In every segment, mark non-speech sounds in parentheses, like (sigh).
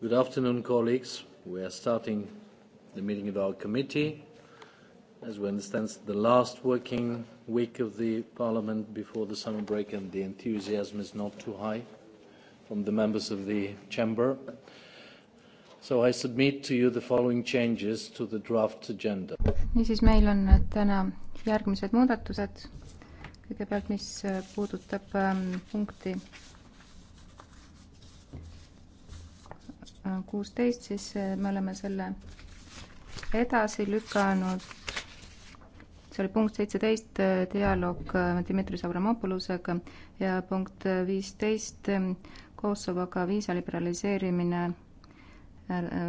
Good afternoon, colleagues. We are starting the meeting of our committee. As we understand, it's the last working week of the Parliament before the summer break, and the enthusiasm is not too high from the members of the Chamber. So I submit to you the following changes to the draft agenda. niisiis, meil on täna järgmised muudatused. kõigepealt, mis puudutab ähm, punkti kuusteist, siis äh, me oleme selle edasi lükanud. see oli punkt seitseteist, äh, dialoog äh, Dmitri Savramopolusega ja punkt viisteist, Kosovoga viisa liberaliseerimine,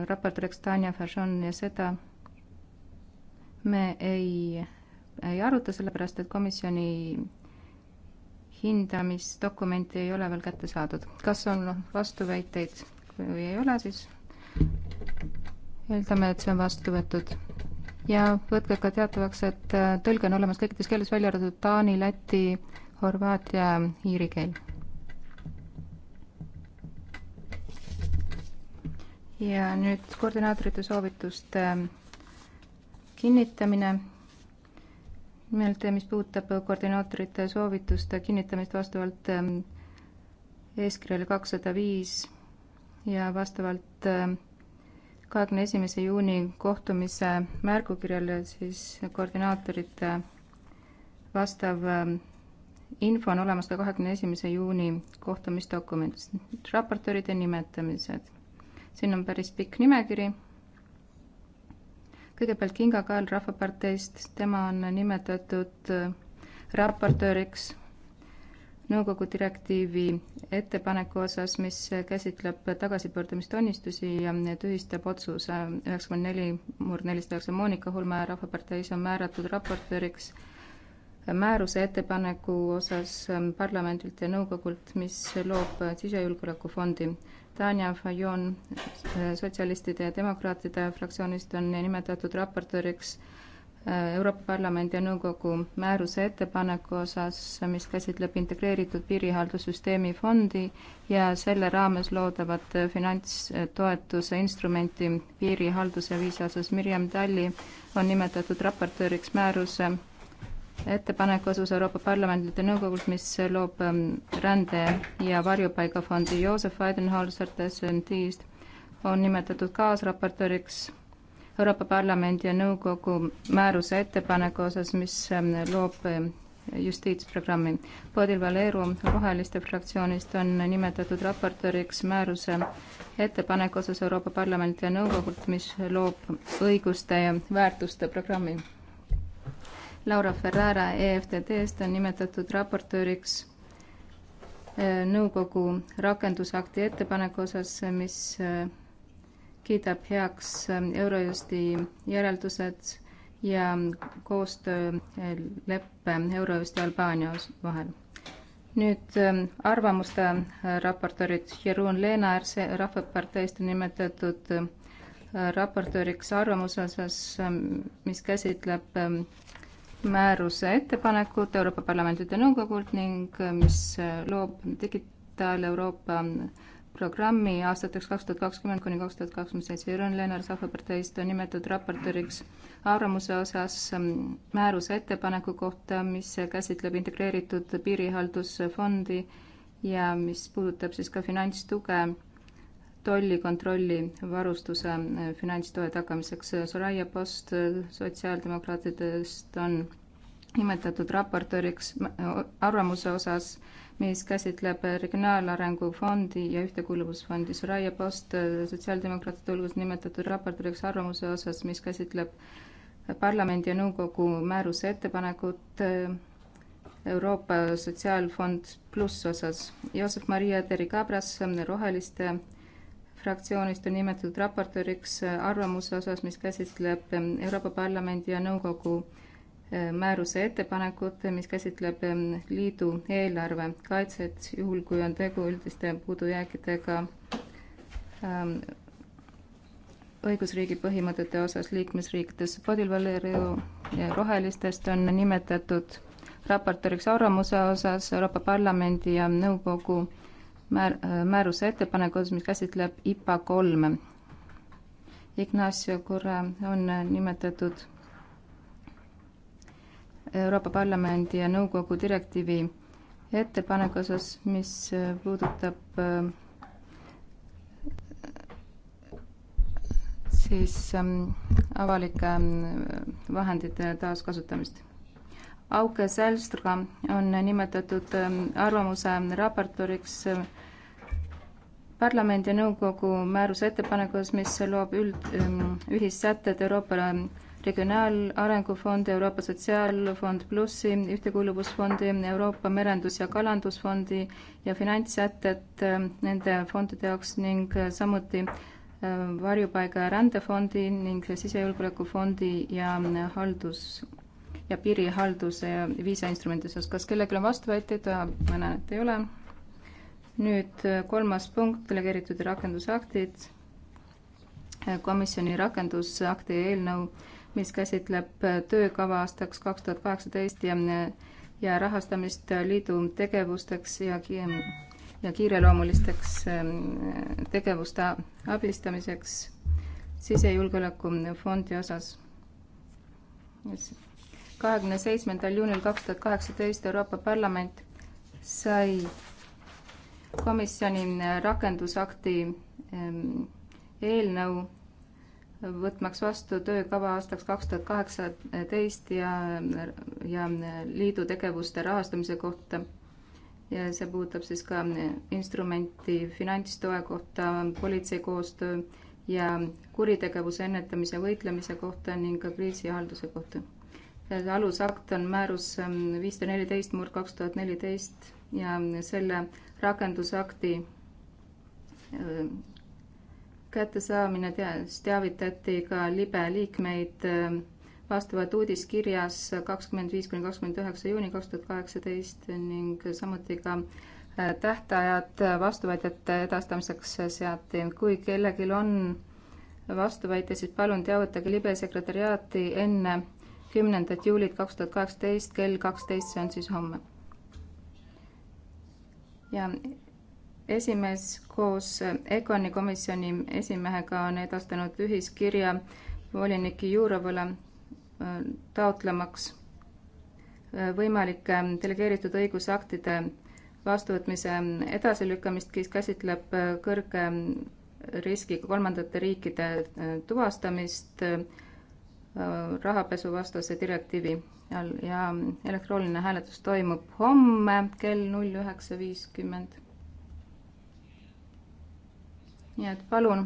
raport Rekstanja Fajon ja seda me ei, ei aruta, sellepärast et komisjoni hindamisdokumenti ei ole veel kätte saadud. kas on vastuväiteid? või ei ole, siis eeldame, et see on vastu võetud. ja võtke ka teatavaks, et äh, tõlge on olemas kõikides keeles, välja arvatud taani, läti, horvaatia, iiri keel. ja nüüd koordinaatorite soovituste äh, kinnitamine nimelt, äh, mis puudutab koordinaatorite soovituste kinnitamist vastavalt eeskirjale kakssada viis ja vastavalt äh, kahekümne esimese juuni kohtumise märgukirjale siis koordinaatorite vastav ähm, info on olemas ka kahekümne esimese juuni kohtumisdokumendis. raportööride nimetamised. siin on päris pikk nimekiri. kõigepealt Kinga Kael Rahvaparteist, tema on nimetatud äh, raportööriks nõukogu direktiivi ettepaneku osas, mis käsitleb tagasipöördumistunnistusi ja tühistab otsuse üheksakümmend neli murd nelisada üheksa Monika Holme Rahvaparteis on määratud raportööriks määruse ettepaneku osas parlamendilt ja nõukogult, mis loob sisejulgeolekufondi. Tanja Fajon sotsialistide ja demokraatide fraktsioonist on nimetatud raportööriks Euroopa Parlamendi ja Nõukogu määruse ettepaneku osas, mis käsitleb integreeritud piirihaldussüsteemi fondi ja selle raames loodavat finantstoetuse instrumenti piirihalduse viisi osas. Mirjam Talli on nimetatud raportööriks määruse ettepaneku osas Euroopa Parlamendilt ja Nõukogult, mis loob ähm, rände- ja varjupaigafondi Joseph Weidenholzer, SMT-st, on nimetatud kaasraportööriks Euroopa Parlamendi ja Nõukogu määruse ettepaneku osas, mis ähm, loob ähm, justiitsprogrammi. Bodil Valeru Roheliste fraktsioonist on nimetatud raportööriks määruse ettepaneku osas Euroopa Parlamendi ja Nõukogult, mis loob õiguste ja väärtuste programmi. Laura Ferrara EFTD-st on nimetatud raportööriks äh, nõukogu rakendusakti ettepaneku osas, mis äh, kiidab heaks ähm, Eurojusti järeldused ja koostööleppe äh, Eurojusti Albaania vahel. nüüd ähm, arvamuste äh, raportöörid Jeroen Leenaers Rahvaparteist on nimetatud äh, raportööriks arvamuse osas, ähm, mis käsitleb määruse ettepanekut Euroopa Parlamendide Nõukogult ning mis loob digitaal-Euroopa programmi aastateks kaks tuhat kakskümmend kuni kaks tuhat kakskümmend seitse. Jürgen Lennart Rahvaparteist on nimetatud raportööriks arvamuse osas ähm, määruse ettepaneku kohta, mis käsitleb integreeritud piirihaldusfondi ja mis puudutab siis ka finantstuge tollikontrolli varustuse äh, finantstoe tagamiseks. Soraya Post äh, sotsiaaldemokraatidest on nimetatud raportööriks äh, arvamuse osas mis käsitleb Regionaalarengu Fondi ja Ühtekuuluvusfondi. Soraya Post sotsiaaldemokraatide hulgas nimetatud raportööriks arvamuse osas, mis käsitleb parlamendi ja nõukogu määruse ettepanekut äh, Euroopa Sotsiaalfond pluss osas. Joosep Maria Terikabras Roheliste fraktsioonist on nimetatud raportööriks äh, arvamuse osas, mis käsitleb äh, Euroopa Parlamendi ja nõukogu määruse ettepanekut, mis käsitleb liidu eelarve kaitset, juhul kui on tegu üldiste puudujääkidega ähm, õigusriigi põhimõtete osas liikmesriikides. Padil Valerio Rohelistest on nimetatud raportööriks arvamuse osas Euroopa Parlamendi ja Nõukogu määr-, määruse ettepanekus, mis käsitleb IPA kolme. Ignacio Correa on nimetatud Euroopa Parlamendi ja Nõukogu direktiivi ettepaneku osas, mis äh, puudutab äh, siis ähm, avalike äh, vahendite taaskasutamist. Auke Sälstra on nimetatud ähm, arvamuse raportööriks parlamendi ja nõukogu määruse ettepanekus, mis loob üld, ähm, ühissätted Euroopa Regionaalarengufondi, Euroopa Sotsiaalfond Plussi, Ühtekuuluvusfondi, Euroopa Merendus- ja Kalandusfondi ja finantssätted äh, nende fondide jaoks ning äh, samuti äh, varjupaiga ja rändefondi ning sisejulgeolekufondi ja haldus- ja piirihalduse ja viisainstrumendi osas. kas kellelgi on vastuväiteid? ma näen, et ei ole. nüüd kolmas punkt, delegeeritud rakendusaktid. komisjoni rakendusakti eelnõu mis käsitleb töökava aastaks kaks tuhat kaheksateist ja, ja rahastamist liidu tegevusteks ja, ja kiireloomulisteks ähm, tegevuste abistamiseks sisejulgeoleku fondi osas. kahekümne seitsmendal juunil kaks tuhat kaheksateist Euroopa Parlament sai komisjoni rakendusakti ähm, eelnõu võtmaks vastu töökava aastaks kaks tuhat kaheksateist ja, ja liidu tegevuste rahastamise kohta. ja see puudutab siis ka instrumenti finantstoe kohta, politsei koostöö ja kuritegevuse ennetamise võitlemise kohta ning ka kriisihalduse kohta. see alusakt on määrus ähm, viissada neliteist murd kaks tuhat neliteist ja selle rakendusakti äh, kättesaamine teas, teavitati ka libe liikmeid ähm, vastavalt uudiskirjas kakskümmend viis kuni kakskümmend üheksa juuni kaks tuhat kaheksateist ning samuti ka äh, tähtajad vastuväidete edastamiseks seati. kui kellelgi on vastuväite, siis palun teavitage libe sekretäriaati enne kümnendat juulit kaks tuhat kaheksateist kell kaksteist, see on siis homme. ja esimees koos EKONi komisjoni esimehega on edastanud ühiskirja volinik Jurovale äh, taotlemaks äh, võimalike delegeeritud õigusaktide vastuvõtmise edasilükkamist, kes käsitleb äh, kõrge riskiga kolmandate riikide tuvastamist rahapesuvastase direktiivi all ja elektrooniline hääletus toimub homme kell null üheksa viiskümmend nii et palun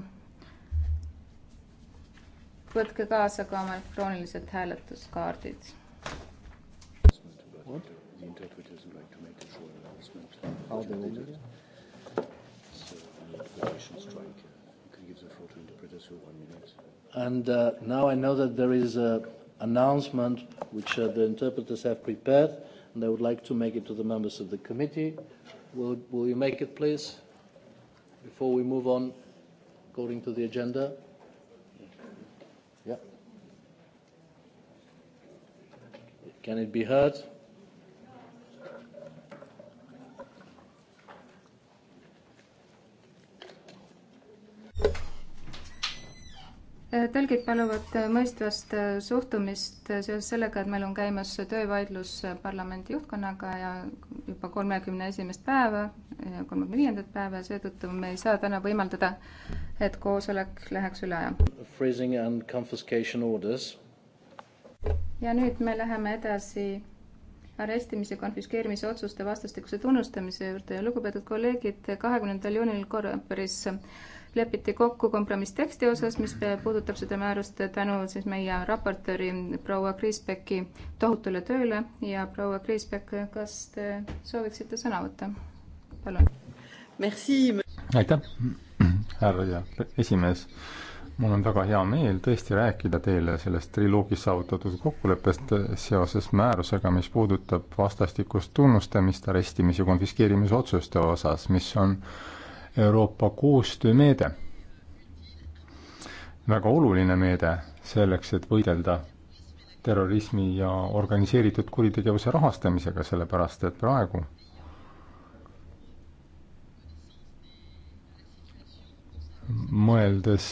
võtke kaasa ka oma elektroonilised hääletuskaardid. What? The interpreters would like to make a short announcement. How they will do it? So, an interpretation strike. You can give the floor to interpreters for one minute. And uh, now I know that there is an announcement which uh, the interpreters have prepared, and I would like to make it to the members of the committee. Will, will you make it, please? before we move on according to the agenda? Yeah. Can it be heard? Äh, tõlgid paluvad äh, mõistvast äh, suhtumist seoses sellega, et meil on käimas töövaidlus parlamendi juhtkonnaga ja juba kolmekümne esimest päeva, kolmekümne viiendat päeva ja seetõttu me ei saa täna võimaldada, et koosolek läheks üle aja. ja nüüd me läheme edasi arestimise, konfiskeerimise otsuste vastastikuse tunnustamise juurde ja lugupeetud kolleegid, kahekümnendal juunil korrapäris lepiti kokku kompromissteksti osas, mis puudutab seda määrust tänu siis meie raportööri proua Kriisbecki tohutule tööle ja proua Kriisbeck, kas te sooviksite sõna võtta? palun. aitäh, härra esimees. mul on väga hea meel tõesti rääkida teile sellest triloogis saavutatud kokkuleppest seoses määrusega, mis puudutab vastastikust tunnustamist arestimis- ja konfiskeerimisotsuste osas, mis on äh, Euroopa koostöömeede, väga oluline meede selleks, et võidelda terrorismi ja organiseeritud kuritegevuse rahastamisega, sellepärast et praegu mõeldes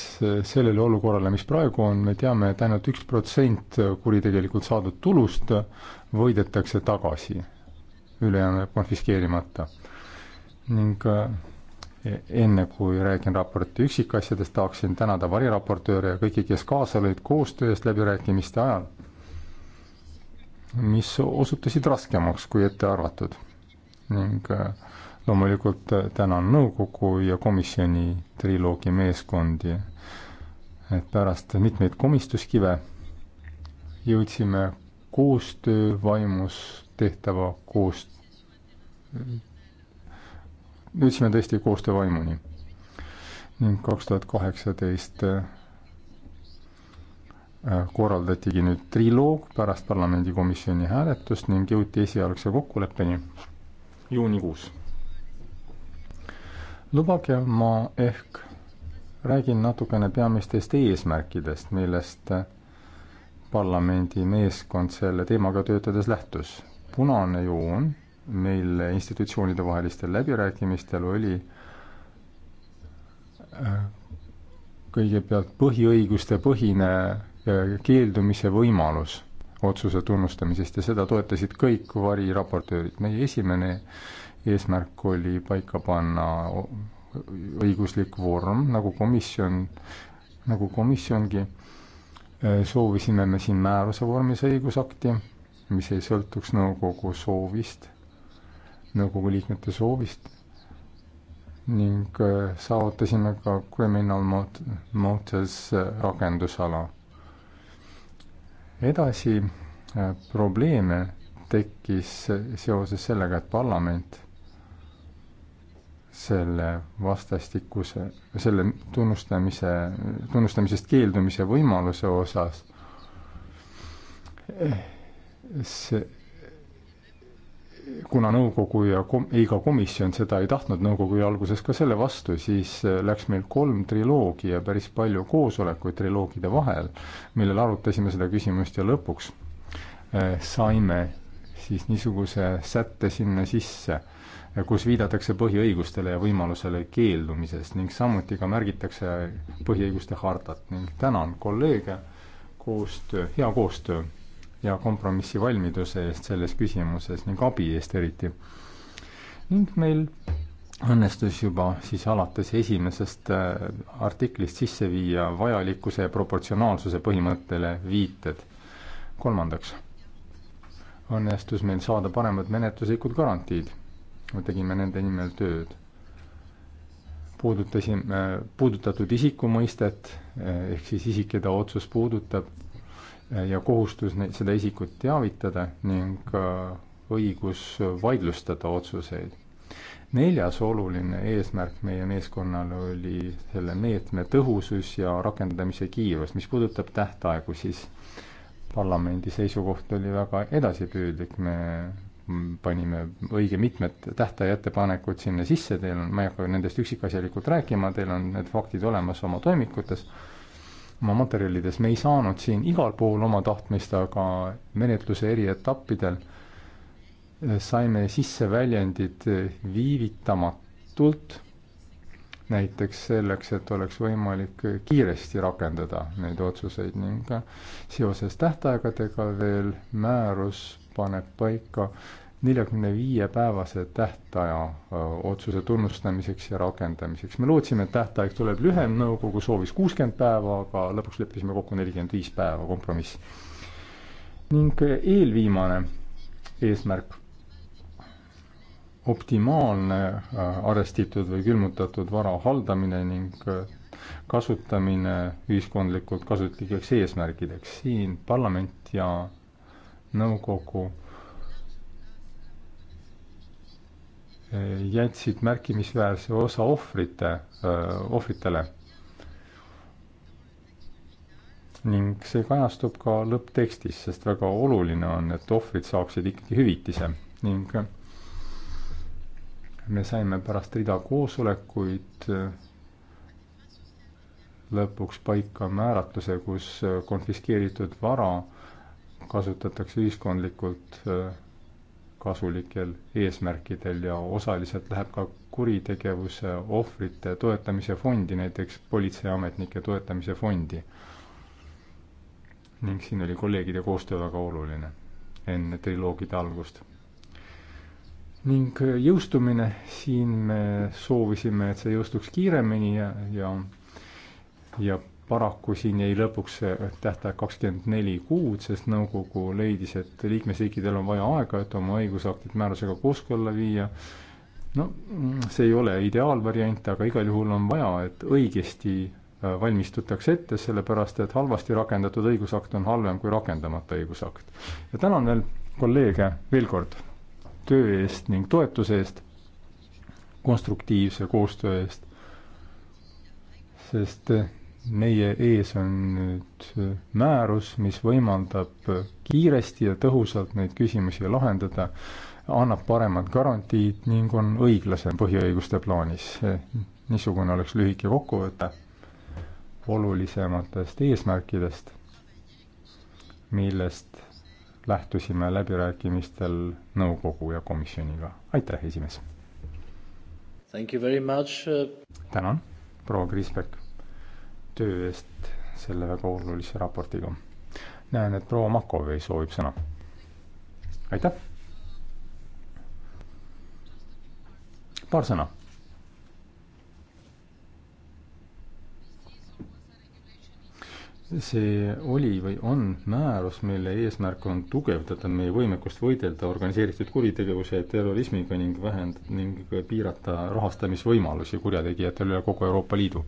sellele olukorrale, mis praegu on, me teame, et ainult üks protsent kuritegelikult saadud tulust võidetakse tagasi, ülejäänu jääb konfiskeerimata. ning enne kui räägin raporti üksikasjadest, tahaksin tänada variraportööre ja kõiki, kes kaasa lõid koostöö eest läbirääkimiste ajal, mis osutusid raskemaks kui ette arvatud. ning äh, loomulikult äh, tänan nõukogu ja komisjoni triloogi meeskondi, et pärast mitmeid komistuskive jõudsime koostöö vaimus tehtava koos jõudsime tõesti koostöövaimuni. ning kaks tuhat kaheksateist äh, korraldatigi nüüd triloog pärast parlamendikomisjoni hääletust ning jõuti esialgse kokkuleppeni juunikuus. lubage, ma ehk räägin natukene peamistest eesmärkidest, millest äh, parlamendi meeskond selle teemaga töötades lähtus. punane joon meil institutsioonide vahelistel läbirääkimistel oli äh, kõigepealt põhiõiguste põhine äh, keeldumise võimalus otsuse tunnustamisest ja seda toetasid kõik variraportöörid. meie esimene eesmärk oli paika panna õiguslik vorm, nagu komisjon, nagu komisjongi, äh, soovisime me siin määruse vormis õigusakti, mis ei sõltuks nõukogu soovist nõukogu liikmete soovist ning äh, saavutasime ka Criminal Motors äh, rakendusala. edasi äh, probleeme tekkis seoses sellega, et parlament selle vastastikuse, selle tunnustamise, tunnustamisest keeldumise võimaluse osas eh, see kuna nõukogu ja kom-, ei ka komisjon seda ei tahtnud, nõukogu oli alguses ka selle vastu, siis äh, läks meil kolm triloogi ja päris palju koosolekuid triloogide vahel, millel arutasime seda küsimust ja lõpuks äh, saime siis niisuguse sätte sinna sisse, äh, kus viidatakse põhiõigustele ja võimalusele keeldumisest ning samuti ka märgitakse põhiõiguste hartat ning tänan kolleege koostöö, hea koostöö ja kompromissivalmiduse eest selles küsimuses ning abi eest eriti. ning meil õnnestus juba siis alates esimesest äh, artiklist sisse viia vajalikkuse ja proportsionaalsuse põhimõttele viited. kolmandaks, õnnestus meil saada paremad menetluslikud garantiid. me tegime nende nimel tööd. puudutasime äh, puudutatud isiku mõistet, äh, ehk siis isik, keda otsus puudutab, Äh, ja kohustus neid, seda isikut teavitada ning äh, õigus vaidlustada otsuseid. neljas oluline eesmärk meie meeskonnal oli selle meetme tõhusus ja rakendamise kiirus. mis puudutab tähtaegu, siis parlamendi seisukoht oli väga edasipüüdlik, me panime õige mitmed tähtaja ettepanekud sinna sisse, teil on, ma ei hakka nendest üksikasjalikult rääkima, teil on need faktid olemas oma toimikutes oma materjalides, me ei saanud siin igal pool oma tahtmist, aga menetluse eri etappidel eh, saime sisse väljendid eh, viivitamatult, näiteks selleks, et oleks võimalik eh, kiiresti rakendada neid otsuseid ning seoses tähtaegadega veel määrus paneb paika äh, neljakümne viie päevase tähtaja otsuse tunnustamiseks ja rakendamiseks. me lootsime, et tähtaeg tuleb lühem, nõukogu soovis kuuskümmend päeva, aga lõpuks leppisime kokku nelikümmend viis päeva kompromiss. ning eelviimane eesmärk, optimaalne arestitud või külmutatud vara haldamine ning kasutamine ühiskondlikult kasutlikeks eesmärgideks. siin parlament ja nõukogu Eh, jätsid märkimisväärse osa ohvrite, eh, ohvritele. ning see kajastub ka lõpptekstis, sest väga oluline on, et ohvrid saaksid ikkagi hüvitise ning eh, me saime pärast rida koosolekuid lõpuks paika määratluse, kus konfiskeeritud vara kasutatakse ühiskondlikult kasulikel eesmärkidel ja osaliselt läheb ka kuritegevuse ohvrite toetamise fondi, näiteks politseiametnike toetamise fondi. ning siin oli kolleegide koostöö väga oluline enne triloogide algust. ning jõustumine, siin me soovisime, et see jõustuks kiiremini ja, ja ja paraku siin jäi lõpuks see tähtaeg kakskümmend neli kuud, sest nõukogu leidis, et liikmesriikidel on vaja aega, et oma õigusaktid määrusega kooskõlla viia. no see ei ole ideaalvariant, aga igal juhul on vaja, et õigesti äh, valmistutakse ette, sellepärast et halvasti rakendatud õigusakt on halvem kui rakendamata õigusakt. ja tänan veel kolleege veel kord töö eest ning toetuse eest, konstruktiivse koostöö eest, sest äh, meie ees on nüüd äh, määrus, mis võimaldab äh, kiiresti ja tõhusalt neid küsimusi lahendada, annab paremad garantiid ning on õiglasem põhiõiguste plaanis. niisugune oleks lühike kokkuvõte olulisematest eesmärkidest, millest lähtusime läbirääkimistel nõukogu ja komisjoniga. aitäh, esimees! Uh, tänan, proua Kriisbeck! töö eest selle väga olulise raportiga. näen, et proua Makovi soovib sõna. aitäh. paar sõna. see oli või on määrus, mille eesmärk on tugevdada meie võimekust võidelda organiseeritud kuritegevuse ja terrorismiga ning vähend- ning piirata rahastamisvõimalusi kurjategijatel üle kogu Euroopa Liidu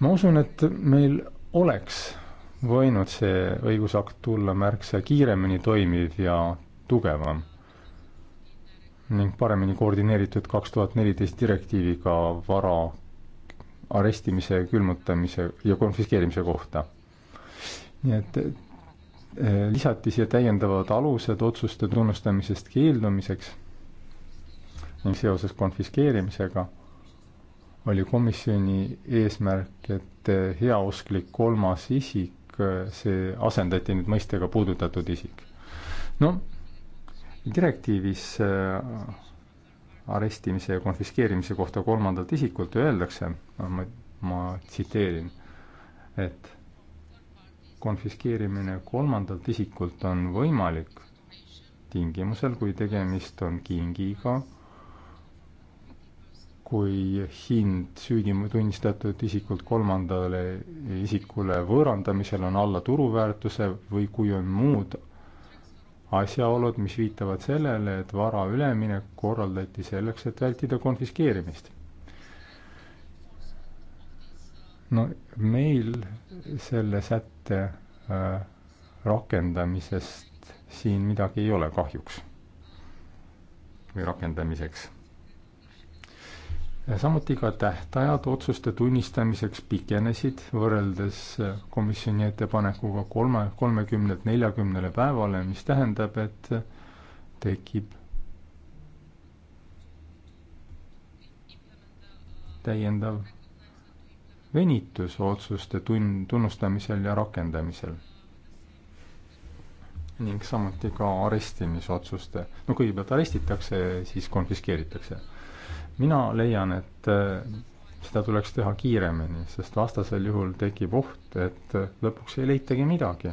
ma usun, et meil oleks võinud see õigusakt tulla märksa kiiremini toimiv ja tugevam ning paremini koordineeritud kaks tuhat neliteist direktiiviga vara arestimise, külmutamise ja konfiskeerimise kohta. nii et eh, lisati siia täiendavad alused otsuste tunnustamisest keeldumiseks ning seoses konfiskeerimisega oli komisjoni eesmärk, et heausklik kolmas isik, see asendati nüüd mõistega puudutatud isik. no direktiivis äh, arestimise ja konfiskeerimise kohta kolmandalt isikult öeldakse, ma, ma tsiteerin, et konfiskeerimine kolmandalt isikult on võimalik tingimusel, kui tegemist on kingiga, kui hind süüdi tunnistatud isikult kolmandale isikule võõrandamisel on alla turuväärtuse või kui on muud asjaolud, mis viitavad sellele, et vara üleminek korraldati selleks, et vältida konfiskeerimist. no meil selle sätte äh, rakendamisest siin midagi ei ole kahjuks või rakendamiseks samuti ka tähtajad otsuste tunnistamiseks pikenesid võrreldes äh, komisjoni ettepanekuga kolme, kolmekümnelt neljakümnele päevale, mis tähendab, et äh, tekib täiendav venitus otsuste tun-, tunnustamisel ja rakendamisel. ning samuti ka arestimisotsuste, no kõigepealt arestitakse, siis konfiskeeritakse mina leian, et äh, seda tuleks teha kiiremini, sest vastasel juhul tekib oht, et äh, lõpuks ei leitagi midagi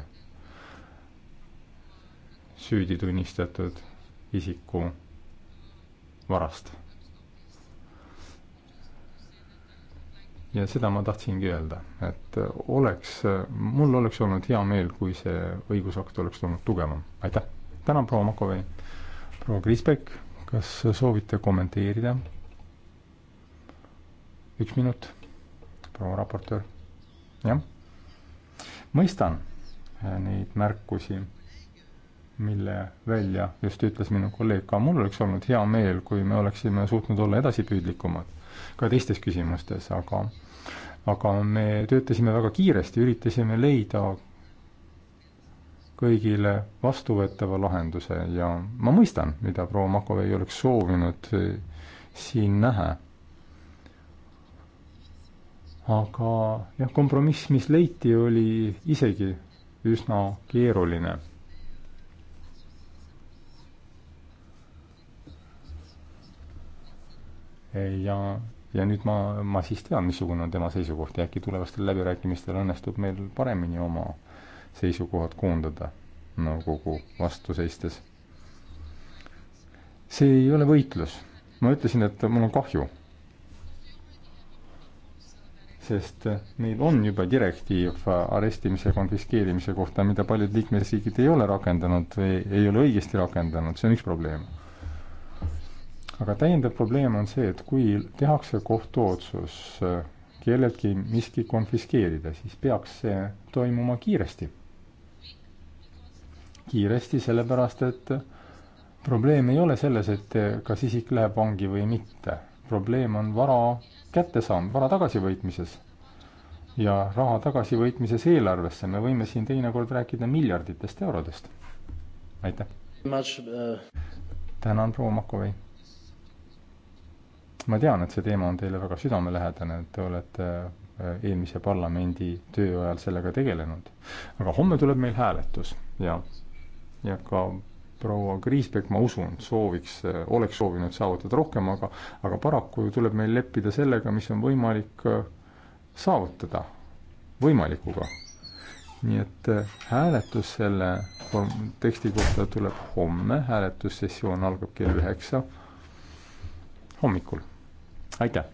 süüdi tunnistatud isiku varast. ja seda ma tahtsingi öelda, et äh, oleks, mul oleks olnud hea meel, kui see õigusakt oleks olnud tugevam. aitäh, tänan proua Makovei. proua Kriisberg, kas soovite kommenteerida? üks minut, proua raportöör. jah, mõistan äh, neid märkusi, mille välja just ütles minu kolleeg, ka mul oleks olnud hea meel, kui me oleksime suutnud olla edasipüüdlikumad ka teistes küsimustes, aga aga me töötasime väga kiiresti, üritasime leida kõigile vastuvõetava lahenduse ja ma mõistan, mida proua Makovei oleks soovinud äh, siin näha aga jah, kompromiss, mis leiti, oli isegi üsna keeruline. ja, ja nüüd ma, ma siis tean, missugune on tema seisukoht ja äkki tulevastel läbirääkimistel õnnestub meil paremini oma seisukohad koondada nõukogu no, vastu seistes. see ei ole võitlus. ma ütlesin, et mul on kahju sest äh, meil on juba direktiiv äh, arestimise ja konfiskeerimise kohta, mida paljud liikmesriigid ei ole rakendanud või ei ole õigesti rakendanud, see on üks probleem. aga täiendav probleem on see, et kui tehakse kohtuotsus äh, kelleltki miski konfiskeerida, siis peaks see toimuma kiiresti. kiiresti, sellepärast et probleem ei ole selles, et kas isik läheb vangi või mitte. probleem on vara kättesaam vara tagasivõitmises ja raha tagasivõitmises eelarvesse, me võime siin teinekord rääkida miljarditest eurodest. aitäh! tänan, proua Makovei! ma tean, et see teema on teile väga südamelähedane, et te olete äh, eelmise parlamendi töö ajal sellega tegelenud. aga homme tuleb meil hääletus ja, ja ka proua Kriisbeck, ma usun, sooviks, oleks soovinud saavutada rohkem, aga aga paraku tuleb meil leppida sellega, mis on võimalik äh, saavutada, võimalikuga. nii et äh, hääletus selle teksti kohta tuleb homme, hääletussessioon algab kell üheksa hommikul. aitäh!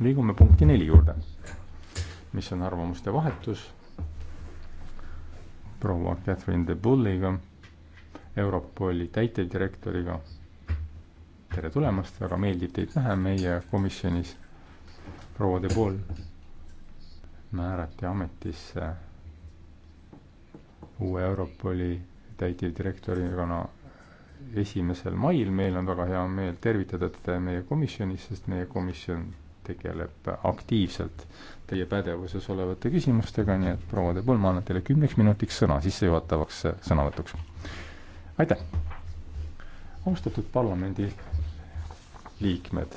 liigume punkti neli juurde, mis on arvamuste vahetus proua Catherine de Bulliga Europoli täitevdirektoriga. tere tulemast, väga meeldib teid näha meie komisjonis. proua De Paul määrati ametisse uue Europoli täitevdirektorina esimesel mail. meil on väga hea meel tervitada teda meie komisjonis, sest meie komisjon tegeleb aktiivselt teie pädevuses olevate küsimustega, nii et proua De Pulma, annan teile kümneks minutiks sõna sissejuhatavaks sõnavõtuks aitäh! austatud parlamendi liikmed,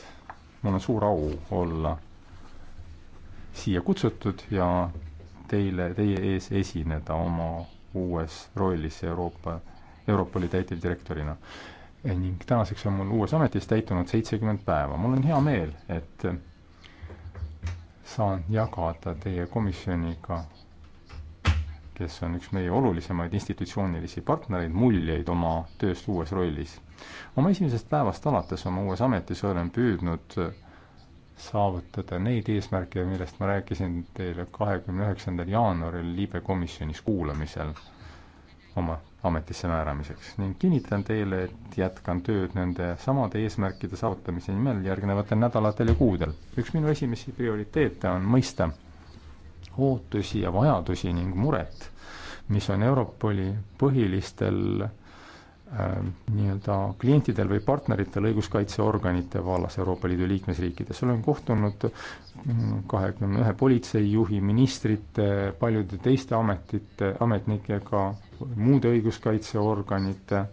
mul on suur au olla siia kutsutud ja teile, teie ees esineda oma uues rollis Euroopa, Europoli täitevdirektorina. ning tänaseks on mul uues ametis täitunud seitsekümmend päeva. mul on hea meel, et saan jagada teie komisjoniga kes on üks meie olulisemaid institutsioonilisi partnereid, muljeid oma tööst uues rollis. oma esimesest päevast alates oma uues ametis olen püüdnud saavutada neid eesmärke, millest ma rääkisin teile kahekümne üheksandal jaanuaril Liibe komisjonis kuulamisel oma ametisse määramiseks ning kinnitan teile, et jätkan tööd nende samade eesmärkide saavutamise nimel järgnevatel nädalatel ja kuudel. üks minu esimesi prioriteete on mõista, ootusi ja vajadusi ning muret, mis on Europoli põhilistel äh, nii-öelda klientidel või partneritel õiguskaitseorganite vallas Euroopa Liidu liikmesriikides. olen kohtunud mm, kahekümne ühe politseijuhi, ministrite, paljude teiste ametite, ametnikega, muude õiguskaitseorganite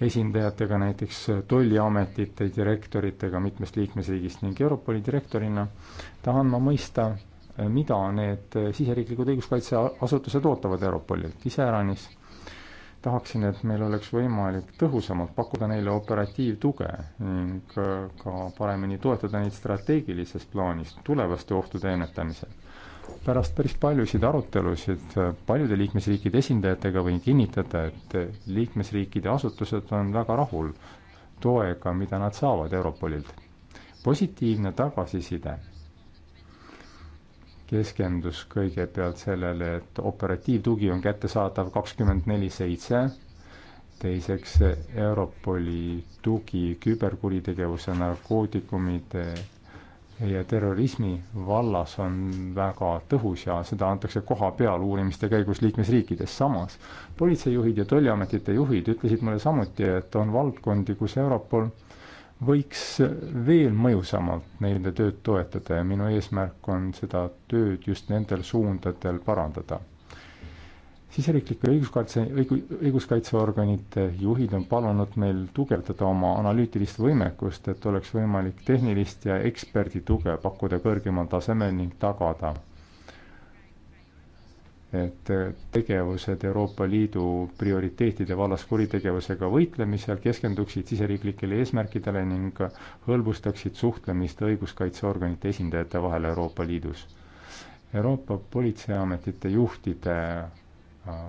esindajatega, näiteks tolliametite direktoritega mitmest liikmesriigist ning Europoli direktorina tahan ma mõista Äh, mida need äh, siseriiklikud õiguskaitseasutused ootavad Europolilt iseäranis. tahaksin, et meil oleks võimalik tõhusamalt pakkuda neile operatiivtuge ning äh, ka paremini toetada neid strateegilises plaanis tulevaste ohtude ennetamisel pärast päris paljusid arutelusid paljude liikmesriikide esindajatega võin kinnitada, et liikmesriikide asutused on väga rahul toega, mida nad saavad Europolilt. positiivne tagasiside keskendus kõigepealt sellele, et operatiivtugi on kättesaadav kakskümmend neli seitse, teiseks Europoli tugi küberkuritegevuse, narkootikumide ja terrorismi vallas on väga tõhus ja seda antakse koha peal uurimiste käigus liikmesriikides. samas politseijuhid ja tolliametite juhid ütlesid mulle samuti, et on valdkondi, kus Europol võiks veel mõjusamalt nende tööd toetada ja minu eesmärk on seda tööd just nendel suundadel parandada. siseriiklike õiguskaitse, õigu-, õiguskaitseorganite juhid on palunud meil tugevdada oma analüütilist võimekust, et oleks võimalik tehnilist ja eksperdi tuge pakkuda kõrgemal tasemel ning tagada et äh, tegevused Euroopa Liidu prioriteetide vallas kuritegevusega võitlemisel keskenduksid siseriiklikele eesmärkidele ning hõlbustaksid suhtlemist õiguskaitseorganite esindajate vahel Euroopa Liidus. Euroopa Politseiametite juhtide äh,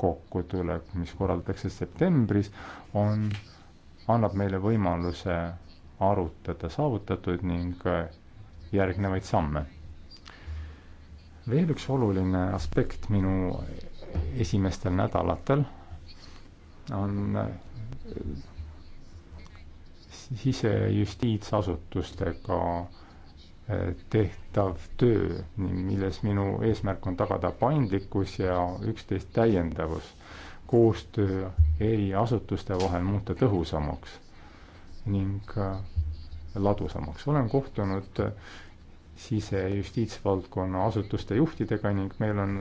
kokkutulek, mis korraldatakse septembris, on, annab meile võimaluse arutada saavutatud ning äh, järgnevaid samme veel üks oluline aspekt minu esimestel nädalatel on äh, sisejustiitsasutustega äh, tehtav töö, milles minu eesmärk on tagada paindlikkus ja üksteist täiendavus, koostöö eri asutuste vahel muuta tõhusamaks ning äh, ladusamaks. olen kohtunud äh, sise- ja justiitsvaldkonna asutuste juhtidega ning meil on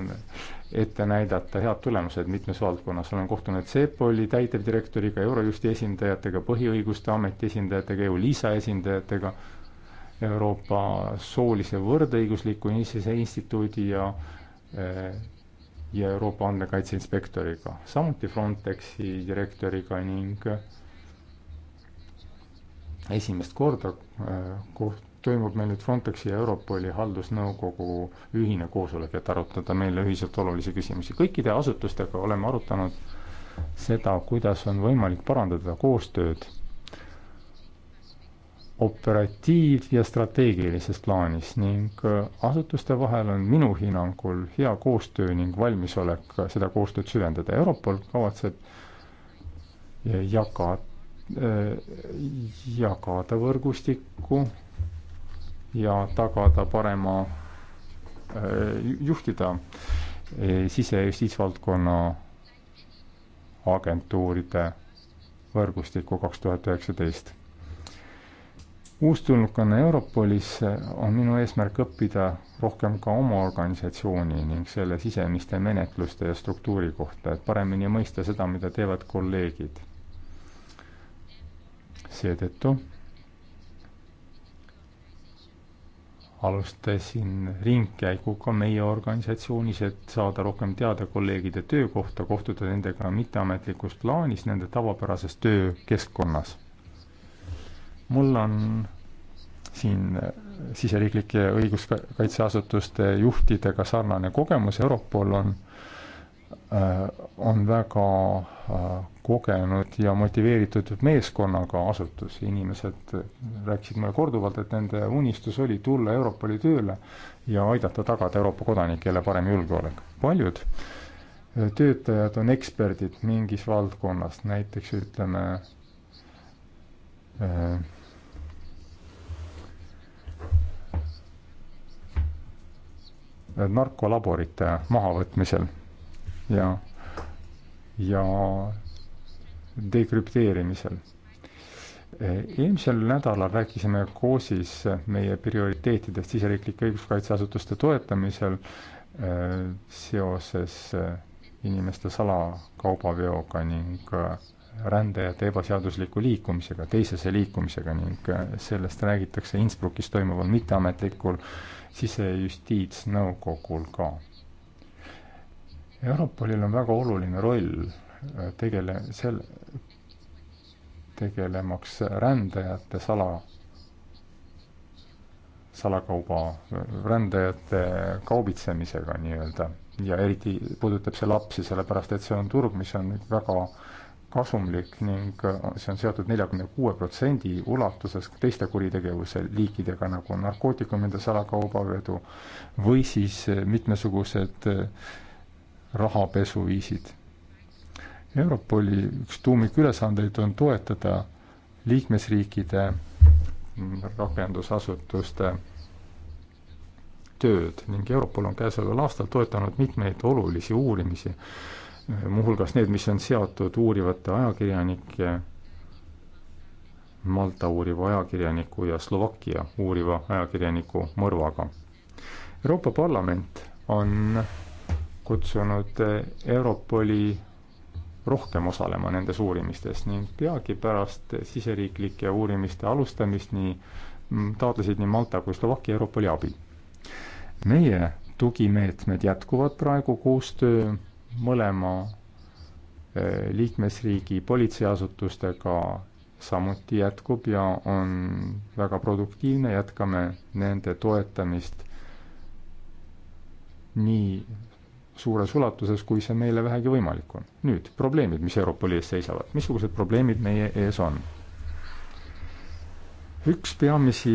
ette näidata head tulemused mitmes valdkonnas. olen kohtunud CEPOL-i täitevdirektoriga, Eurojusti esindajatega, Põhiõiguste Ameti esindajatega, EULISA esindajatega, Euroopa Soolise Võrdõigusliku Instituudi ja ja Euroopa Andmekaitse Inspektoriga, samuti Frontexi direktoriga ning esimest korda eh, koht-, toimub meil nüüd Frontexi ja Europoli haldusnõukogu ühine koosolek, et arutada meile ühiselt olulisi küsimusi. kõikide asutustega oleme arutanud seda, kuidas on võimalik parandada koostööd operatiiv- ja strateegilises plaanis ning asutuste vahel on minu hinnangul hea koostöö ning valmisolek seda koostööd süvendada. Europol kavatseb jagada jagada võrgustikku ja tagada parema äh, juhtida äh, sise- ja justiitsvaldkonna agentuuride võrgustikku kaks tuhat üheksateist. uustulnukana Europolis äh, on minu eesmärk õppida rohkem ka oma organisatsiooni ning selle sisemiste menetluste ja struktuuri kohta, et paremini mõista seda, mida teevad kolleegid. seetõttu alustasin ringkäiguga meie organisatsioonis, et saada rohkem teada kolleegide töö kohta, kohtuda nendega mitteametlikus plaanis nende tavapärases töökeskkonnas. mul on siin siseriiklike õiguskaitseasutuste juhtidega sarnane kogemus, Europol on, äh, on väga äh, kogenud ja motiveeritud meeskonnaga asutus, inimesed rääkisid mulle korduvalt, et nende unistus oli tulla Europoli tööle ja aidata tagada Euroopa kodanikele parem julgeolek. paljud töötajad on eksperdid mingis valdkonnas, näiteks ütleme äh, narkolaborite mahavõtmisel ja, ja dekrüpteerimisel. eelmisel nädalal rääkisime KOS-is meie prioriteetidest siseriiklike õiguskaitseasutuste toetamisel äh, seoses äh, inimeste salakaubaveoga ning äh, rändajate ebaseadusliku liikumisega, teisese liikumisega ning sellest räägitakse Innsbruckis toimuval mitteametlikul sisejustiitsnõukogul ka. Europolil on väga oluline roll tegele-, sel-, tegelemaks rändajate sala, salakauba, rändajate kaubitsemisega nii-öelda. ja eriti puudutab see lapsi, sellepärast et see on turg, mis on väga kasumlik ning see on seotud neljakümne kuue protsendi ulatuses teiste kuritegevuse liikidega, nagu narkootikumide salakaubavedu või siis mitmesugused rahapesuviisid Europoli üks tuumikülesandeid on toetada liikmesriikide rakendusasutuste tööd ning Europol on käesoleval aastal toetanud mitmeid olulisi uurimisi, muuhulgas need, mis on seotud uurivate ajakirjanike, Malta uuriva ajakirjaniku ja Slovakkia uuriva ajakirjaniku mõrvaga. Euroopa Parlament on kutsunud Europoli rohkem osalema nendes uurimistes ning peagi pärast siseriiklike uurimiste alustamist nii mm, taotlesid nii Malta kui Slovakkia Europoli abi. meie tugimeetmed jätkuvad praegu, koostöö mõlema eh, liikmesriigi politseiasutustega samuti jätkub ja on väga produktiivne, jätkame nende toetamist nii suures ulatuses, kui see meile vähegi võimalik on. nüüd probleemid, mis Europoli ees seisavad, missugused probleemid meie ees on? üks peamisi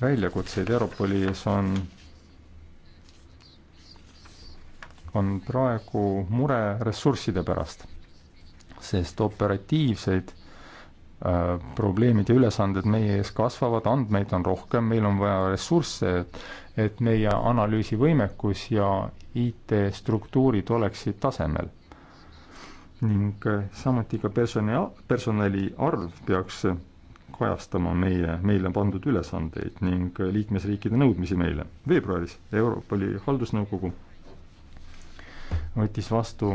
väljakutseid Europoli ees on, on praegu mure ressursside pärast, sest operatiivseid Äh, probleemid ja ülesanded meie ees kasvavad, andmeid on rohkem, meil on vaja ressursse, et et meie analüüsivõimekus ja IT-struktuurid oleksid tasemel. ning äh, samuti ka personali, personali arv peaks äh, kajastama meie, meile pandud ülesandeid ning liikmesriikide nõudmisi meile. veebruaris Euroopa Liidu Haldusnõukogu võttis vastu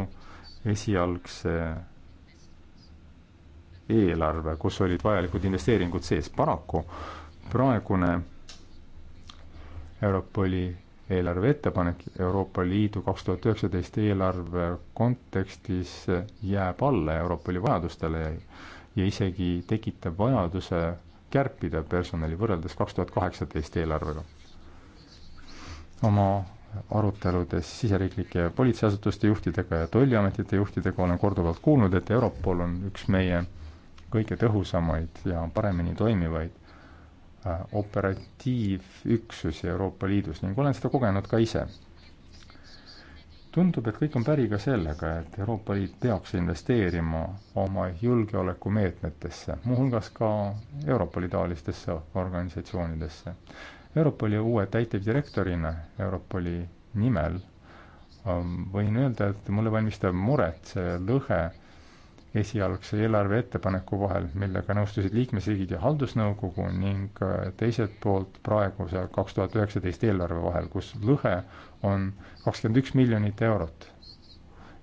esialgse eelarve, kus olid vajalikud investeeringud sees. paraku praegune Europoli eelarve ettepanek Euroopa Liidu kaks tuhat üheksateist eelarve kontekstis jääb alla Euroopa Liidu vajadustele ja, ja isegi tekitab vajaduse kärpida personali võrreldes kaks tuhat kaheksateist eelarvega. oma aruteludes siseriiklike politseiasutuste juhtidega ja tolliametite juhtidega olen korduvalt kuulnud, et Europol on üks meie kõige tõhusamaid ja paremini toimivaid äh, operatiivüksusi Euroopa Liidus ning olen seda kogenud ka ise. tundub, et kõik on päri ka sellega, et Euroopa Liit peaks investeerima oma julgeolekumeetmetesse, muuhulgas ka Europoli taolistesse organisatsioonidesse. Europoli uue täitevdirektorina Europoli nimel ähm, võin öelda, et mulle valmistab muret see lõhe esialgse eelarve ettepaneku vahel, millega nõustusid liikmesriigid ja haldusnõukogu ning äh, teiselt poolt praeguse kaks tuhat üheksateist eelarve vahel, kus lõhe on kakskümmend üks miljonit eurot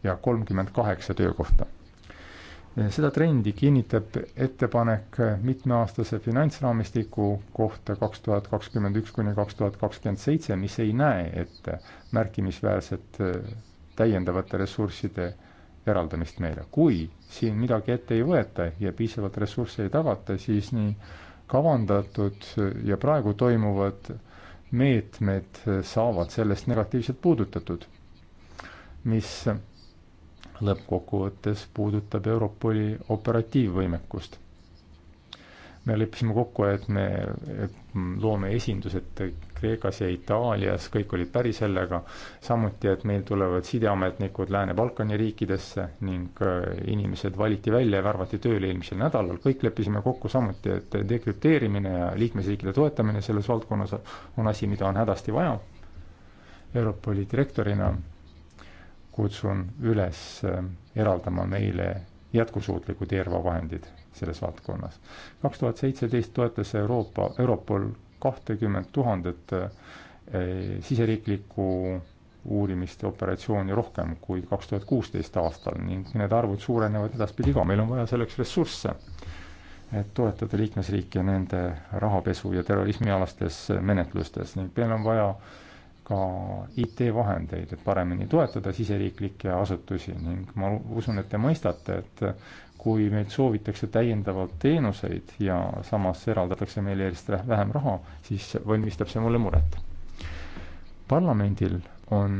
ja kolmkümmend kaheksa töökohta. Äh, seda trendi kinnitab ettepanek äh, mitmeaastase finantsraamistiku kohta kaks tuhat kakskümmend üks kuni kaks tuhat kakskümmend seitse, mis ei näe ette märkimisväärset täiendavate ressursside eraldamist meile, kui siin midagi ette ei võeta ja piisavalt ressursse ei tagata, siis nii kavandatud ja praegu toimuvad meetmed saavad sellest negatiivselt puudutatud, mis lõppkokkuvõttes puudutab Europoli operatiivvõimekust. me leppisime kokku, et me loome esindused Kreekas ja Itaalias, kõik olid päri sellega, samuti, et meil tulevad sideametnikud Lääne-Balkani riikidesse ning äh, inimesed valiti välja ja värvati tööle eelmisel nädalal, kõik leppisime kokku samuti, et dekrüpteerimine ja liikmesriikide toetamine selles valdkonnas on asi, mida on hädasti vaja. Europoli direktorina kutsun üles äh, eraldama meile jätkusuutlikud ERVA vahendid selles valdkonnas. kaks tuhat seitseteist toetas Euroopa, Europol kahtekümmet tuhandet eh, siseriiklikku uurimist ja operatsiooni rohkem kui kaks tuhat kuusteist aastal ning need arvud suurenevad edaspidi ka, meil on vaja selleks ressursse, et toetada liikmesriike nende rahapesu ja terrorismialastes menetlustes ning meil on vaja ka IT-vahendeid, et paremini toetada siseriiklikke asutusi ning ma usun, et te mõistate, et kui meilt soovitakse täiendavalt teenuseid ja samas eraldatakse meile järjest vähem raha, siis valmistab see mulle muret. parlamendil on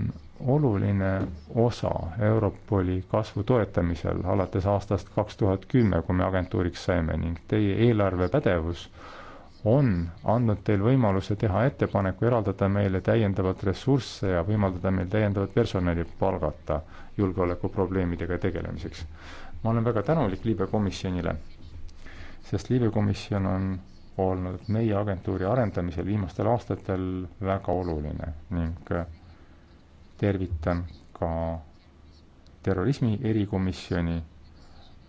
oluline osa Europoli kasvu toetamisel alates aastast kaks tuhat kümme, kui me agentuuriks saime ning teie eelarvepädevus on andnud teil võimaluse teha ettepaneku eraldada meile täiendavat ressursse ja võimaldada meil täiendavat personali palgata julgeolekuprobleemidega tegelemiseks ma olen väga tänulik Liibe komisjonile, sest Liibe komisjon on olnud meie agentuuri arendamisel viimastel aastatel väga oluline ning tervitan ka terrorismi erikomisjoni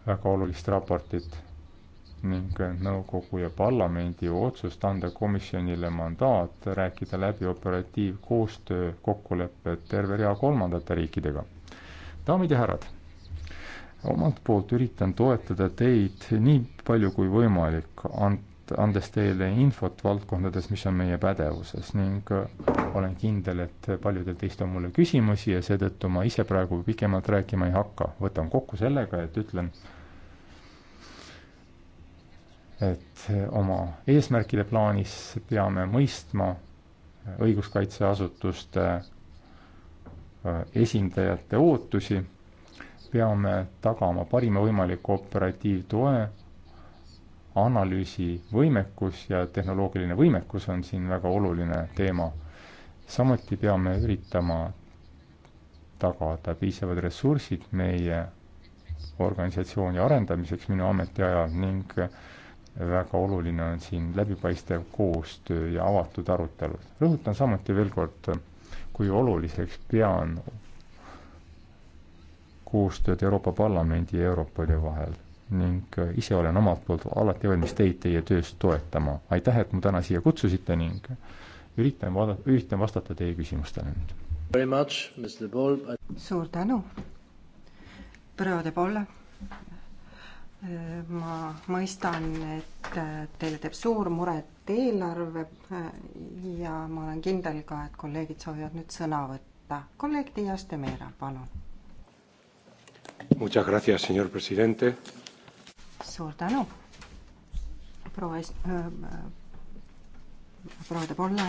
väga olulist raportit ning nõukogu ja parlamendi otsust anda komisjonile mandaat rääkida läbi operatiivkoostöö kokkulepped terve rea kolmandate riikidega. daamid ja härrad omalt poolt üritan toetada teid nii palju kui võimalik, and-, andes teile infot valdkondades, mis on meie pädevuses ning äh, olen kindel, et paljudel teist on mulle küsimusi ja seetõttu ma ise praegu pikemalt rääkima ei hakka. võtan kokku sellega, et ütlen, et äh, oma eesmärkide plaanis peame mõistma äh, õiguskaitseasutuste esindajate ootusi peame tagama parima võimaliku operatiivtoe, analüüsivõimekus ja tehnoloogiline võimekus on siin väga oluline teema. samuti peame üritama tagada piisavad ressursid meie organisatsiooni arendamiseks minu ametiajal ning väga oluline on siin läbipaistev koostöö ja avatud arutelud. rõhutan samuti veel kord, kui oluliseks pean koostööd Euroopa Parlamendi ja Europoli vahel ning ise olen omalt poolt alati valmis teid teie töös toetama. aitäh, et mu täna siia kutsusite ning üritan vaadata, üritan vastata teie küsimustele nüüd. suur tänu, proua de Paul. ma mõistan, et teile teeb suur muret eelarve ja ma olen kindel ka, et kolleegid soovivad nüüd sõna võtta. kolleeg Dias de Meera, palun Muchas gracias, senor presidente. suur tänu, proua es- äh,, äh proua de Polle.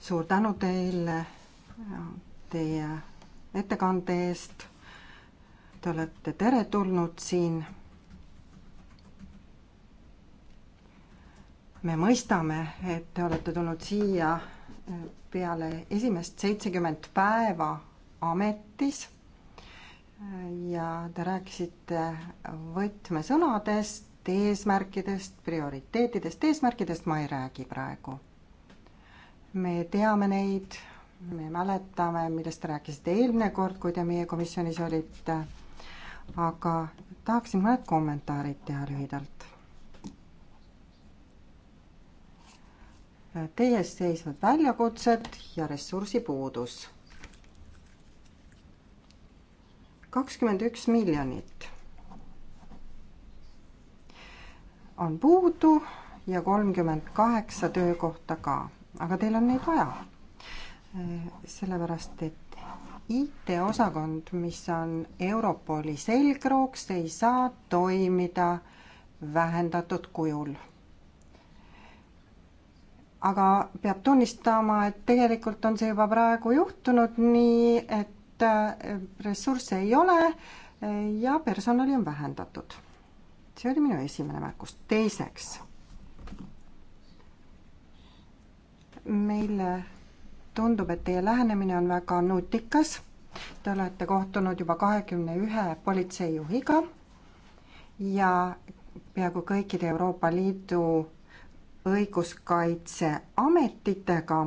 suur tänu teile äh, teie ettekande eest. Te olete teretulnud siin. me mõistame, et te olete tulnud siia äh, peale esimest seitsekümmend päeva ametis ja te rääkisite võtmesõnadest, eesmärkidest, prioriteetidest, eesmärkidest ma ei räägi praegu. me teame neid, me mäletame, millest te rääkisite eelmine kord, kui te meie komisjonis olite, aga tahaksin mõned kommentaarid teha lühidalt. Teie ees seisvad väljakutsed ja ressursipuudus kakskümmend üks miljonit on puudu ja kolmkümmend kaheksa töökohta ka, aga teil on neid vaja. Äh, sellepärast, et IT-osakond, mis on Europoli selgrooks, ei saa toimida vähendatud kujul aga peab tunnistama, et tegelikult on see juba praegu juhtunud nii, et Eh, ressursse ei ole eh, ja personali on vähendatud. see oli minu esimene märkus. teiseks, meile tundub, et teie lähenemine on väga nutikas. Te olete kohtunud juba kahekümne ühe politseijuhiga ja peaaegu kõikide Euroopa Liidu õiguskaitseametitega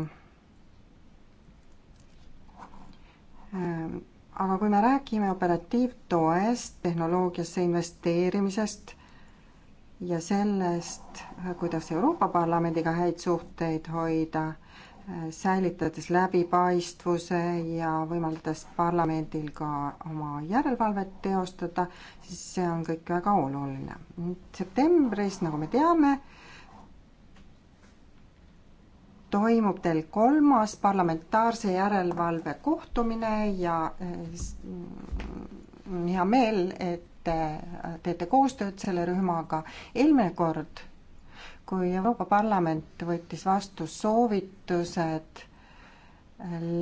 Ehm, aga kui me räägime operatiivtoest, tehnoloogiasse investeerimisest ja sellest, äh, kuidas Euroopa Parlamendiga häid suhteid hoida, äh, säilitades läbipaistvuse ja võimaldades parlamendil ka oma järelevalvet teostada, siis see on kõik väga oluline. septembris, nagu me teame, toimub teil kolmas parlamentaarse järelevalve kohtumine ja eh, on hea meel, et te teete koostööd selle rühmaga. eelmine kord, kui Euroopa Parlament võttis vastu soovitused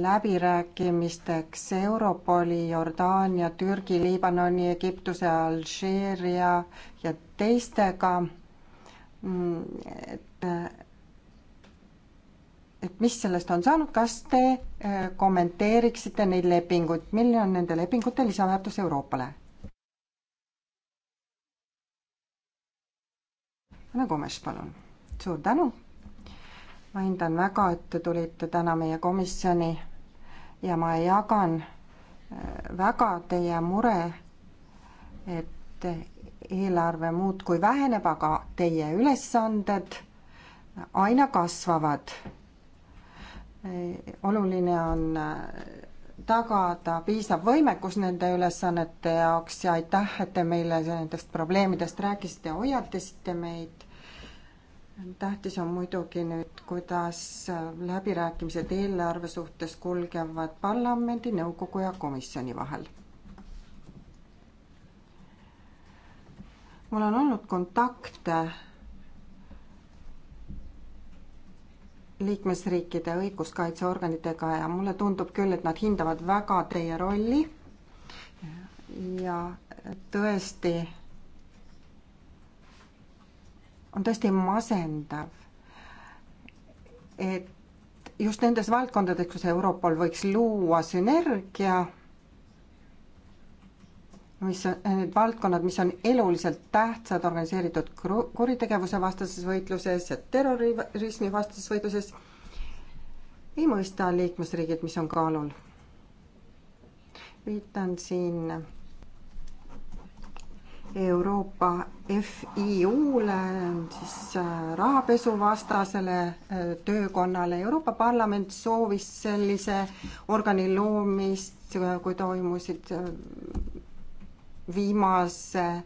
läbirääkimisteks Europoli, Jordaania, Türgi, Liibanoni, Egiptuse, Alžeeria ja teistega, mm, et et mis sellest on saanud, kas te äh, kommenteeriksite neid lepinguid, milline on nende lepingute lisaväärtus Euroopale? Anna Komes, palun. suur tänu. ma hindan väga, et te tulite täna meie komisjoni ja ma jagan äh, väga teie mure, et eelarve muudkui väheneb, aga teie ülesanded aina kasvavad oluline on äh, tagada piisav võimekus nende ülesannete jaoks ja aitäh, et te meile nendest probleemidest rääkisite ja hoiatasite meid. tähtis on muidugi nüüd, kuidas äh, läbirääkimised eelarve suhtes kulgevad parlamendi, nõukogu ja komisjoni vahel. mul on olnud kontakte liikmesriikide õiguskaitseorganitega ja mulle tundub küll, et nad hindavad väga teie rolli ja tõesti, on tõesti masendav, et just nendes valdkondades, kus Europol võiks luua sünergia mis on eh, need valdkonnad, mis on eluliselt tähtsad organiseeritud kuritegevuse vastases võitluses ja terrorismi vastases võitluses, ei mõista liikmesriigid, mis on kaalul. viitan siin Euroopa FIU-le, siis äh, rahapesuvastasele äh, töökonnale. Euroopa Parlament soovis sellise organi loomist, kui toimusid äh, viimase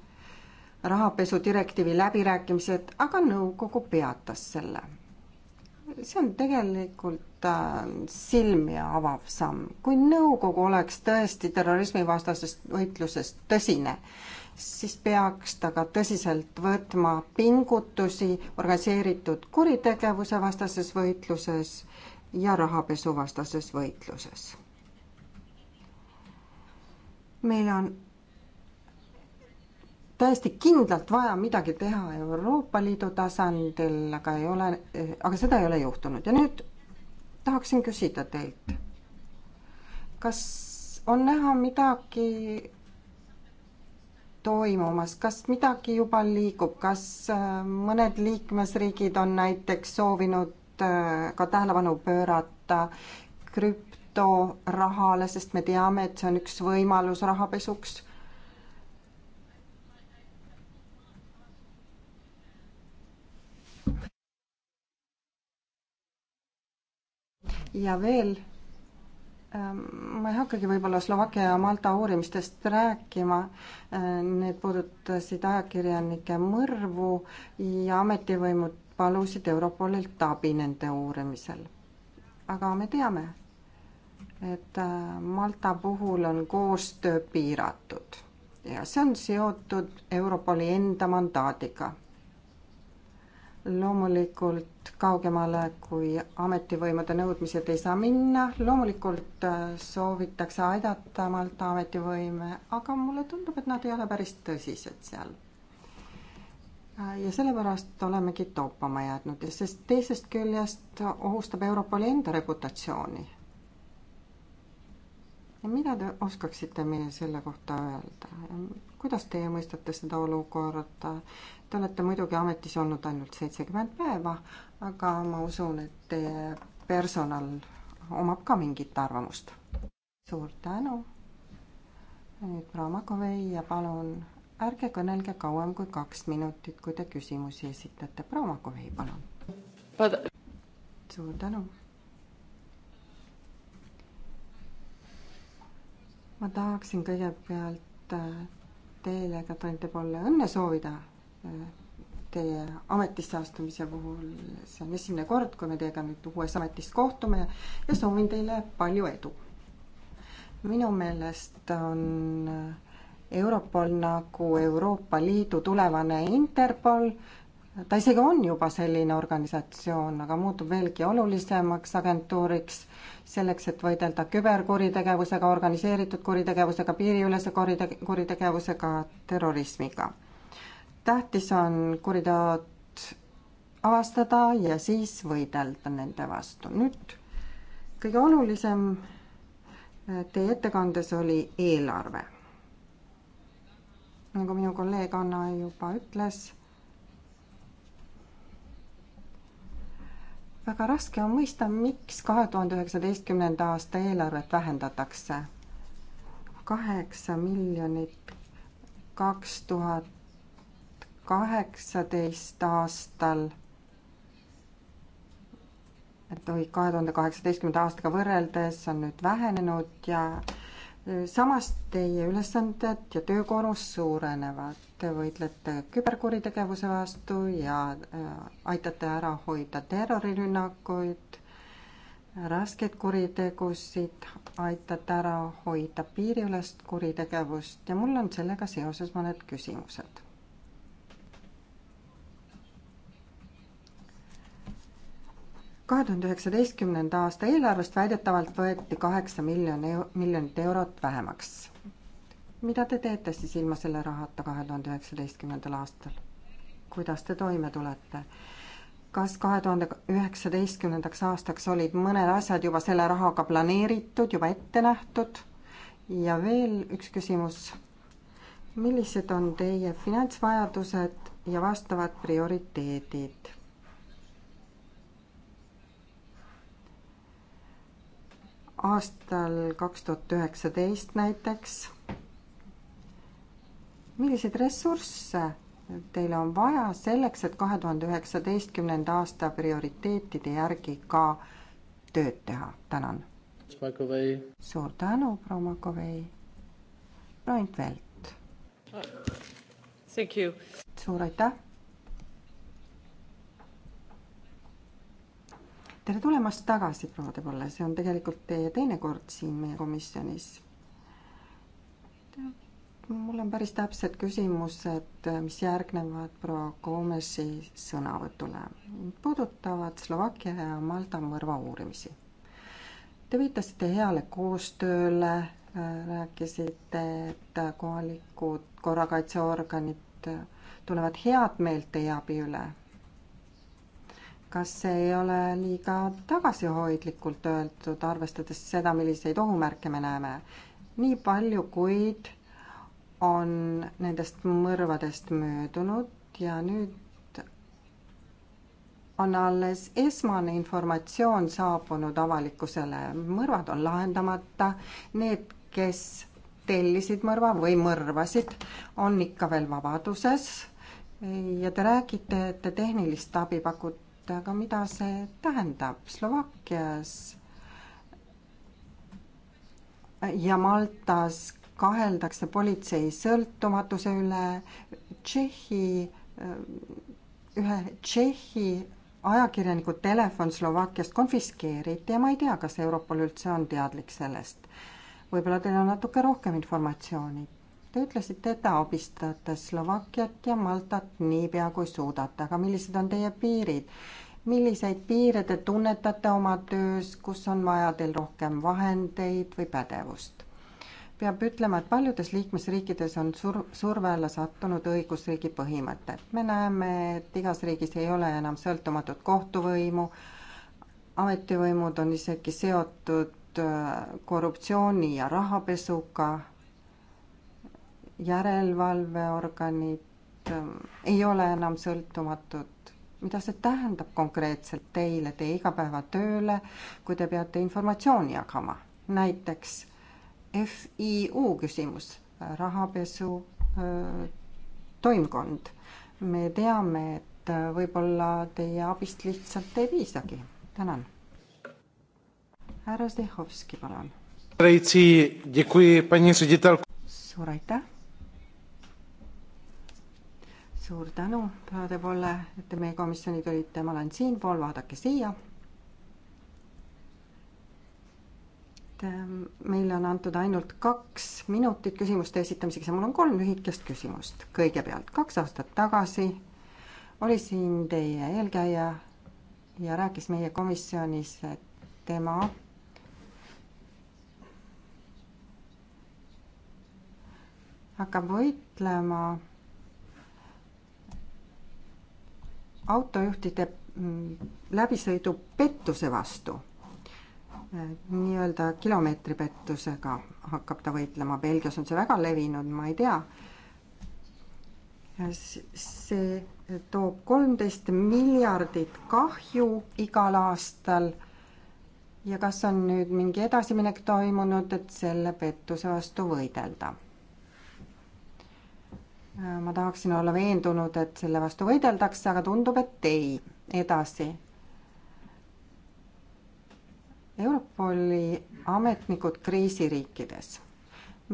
rahapesudirektiivi läbirääkimised, aga nõukogu peatas selle. see on tegelikult äh, silmi avav samm. kui nõukogu oleks tõesti terrorismivastasest võitlusest tõsine, siis peaks ta ka tõsiselt võtma pingutusi organiseeritud kuritegevuse vastases võitluses ja rahapesuvastases võitluses. meil on täiesti kindlalt vaja midagi teha Euroopa Liidu tasandil, aga ei ole, aga seda ei ole juhtunud ja nüüd tahaksin küsida teilt. kas on näha midagi toimumas, kas midagi juba liigub, kas äh, mõned liikmesriigid on näiteks soovinud äh, ka tähelepanu pöörata krüptorahale, sest me teame, et see on üks võimalus rahapesuks ja veel, ähm, ma ei hakkagi võib-olla Slovakkia ja Malta uurimistest rääkima, äh, need puudutasid ajakirjanike mõrvu ja ametivõimud palusid Europolilt abi nende uurimisel. aga me teame, et äh, Malta puhul on koostöö piiratud ja see on seotud Europoli enda mandaadiga loomulikult kaugemale kui ametivõimude nõudmised ei saa minna, loomulikult äh, soovitakse aidata Malta ametivõime, aga mulle tundub, et nad ei ole päris tõsised seal. Äh, ja sellepärast olemegi toppama jäänud, sest teisest küljest ohustab Europoli enda reputatsiooni mida te oskaksite meile selle kohta öelda? kuidas teie mõistate seda olukorda? Te olete muidugi ametis olnud ainult seitsekümmend päeva, aga ma usun, et teie personal omab ka mingit arvamust. suur tänu. nüüd Promakovei ja palun ärge kõnelge kauem kui kaks minutit, kui te küsimusi esitate. Promakovei, palun. suur tänu ma tahaksin kõigepealt äh, teile, Katrinite poole õnne soovida äh, teie ametisse astumise puhul. see on esimene kord, kui me teiega nüüd uues ametis kohtume ja soovin teile palju edu. minu meelest on äh, Europol nagu Euroopa Liidu tulevane Interpol ta isegi on juba selline organisatsioon, aga muutub veelgi olulisemaks agentuuriks, selleks, et võidelda küberkuritegevusega, organiseeritud kuritegevusega, piiriülese kurite-, kuritegevusega, terrorismiga. tähtis on kuriteod avastada ja siis võidelda nende vastu. nüüd kõige olulisem eh, teie ettekandes oli eelarve. nagu minu kolleeg Anna juba ütles väga raske on mõista, miks kahe tuhande üheksateistkümnenda aasta eelarvet vähendatakse. kaheksa miljonit kaks tuhat kaheksateist aastal et oi, kahe tuhande kaheksateistkümnenda aastaga võrreldes on nüüd vähenenud ja samas teie ülesanded ja töökoormus suurenevad. Te võitlete küberkuritegevuse vastu ja äh, aitate ära hoida terrorirünnakuid, raskeid kuritegusid, aitate ära hoida piiriülest kuritegevust ja mul on sellega seoses mõned küsimused kahe tuhande üheksateistkümnenda aasta eelarvest väidetavalt võeti kaheksa miljon, miljonit eurot vähemaks. mida te teete siis ilma selle rahata kahe tuhande üheksateistkümnendal aastal? kuidas te toime tulete? kas kahe tuhande üheksateistkümnendaks aastaks olid mõned asjad juba selle rahaga planeeritud, juba ette nähtud? ja veel üks küsimus. millised on teie finantsvajadused ja vastavad prioriteedid? aastal kaks tuhat üheksateist näiteks. milliseid ressursse teil on vaja selleks, et kahe tuhande üheksateistkümnenda aasta prioriteetide järgi ka tööd teha? tänan. suur tänu, proua Makovei. proua Intvelt. suur aitäh tere tulemast tagasi, proua De Polle, see on tegelikult teie teine kord siin meie komisjonis. mul on päris täpsed küsimused, mis järgnevad proua Gomesi sõnavõtule, puudutavad Slovakkia ja Malta mõrva uurimisi. Te viitasite heale koostööle, rääkisite, et kohalikud korrakaitseorganid tunnevad head meelt teie abi üle kas see ei ole liiga tagasihoidlikult öeldud, arvestades seda, milliseid ohumärke me näeme? nii palju kuid on nendest mõrvadest möödunud ja nüüd on alles esmane informatsioon saabunud avalikkusele. mõrvad on lahendamata, need, kes tellisid mõrva või mõrvasid, on ikka veel vabaduses ja te räägite, et te tehnilist abi pakute juurde, aga mida see tähendab Slovakkias ja Maltas kaheldakse politsei sõltumatuse üle. Tšehhi, äh, ühe Tšehhi ajakirjaniku telefon Slovakkiast konfiskeeriti ja ma ei tea, kas Europol üldse on teadlik sellest. võib-olla teil on natuke rohkem informatsiooni Te ütlesite, et te abistate Slovakkiat ja Maltat niipea kui suudate, aga millised on teie piirid? milliseid piire te tunnetate oma töös, kus on vaja teil rohkem vahendeid või pädevust? peab ütlema, et paljudes liikmesriikides on sur-, surve alla sattunud õigusriigi põhimõtted. me näeme, et igas riigis ei ole enam sõltumatut kohtuvõimu, ametivõimud on isegi seotud äh, korruptsiooni ja rahapesuga, järelevalveorganid ähm, ei ole enam sõltumatud. mida see tähendab konkreetselt teile, teie igapäevatööle, kui te peate informatsiooni jagama? näiteks FIU küsimus, rahapesu öö, äh, toimkond. me teame, et äh, võib-olla teie abist lihtsalt ei piisagi. tänan. härra Zdehovski, palun. suur aitäh suur tänu, proua De Polle, et te meie komisjoni tulite, ma olen siinpool, vaadake siia ähm, meile on antud ainult kaks minutit küsimuste esitamiseks ja mul on kolm lühikest küsimust. kõigepealt, kaks aastat tagasi oli siin teie eelkäija ja rääkis meie komisjonis, et tema hakkab võitlema autojuhtide mm, läbisõidu pettuse vastu. nii-öelda kilomeetripettusega hakkab ta võitlema, Belgias on see väga levinud, ma ei tea. see toob kolmteist miljardit kahju igal aastal. ja kas on nüüd mingi edasiminek toimunud, et selle pettuse vastu võidelda? Äh, ma tahaksin olla veendunud, et selle vastu võideldakse, aga tundub, et ei. edasi. Europoli ametnikud kriisiriikides.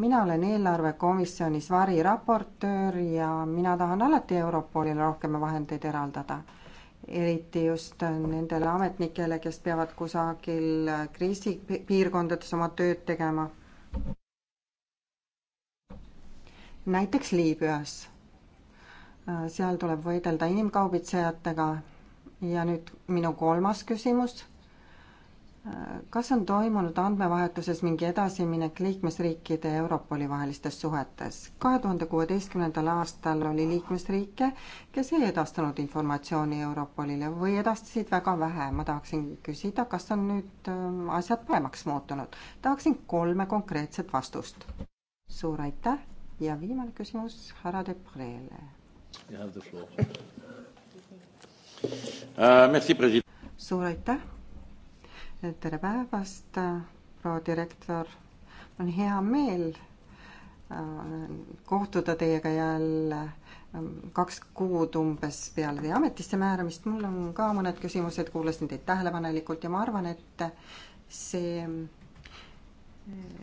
mina olen eelarvekomisjonis variraportöör ja mina tahan alati Europolile rohkem vahendeid eraldada. eriti just nendele ametnikele, kes peavad kusagil kriisipiirkondades oma tööd tegema näiteks Liibüas. seal tuleb võidelda inimkaubitsejatega. ja nüüd minu kolmas küsimus. kas on toimunud andmevahetuses mingi edasiminek liikmesriikide ja Europoli vahelistes suhetes? kahe tuhande kuueteistkümnendal aastal oli liikmesriike, kes ei edastanud informatsiooni Europolile või edastasid väga vähe. ma tahaksin küsida, kas on nüüd äh, asjad paremaks muutunud? tahaksin kolme konkreetset vastust. suur aitäh ja viimane küsimus härra Depreele. Uh, suur aitäh, tere päevast, äh, proua direktor, on hea meel äh, kohtuda teiega jälle ähm, kaks kuud umbes peale teie ametisse määramist. mul on ka mõned küsimused, kuulasin teid tähelepanelikult ja ma arvan, et see äh,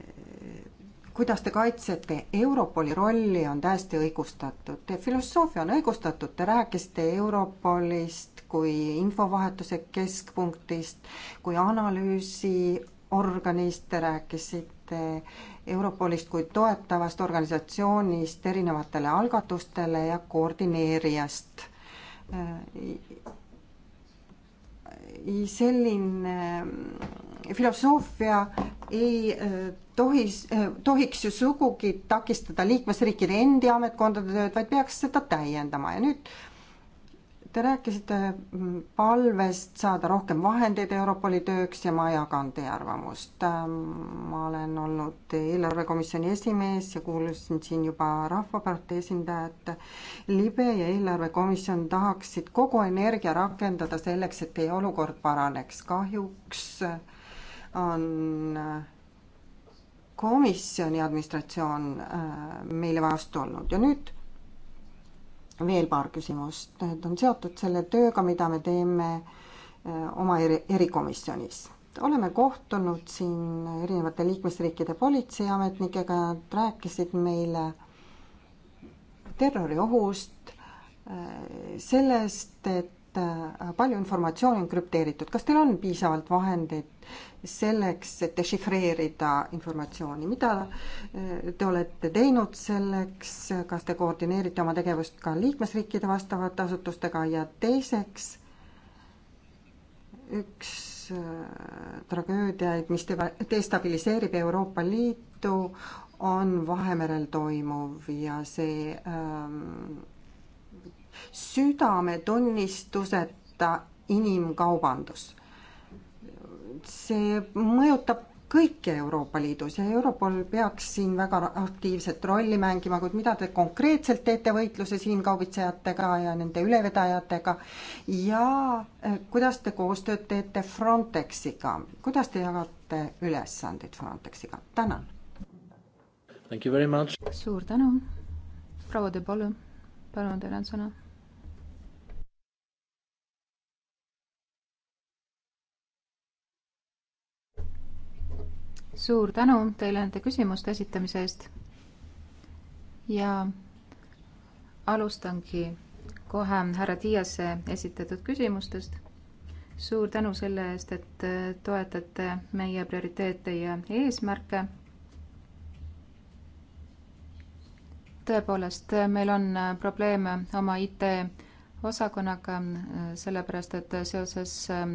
kuidas te kaitsete Europoli rolli, on täiesti õigustatud. Teie filosoofia on õigustatud, te rääkisite Europolist kui infovahetuse keskpunktist, kui analüüsiorganist, te rääkisite Europolist kui toetavast organisatsioonist erinevatele algatustele ja koordineerijast äh, selline filosoofia ei äh, tohis, äh, tohiks ju sugugi takistada liikmesriikide endi ametkondade tööd, vaid peaks seda täiendama ja nüüd Te rääkisite mm, palvest saada rohkem vahendeid Europoli tööks ja ma jagan teie arvamust. Ähm, ma olen olnud eelarvekomisjoni esimees ja kuulasin siin juba Rahvapartei esindajat. libe ja eelarvekomisjon tahaksid kogu energia rakendada selleks, et teie olukord paraneks. kahjuks äh, on äh, komisjoni administratsioon äh, meile vastu olnud ja nüüd veel paar küsimust, need on seotud selle tööga, mida me teeme äh, oma eri, erikomisjonis. oleme kohtunud siin erinevate liikmesriikide politseiametnikega, nad rääkisid meile terroriohust, sellest, et Äh, palju informatsiooni on krüpteeritud, kas teil on piisavalt vahendeid selleks, et dešifreerida informatsiooni, mida äh, te olete teinud selleks, kas te koordineerite oma tegevust ka liikmesriikide vastavate asutustega ja teiseks üks äh, tragöödiaid, mis destabiliseerib Euroopa Liitu, on Vahemerel toimuv ja see ähm, südametunnistuseta inimkaubandus. see mõjutab kõike Euroopa Liidus ja Europol peaks siin väga aktiivset rolli mängima, kuid mida te konkreetselt teete võitluses inimkaubitsejatega ja nende ülevedajatega ja eh, kuidas te koostööd teete Frontexiga, kuidas te jagate ülesandeid Frontexiga, tänan. suur tänu, proua De Palu, palun, teil on sõna suur tänu teile nende küsimuste esitamise eest ja alustangi kohe härra Tiiase esitatud küsimustest. suur tänu selle eest, et toetate meie prioriteete ja eesmärke. tõepoolest, meil on probleeme oma IT osakonnaga, sellepärast et seoses äh,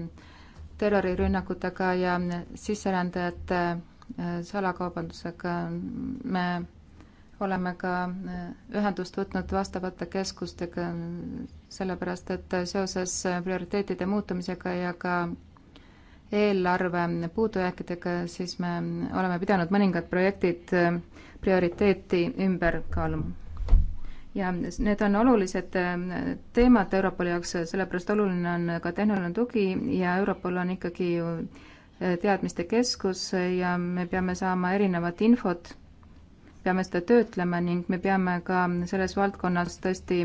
terrorirünnakutega ja sisserändajate äh, salakaubandusega me oleme ka äh, ühendust võtnud vastavate keskustega, sellepärast et seoses prioriteetide muutumisega ja ka eelarve puudujääkidega, siis me oleme pidanud mõningad projektid äh, prioriteeti ümber kaaluma ja need on olulised äh, teemad Europoli jaoks, sellepärast oluline on ka tehniline tugi ja Europol on ikkagi äh, teadmiste keskus ja me peame saama erinevat infot, peame seda töötlema ning me peame ka selles valdkonnas tõesti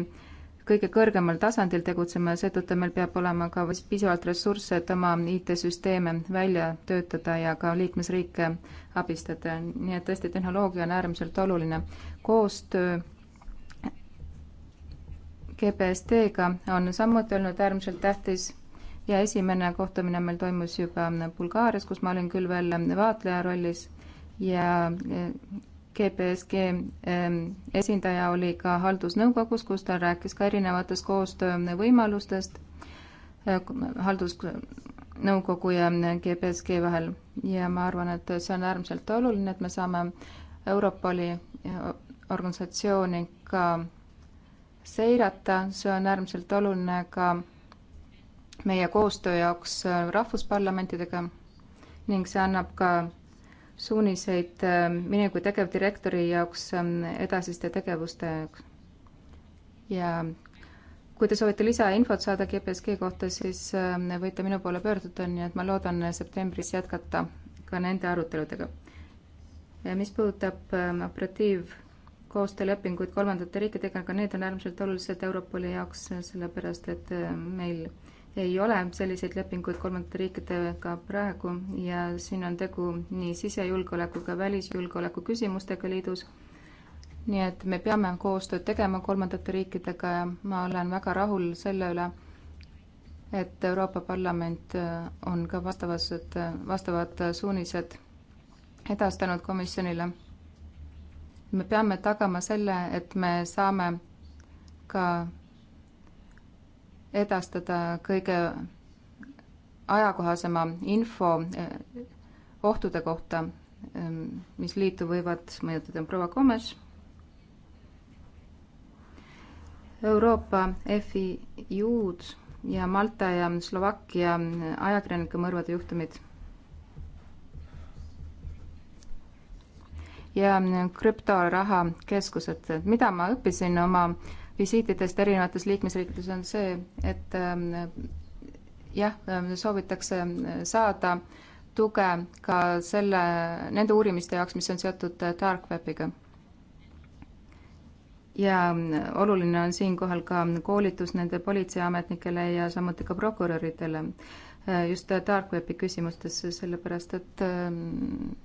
kõige kõrgemal tasandil tegutsema ja seetõttu meil peab olema ka piisavalt ressursse, et oma IT-süsteeme välja töötada ja ka liikmesriike abistada. nii et tõesti, tehnoloogia on äärmiselt oluline. koostöö GBSD-ga on samuti olnud äärmiselt tähtis ja esimene kohtumine meil toimus juba Bulgaarias, kus ma olin küll veel vaatleja rollis ja GPSG e, e, esindaja oli ka haldusnõukogus, kus ta rääkis ka erinevatest koostöövõimalustest e, haldusnõukogu ja GPSG vahel ja ma arvan, et see on äärmiselt oluline, et me saame Europoli organisatsiooni ka seirata, see on äärmiselt oluline ka meie koostöö jaoks rahvusparlamentidega ning see annab ka suuniseid ähm, minu kui tegevdirektori jaoks ähm, edasiste tegevuste jaoks. ja kui te soovite lisainfot saada GPSG kohta, siis ähm, võite minu poole pöörduda, nii et ma loodan septembris jätkata ka nende aruteludega. mis puudutab operatiiv- koostöölepinguid kolmandate riikidega, aga need on äärmiselt olulised Europoli jaoks, sellepärast et äh, meil ei ole selliseid lepinguid kolmandate riikidega praegu ja siin on tegu nii sisejulgeolekuga, välisjulgeoleku küsimustega liidus. nii et me peame koostööd tegema kolmandate riikidega ja ma olen väga rahul selle üle, et Euroopa Parlament äh, on ka vastavased, vastavad suunised edastanud komisjonile me peame tagama selle, et me saame ka edastada kõige ajakohasema info eh, ohtude kohta, ehm, mis liitu võivad mõjutada. proua Komes. Euroopa FIU-d ja Malta ja Slovakkia ajakirjanike mõrvade juhtumid ja krüptoraha keskused. mida ma õppisin oma visiitidest erinevates liikmesriikides, on see, et ähm, jah, ähm, soovitakse äh, saada tuge ka selle, nende uurimiste jaoks, mis on seotud äh, dark webiga. ja ähm, oluline on siinkohal ka koolitus nende politseiametnikele ja samuti ka prokuröridele Äh, just dark webi küsimustes, sellepärast et ähm,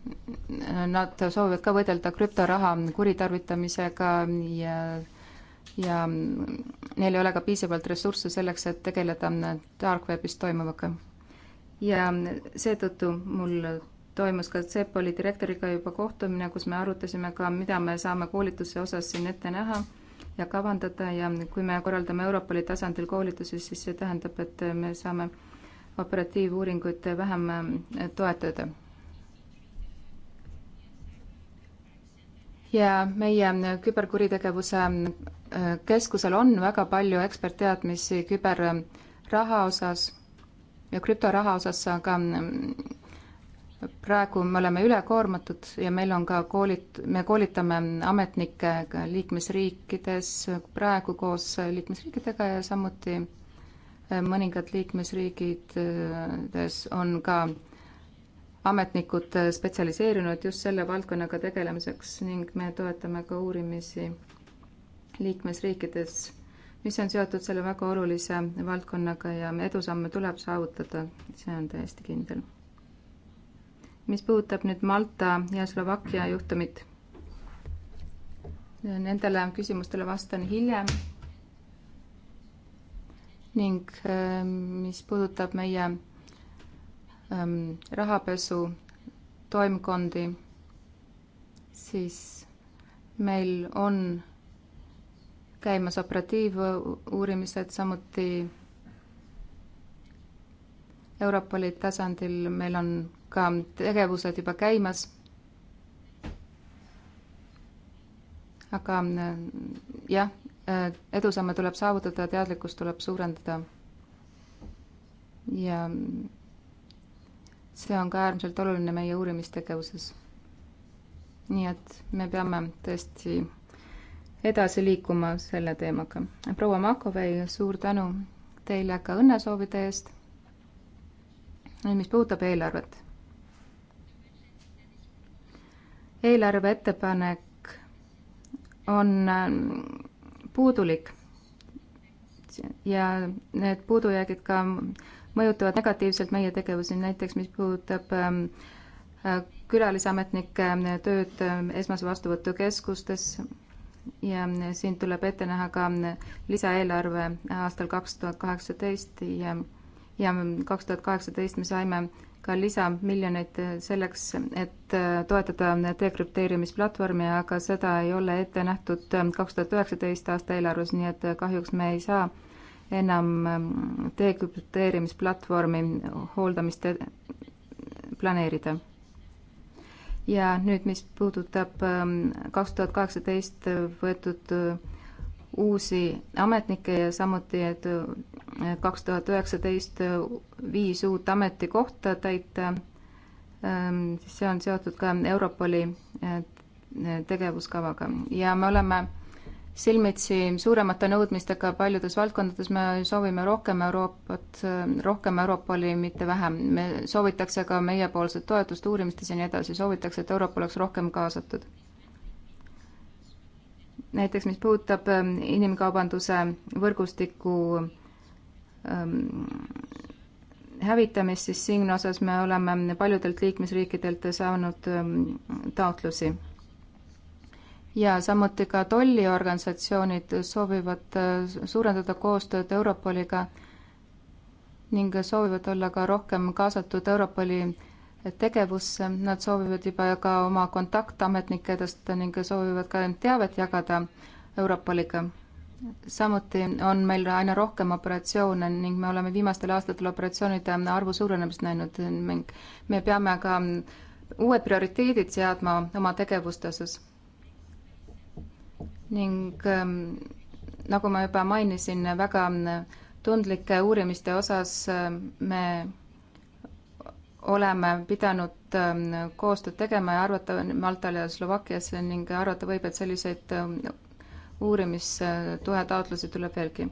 nad soovivad ka võidelda krüptoraha kuritarvitamisega ja ja neil ei ole ka piisavalt ressursse selleks, et tegeleda dark webis toimuvaga. ja seetõttu mul toimus ka CEPOL-i direktoriga juba kohtumine, kus me arutasime ka, mida me saame koolituse osas siin ette näha ja kavandada ja kui me korraldame Europoli tasandil koolitusi, siis see tähendab, et me saame äh, operatiivuuringuid vähem äh, toetada. ja meie küberkuritegevuse äh, keskusel on väga palju ekspertteadmisi küberraha osas ja krüptoraha osas, aga mm, praegu me oleme ülekoormatud ja meil on ka koolid, me koolitame ametnikke ka liikmesriikides, praegu koos liikmesriikidega ja samuti mõningad liikmesriigides on ka ametnikud spetsialiseerunud just selle valdkonnaga tegelemiseks ning me toetame ka uurimisi liikmesriikides, mis on seotud selle väga olulise valdkonnaga ja edusamme tuleb saavutada, see on täiesti kindel. mis puudutab nüüd Malta ja Slovakkia juhtumit, nendele küsimustele vastan hiljem ning ähm, mis puudutab meie ähm, rahapesu toimkondi, siis meil on käimas operatiivuurimised, samuti Europoli tasandil meil on ka tegevused juba käimas. aga äh, jah, Äh, edusamme tuleb saavutada, teadlikkust tuleb suurendada. ja see on ka äärmiselt oluline meie uurimistegevuses. nii et me peame tõesti edasi liikuma selle teemaga. proua Makovei, suur tänu teile ka õnnesoovide eest. nüüd, mis puudutab eelarvet. eelarve ettepanek on ähm, puudulik ja need puudujäägid ka mõjutavad negatiivselt meie tegevusi, näiteks mis puudutab ähm, äh, külalisametnike äh, tööd ähm, esmase vastuvõtu keskustes ja äh, siin tuleb ette näha ka lisaeelarve aastal kaks tuhat kaheksateist ja, ja mm, kaks tuhat kaheksateist me saime ka lisamiljoneid selleks, et äh, toetada dekrüpteerimisplatvormi, aga seda ei ole ette nähtud ähm, kaks tuhat üheksateist aasta eelarves, nii et kahjuks me ei saa enam ähm, dekrüpteerimisplatvormi hooldamist äh, planeerida. ja nüüd, mis puudutab ähm, kaks tuhat kaheksateist äh, võetud uusi ametnikke ja samuti, et äh, kaks tuhat üheksateist äh, viis uut ametikohta täita, ähm, siis see on seotud ka Europoli äh, tegevuskavaga ja me oleme silmitsi suuremate nõudmistega paljudes valdkondades, me soovime rohkem Euroopat, rohkem Europoli, mitte vähem. me soovitakse ka meiepoolset toetust uurimistes ja nii edasi, soovitakse, et Euroopa oleks rohkem kaasatud näiteks mis puudutab ähm, inimkaubanduse võrgustiku ähm, hävitamist, siis siin osas me oleme paljudelt liikmesriikidelt saanud ähm, taotlusi. ja samuti ka tolliorganisatsioonid soovivad äh, suurendada koostööd Europoliga ning soovivad olla ka rohkem kaasatud Europoli tegevusse, nad soovivad juba ka oma kontaktametnikke tõsta ning soovivad ka teavet jagada Europoliga. samuti on meil aina rohkem operatsioone ning me oleme viimastel aastatel operatsioonide arvu suurenemist näinud ning me peame ka uued prioriteedid seadma oma tegevuste osas. ning ähm, nagu ma juba mainisin, väga tundlike uurimiste osas ähm, me oleme pidanud ähm, koostööd tegema ja arvata Maltal ja Slovakkias ning arvata võib, et selliseid ähm, uurimistoe taotlusi tuleb veelgi.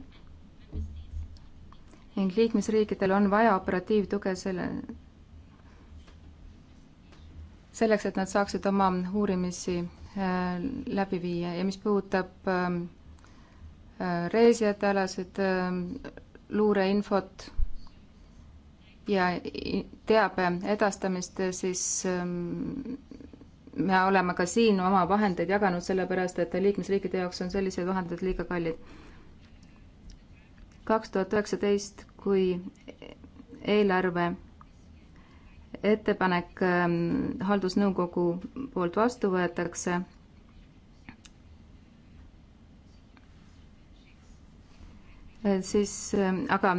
ning liikmesriikidel on vaja operatiivtuge selle, selleks, et nad saaksid oma uurimisi äh, läbi viia ja mis puudutab ähm, äh, reisijatealasid luureinfot ja teabe edastamist, siis ähm, me oleme ka siin oma vahendeid jaganud, sellepärast et liikmesriikide jaoks on sellised vahendid liiga kallid. kaks tuhat üheksateist, kui eelarve ettepanek ähm, haldusnõukogu poolt vastu võetakse, siis, ähm, aga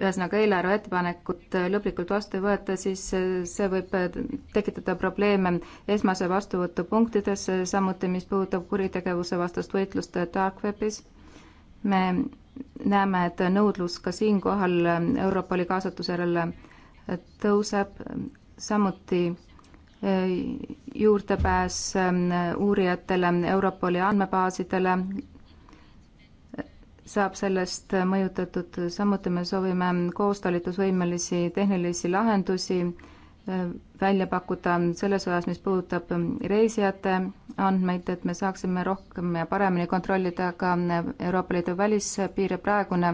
ühesõnaga eelarve ettepanekut lõplikult vastu ei võeta, siis see võib tekitada probleeme esmase vastuvõtu punktides, samuti mis puudutab kuritegevuse vastast võitlust dark webis. me näeme, et nõudlus ka siinkohal Europoli kaasatuse järele tõuseb, samuti juurdepääs uurijatele Europoli andmebaasidele saab sellest mõjutatud, samuti me soovime koostalitusvõimelisi tehnilisi lahendusi äh, välja pakkuda selles osas, mis puudutab reisijate andmeid, et me saaksime rohkem ja paremini kontrollida ka Euroopa Liidu välispiire, praegune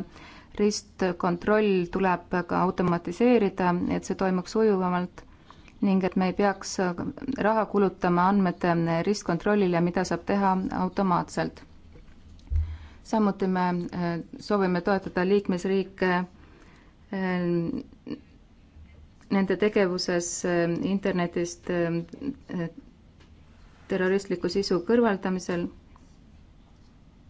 ristkontroll tuleb ka automatiseerida, et see toimuks sujuvamalt ning et me ei peaks raha kulutama andmete ristkontrollile, mida saab teha automaatselt samuti me äh, soovime toetada liikmesriike äh, nende tegevuses äh, internetist terroristliku sisu kõrvaldamisel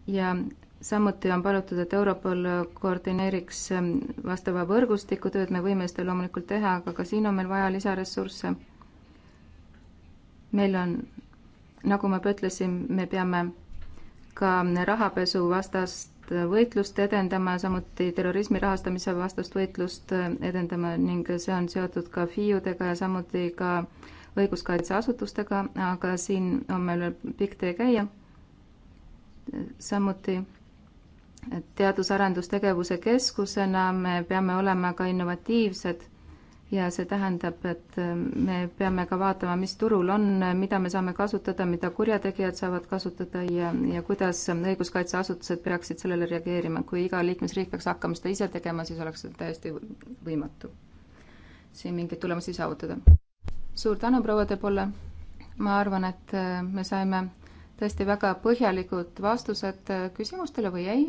ja samuti on palutud, et Europol koordineeriks vastava võrgustiku tööd, me võime seda loomulikult teha, aga ka siin on meil vaja lisaressursse. meil on, nagu ma juba ütlesin, me peame ka rahapesuvastast võitlust edendama, samuti terrorismi rahastamise vastast võitlust edendama ning see on seotud ka FIU-dega ja samuti ka õiguskaitseasutustega, aga siin on meil pikk tee käia. samuti teadus-arendustegevuse keskusena me peame olema ka innovatiivsed ja see tähendab, et äh, me peame ka vaatama, mis turul on, mida me saame kasutada, mida kurjategijad saavad kasutada ja, ja kuidas õiguskaitseasutused peaksid sellele reageerima. kui iga liikmesriik peaks hakkama seda ise tegema, siis oleks see täiesti võimatu siin mingeid tulemusi saavutada. suur tänu, proua De Polle. ma arvan, et äh, me saime tõesti väga põhjalikud vastused äh, küsimustele või ei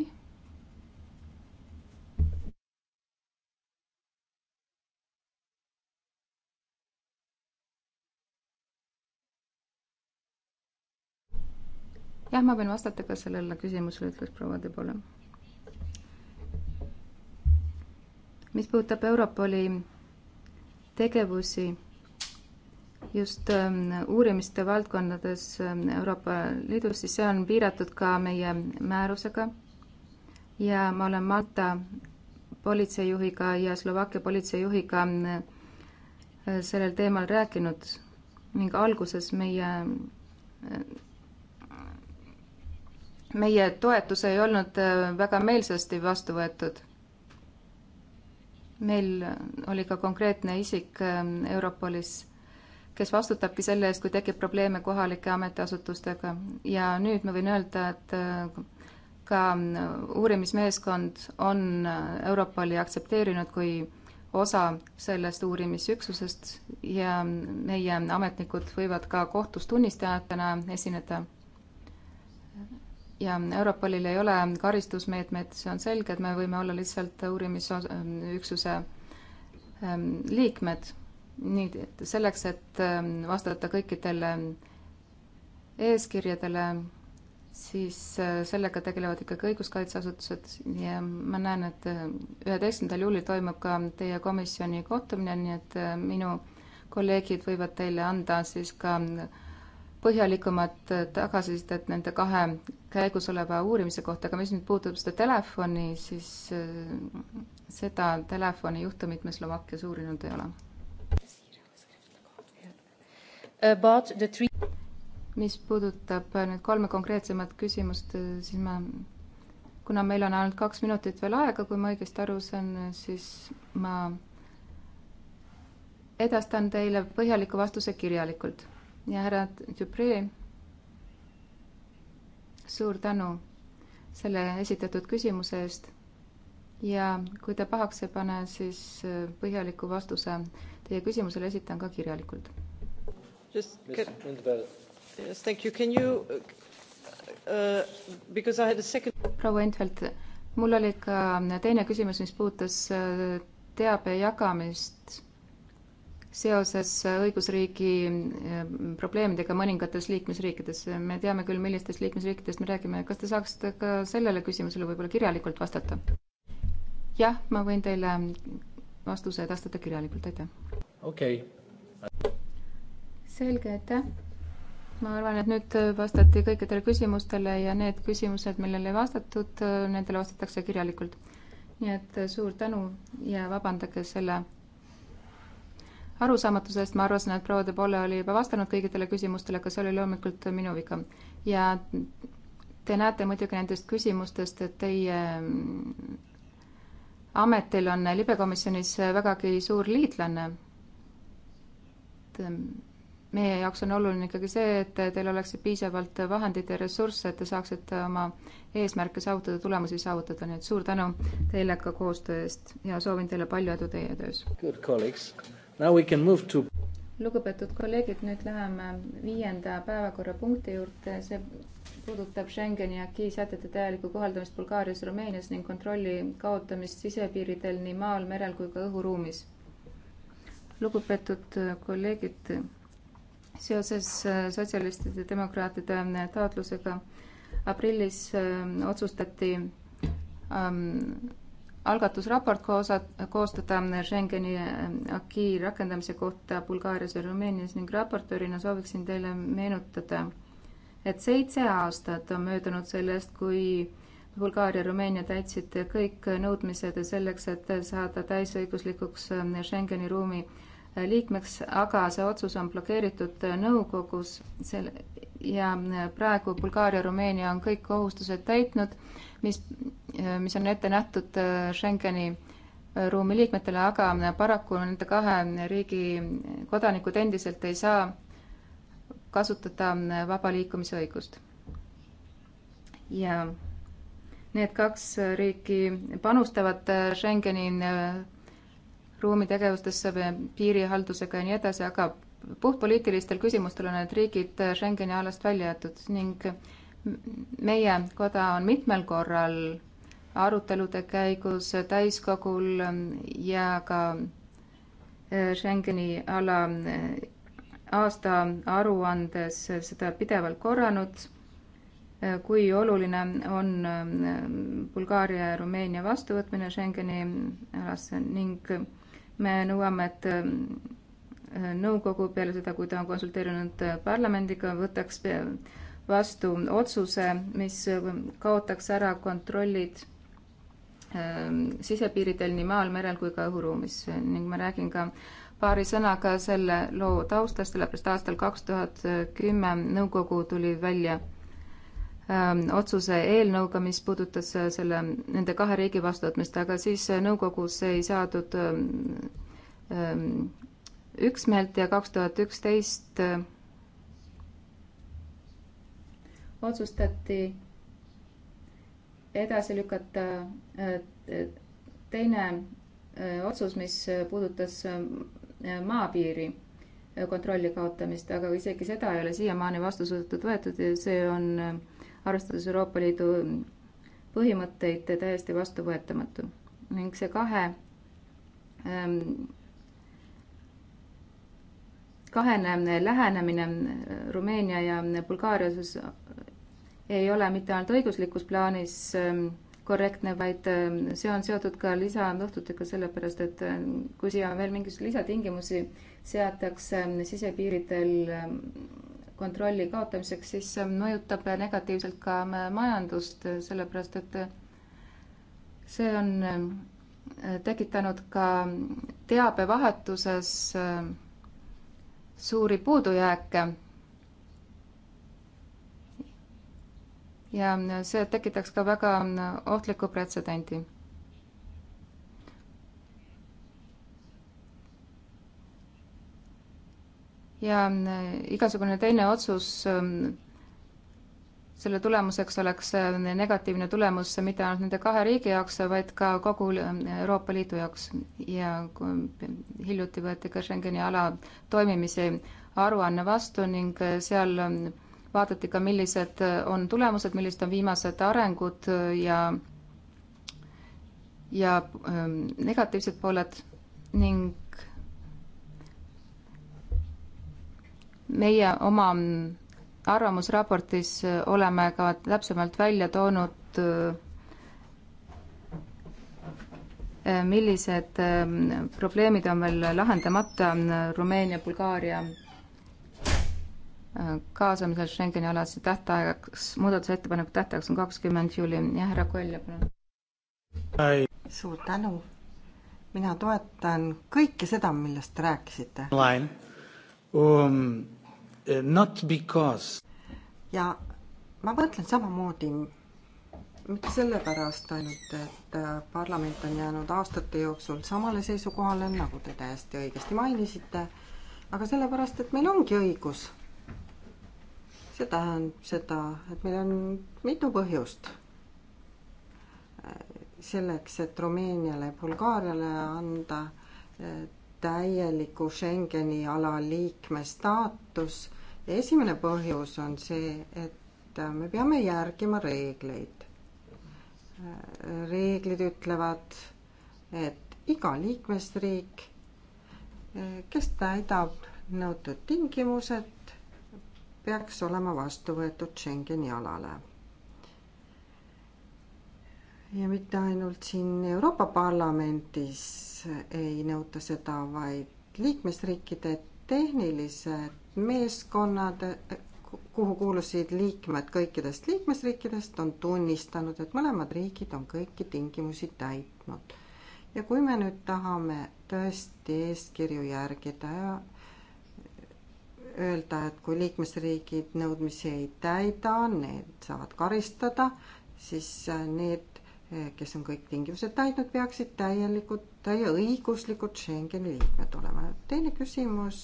jah, ma võin vastata ka sellele küsimusele, ütles proua Debole. mis puudutab Europoli tegevusi just ähm, uurimiste valdkondades ähm, Euroopa Liidus, siis see on piiratud ka meie määrusega ja ma olen Malta politseijuhiga ja Slovakkia politseijuhiga äh, sellel teemal rääkinud ning alguses meie äh, meie toetus ei olnud äh, väga meelsasti vastu võetud. meil oli ka konkreetne isik ähm, Europolis, kes vastutabki selle eest, kui tekib probleeme kohalike ametiasutustega ja nüüd ma võin öelda, et äh, ka mm, uurimismeeskond on äh, Europoli aktsepteerinud kui osa sellest uurimisüksusest ja meie ametnikud võivad ka kohtus tunnistajatena esineda ja Europolil ei ole karistusmeetmeid, see on selge, et me võime olla lihtsalt uurimisüksuse ähm, ähm, liikmed. nii, et selleks, et ähm, vastata kõikidele eeskirjadele, siis äh, sellega tegelevad ikkagi õiguskaitseasutused ja ma näen, et äh, üheteistkümnendal juulil toimub ka teie komisjoni kohtumine, nii et äh, minu kolleegid võivad teile anda siis ka äh, põhjalikumat äh, tagasisidet nende kahe käigus oleva uurimise kohta, aga mis nüüd puudutab seda telefoni, siis äh, seda telefonijuhtumit me Slovakkias uurinud ei ole. mis puudutab äh, nüüd kolme konkreetsemat küsimust, siis ma, kuna meil on ainult kaks minutit veel aega, kui ma õigesti aru saan, siis ma edastan teile põhjaliku vastuse kirjalikult ja härra Dupree, suur tänu selle esitatud küsimuse eest ja kui te pahaks ei pane, siis äh, põhjaliku vastuse teie küsimusele esitan ka kirjalikult. Yes, thank you. Can you uh, uh,, because I had a second. proua Infeld, mul oli ka teine küsimus, mis puudutas äh, teabe jagamist seoses õigusriigi eh, probleemidega mõningates liikmesriikides. me teame küll, millistest liikmesriikidest me räägime. kas te saaksite ka sellele küsimusele võib-olla kirjalikult vastata? jah, ma võin teile vastuse edastada kirjalikult, aitäh. okei okay.. selge, aitäh. ma arvan, et nüüd vastati kõikidele küsimustele ja need küsimused, millele ei vastatud, nendele vastatakse kirjalikult. nii et suur tänu ja vabandage selle arusaamatusest, ma arvasin, et proua De Pole oli juba vastanud kõigidele küsimustele, aga see oli loomulikult minu viga. ja te näete muidugi nendest küsimustest, et teie mm, ametil on libekomisjonis vägagi suur liitlane. et mm, meie jaoks on oluline ikkagi see, et teil oleks piisavalt vahendeid ja ressursse, et te saaksite oma eesmärke saavutada, tulemusi saavutada, nii et suur tänu teile ka koostöö eest ja soovin teile palju edu teie töös. Good colleagues To... lugupeetud kolleegid, nüüd läheme viienda päevakorrapunkti juurde, see puudutab Schengeni aki sätete täielikku kohaldamist Bulgaarias, Rumeenias ning kontrolli kaotamist sisepiiridel nii maal, merel kui ka õhuruumis. lugupeetud kolleegid, seoses äh, sotsialistide demokraatide äh, taotlusega aprillis öö, äh, otsustati öö, ähm, algatusraport koosa-, koostada Schengeni äh, aki rakendamise kohta Bulgaarias ja Rumeenias ning raportöörina sooviksin teile meenutada, et seitse aastat on möödunud sellest, kui Bulgaaria ja Rumeenia täitsid kõik nõudmised selleks, et saada täisõiguslikuks äh, Schengeni ruumi äh, liikmeks, aga see otsus on blokeeritud nõukogus sel- ja praegu Bulgaaria ja Rumeenia on kõik kohustused täitnud mis, mis on ette nähtud äh, Schengeni äh, ruumi liikmetele, aga äh, paraku nende kahe riigi kodanikud endiselt ei saa kasutada vaba liikumise õigust. ja need kaks riiki panustavad Schengeni ruumi tegevustesse, piirihaldusega ja nii edasi, aga puhtpoliitilistel küsimustel on need riigid Schengeni alast välja jäetud ning meie koda on mitmel korral arutelude käigus täiskogul ja ka e, Schengeni ala e, aastaaruandes seda pidevalt korranud, e, kui oluline on Bulgaaria ja Rumeenia vastuvõtmine Schengeni alasse ning me nõuame, et nõukogu peale seda, kui ta on konsulteerinud parlamendiga, võtaks vastu otsuse, mis äh, kaotaks ära kontrollid ähm, sisepiiridel nii maal, merel kui ka õhuruumis ning ma räägin ka paari sõnaga selle loo taustast, sellepärast aastal kaks tuhat kümme nõukogu tuli välja ähm, otsuse eelnõuga, mis puudutas äh, selle, nende kahe riigi vastuvõtmist, aga siis äh, nõukogus ei saadud ähm, üksmeelt ja kaks tuhat üksteist otsustati edasi lükata äh, teine äh, otsus, mis äh, puudutas maapiiri kontrolli kaotamist, aga isegi seda ei ole siiamaani vastusuudetud võetud ja see on, arvestades Euroopa Liidu põhimõtteid, täiesti vastuvõetamatu. ning see kahe ähm, kahene lähenemine Rumeenia ja Bulgaaria osas ei ole mitte ainult õiguslikus plaanis ähm, korrektne, vaid ähm, see on seotud ka lisanõhtutega, sellepärast et ähm, kui siia veel mingisuguseid lisatingimusi seatakse sisepiiridel kontrolli kaotamiseks, siis see mõjutab negatiivselt ka majandust, sellepärast et äh, see on tekitanud ka teabevahetuses suuri puudujääke ja see tekitaks ka väga ohtliku pretsedendi. ja äh, igasugune teine otsus, ähm, selle tulemuseks oleks äh, negatiivne tulemus mitte ainult nende kahe riigi jaoks, vaid ka kogu äh, Euroopa Liidu jaoks. ja hiljuti võeti ka Schengeni ala toimimise aruanne vastu ning seal ähm, vaadati ka, millised on tulemused, millised on viimased arengud ja ja ähm, negatiivsed pooled ning meie oma arvamusraportis oleme ka täpsemalt välja toonud, äh, millised ähm, probleemid on veel lahendamata Rumeenia, Bulgaaria kaasamisel Schengeni alase tähtajaks, muudatusettepaneku tähtajaks on kakskümmend juuli, jah, härra Kolja, palun. suur tänu, mina toetan kõike seda, millest te rääkisite. Um, not because. ja ma mõtlen samamoodi, mitte sellepärast ainult, et äh, parlament on jäänud aastate jooksul samale seisukohale, nagu te täiesti õigesti mainisite, aga sellepärast, et meil ongi õigus see tähendab seda, et meil on mitu põhjust selleks, et Rumeeniale ja Bulgaariale anda eh, täieliku Schengeni ala liikme staatus. esimene põhjus on see, et eh, me peame järgima reegleid. Eh, reeglid ütlevad, et iga liikmesriik, kes täidab nõutud tingimused, peaks olema vastu võetud Schengeni alale. ja mitte ainult siin Euroopa Parlamendis ei nõuta seda, vaid liikmesriikide tehnilised meeskonnad, kuhu kuulusid liikmed kõikidest liikmesriikidest, on tunnistanud, et mõlemad riigid on kõiki tingimusi täitnud. ja kui me nüüd tahame tõesti eeskirju järgida ja öelda, et kui liikmesriigid nõudmisi ei täida, need saavad karistada, siis äh, need, äh, kes on kõik tingimused täitnud, peaksid täielikult, täieõiguslikult Schengeni liikmed olema. teine küsimus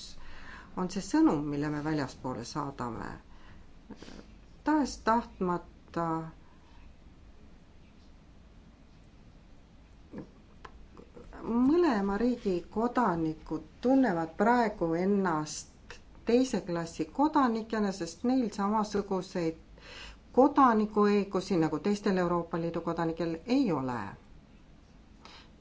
on see sõnum, mille me väljaspoole saadame. tahes-tahtmata mõlema riigi kodanikud tunnevad praegu ennast teise klassi kodanikena, sest neil samasuguseid kodanikuõigusi nagu teistel Euroopa Liidu kodanikel ei ole.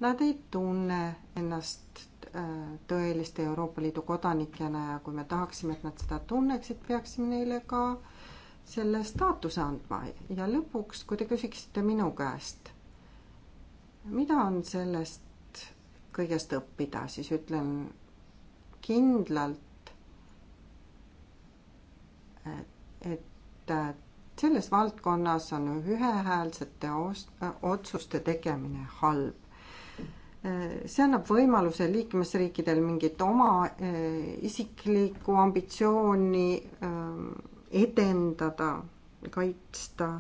Nad ei tunne ennast äh, tõeliste Euroopa Liidu kodanikena ja kui me tahaksime, et nad seda tunneksid, peaksime neile ka selle staatuse andma ja lõpuks, kui te küsiksite minu käest, mida on sellest kõigest õppida, siis ütlen kindlalt, et selles valdkonnas on ühehäälsete otsuste tegemine halb. see annab võimaluse liikmesriikidel mingit oma eh, isiklikku ambitsiooni eh, edendada, kaitsta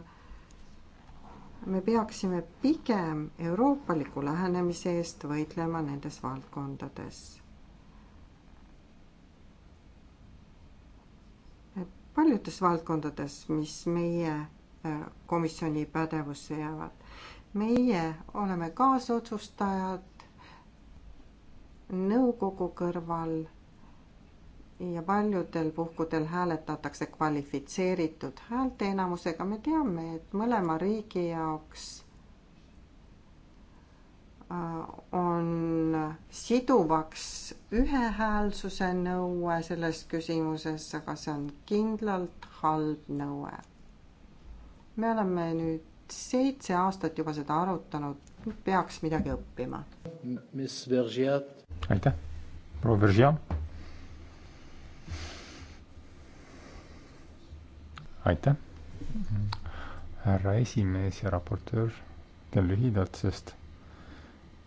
me peaksime pigem euroopaliku lähenemise eest võitlema nendes valdkondades. paljudes valdkondades, mis meie äh, komisjoni pädevusse jäävad. meie oleme kaasotsustajad nõukogu kõrval ja paljudel puhkudel hääletatakse kvalifitseeritud häälteenamusega. me teame, et mõlema riigi jaoks Äh, on siduvaks ühehäälsuse nõue selles küsimuses, aga see on kindlalt halb nõue. me oleme nüüd seitse aastat juba seda arutanud, peaks midagi õppima. mis Vergiat? aitäh, proua Vergiat. aitäh, härra esimees ja raportöör, teen lühidalt, sest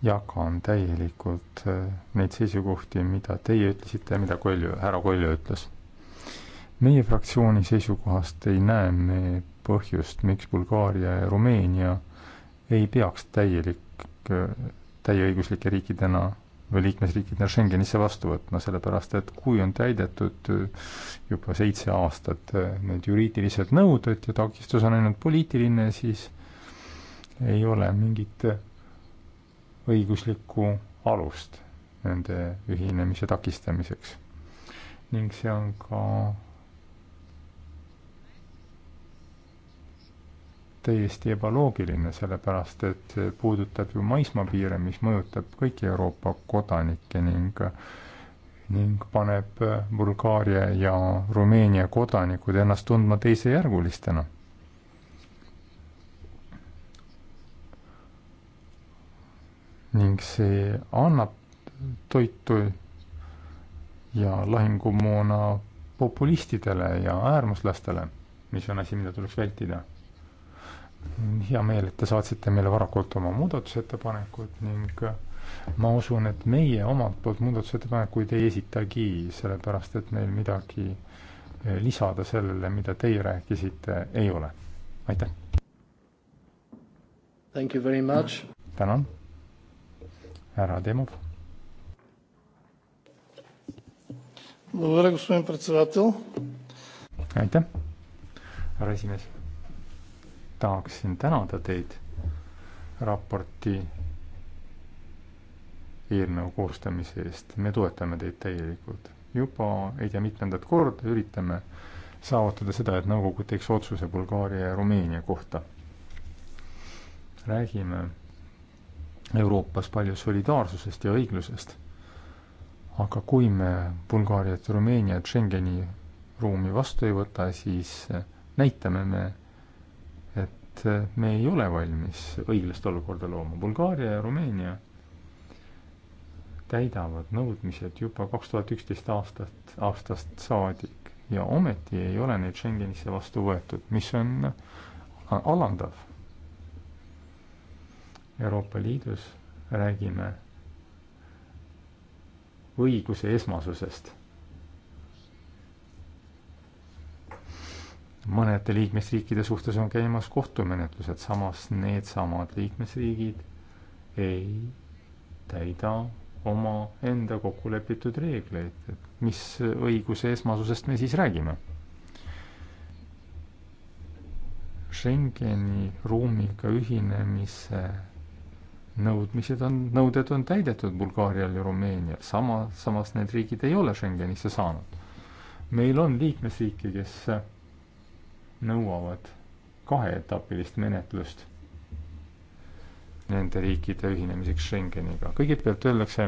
jagan täielikult eh, neid seisukohti, mida teie ütlesite ja mida Kolju, härra Kolju ütles. meie fraktsiooni seisukohast ei näe me põhjust, miks Bulgaaria ja Rumeenia ei peaks täielik, eh, täieõiguslike riikidena või liikmesriikidena Schengenisse vastu võtma, sellepärast et kui on täidetud eh, juba seitse aastat need juriidilised nõuded ja takistus on ainult poliitiline, siis ei ole mingit õiguslikku alust nende ühinemise takistamiseks. ning see on ka täiesti ebaloogiline, sellepärast et see puudutab ju maismaapiire, mis mõjutab kõiki Euroopa kodanikke ning ning paneb Bulgaaria ja Rumeenia kodanikud ennast tundma teisejärgulistena ning see annab toitu ja lahingumoona populistidele ja äärmuslastele, mis on asi, mida tuleks vältida. hea meel, et te saatsite meile varakult oma muudatusettepanekud ning ma usun, et meie omalt poolt muudatusettepanekuid ei esitagi, sellepärast et meil midagi eh, lisada sellele, mida teie rääkisite, ei ole. aitäh! tänan! härra Demov. aitäh, härra esimees. tahaksin tänada teid raporti eelnõu koostamise eest, me toetame teid täielikult. juba ei tea mitmendat korda üritame saavutada seda, et nõukogu teeks otsuse Bulgaaria ja Rumeenia kohta. räägime Euroopas palju solidaarsusest ja õiglusest. aga kui me Bulgaariat ja Rumeeniat Schengeni ruumi vastu ei võta, siis näitame me, et me ei ole valmis õiglast olukorda looma. Bulgaaria ja Rumeenia täidavad nõudmised juba kaks tuhat üksteist aastat, aastast saadik ja ometi ei ole neid Schengenisse vastu võetud, mis on alandav Euroopa Liidus räägime õiguse esmasusest. mõnede liikmesriikide suhtes on käimas kohtumenetlused, samas needsamad liikmesriigid ei täida omaenda kokkulepitud reegleid, et mis õiguse esmasusest me siis räägime Schengeni ruumiga ühinemise nõudmised on, nõuded on täidetud Bulgaarial ja Rumeenial, sama, samas need riigid ei ole Schengenisse saanud. meil on liikmesriike, kes nõuavad kaheetapilist menetlust nende riikide ühinemiseks Schengeniga. kõigepealt öeldakse,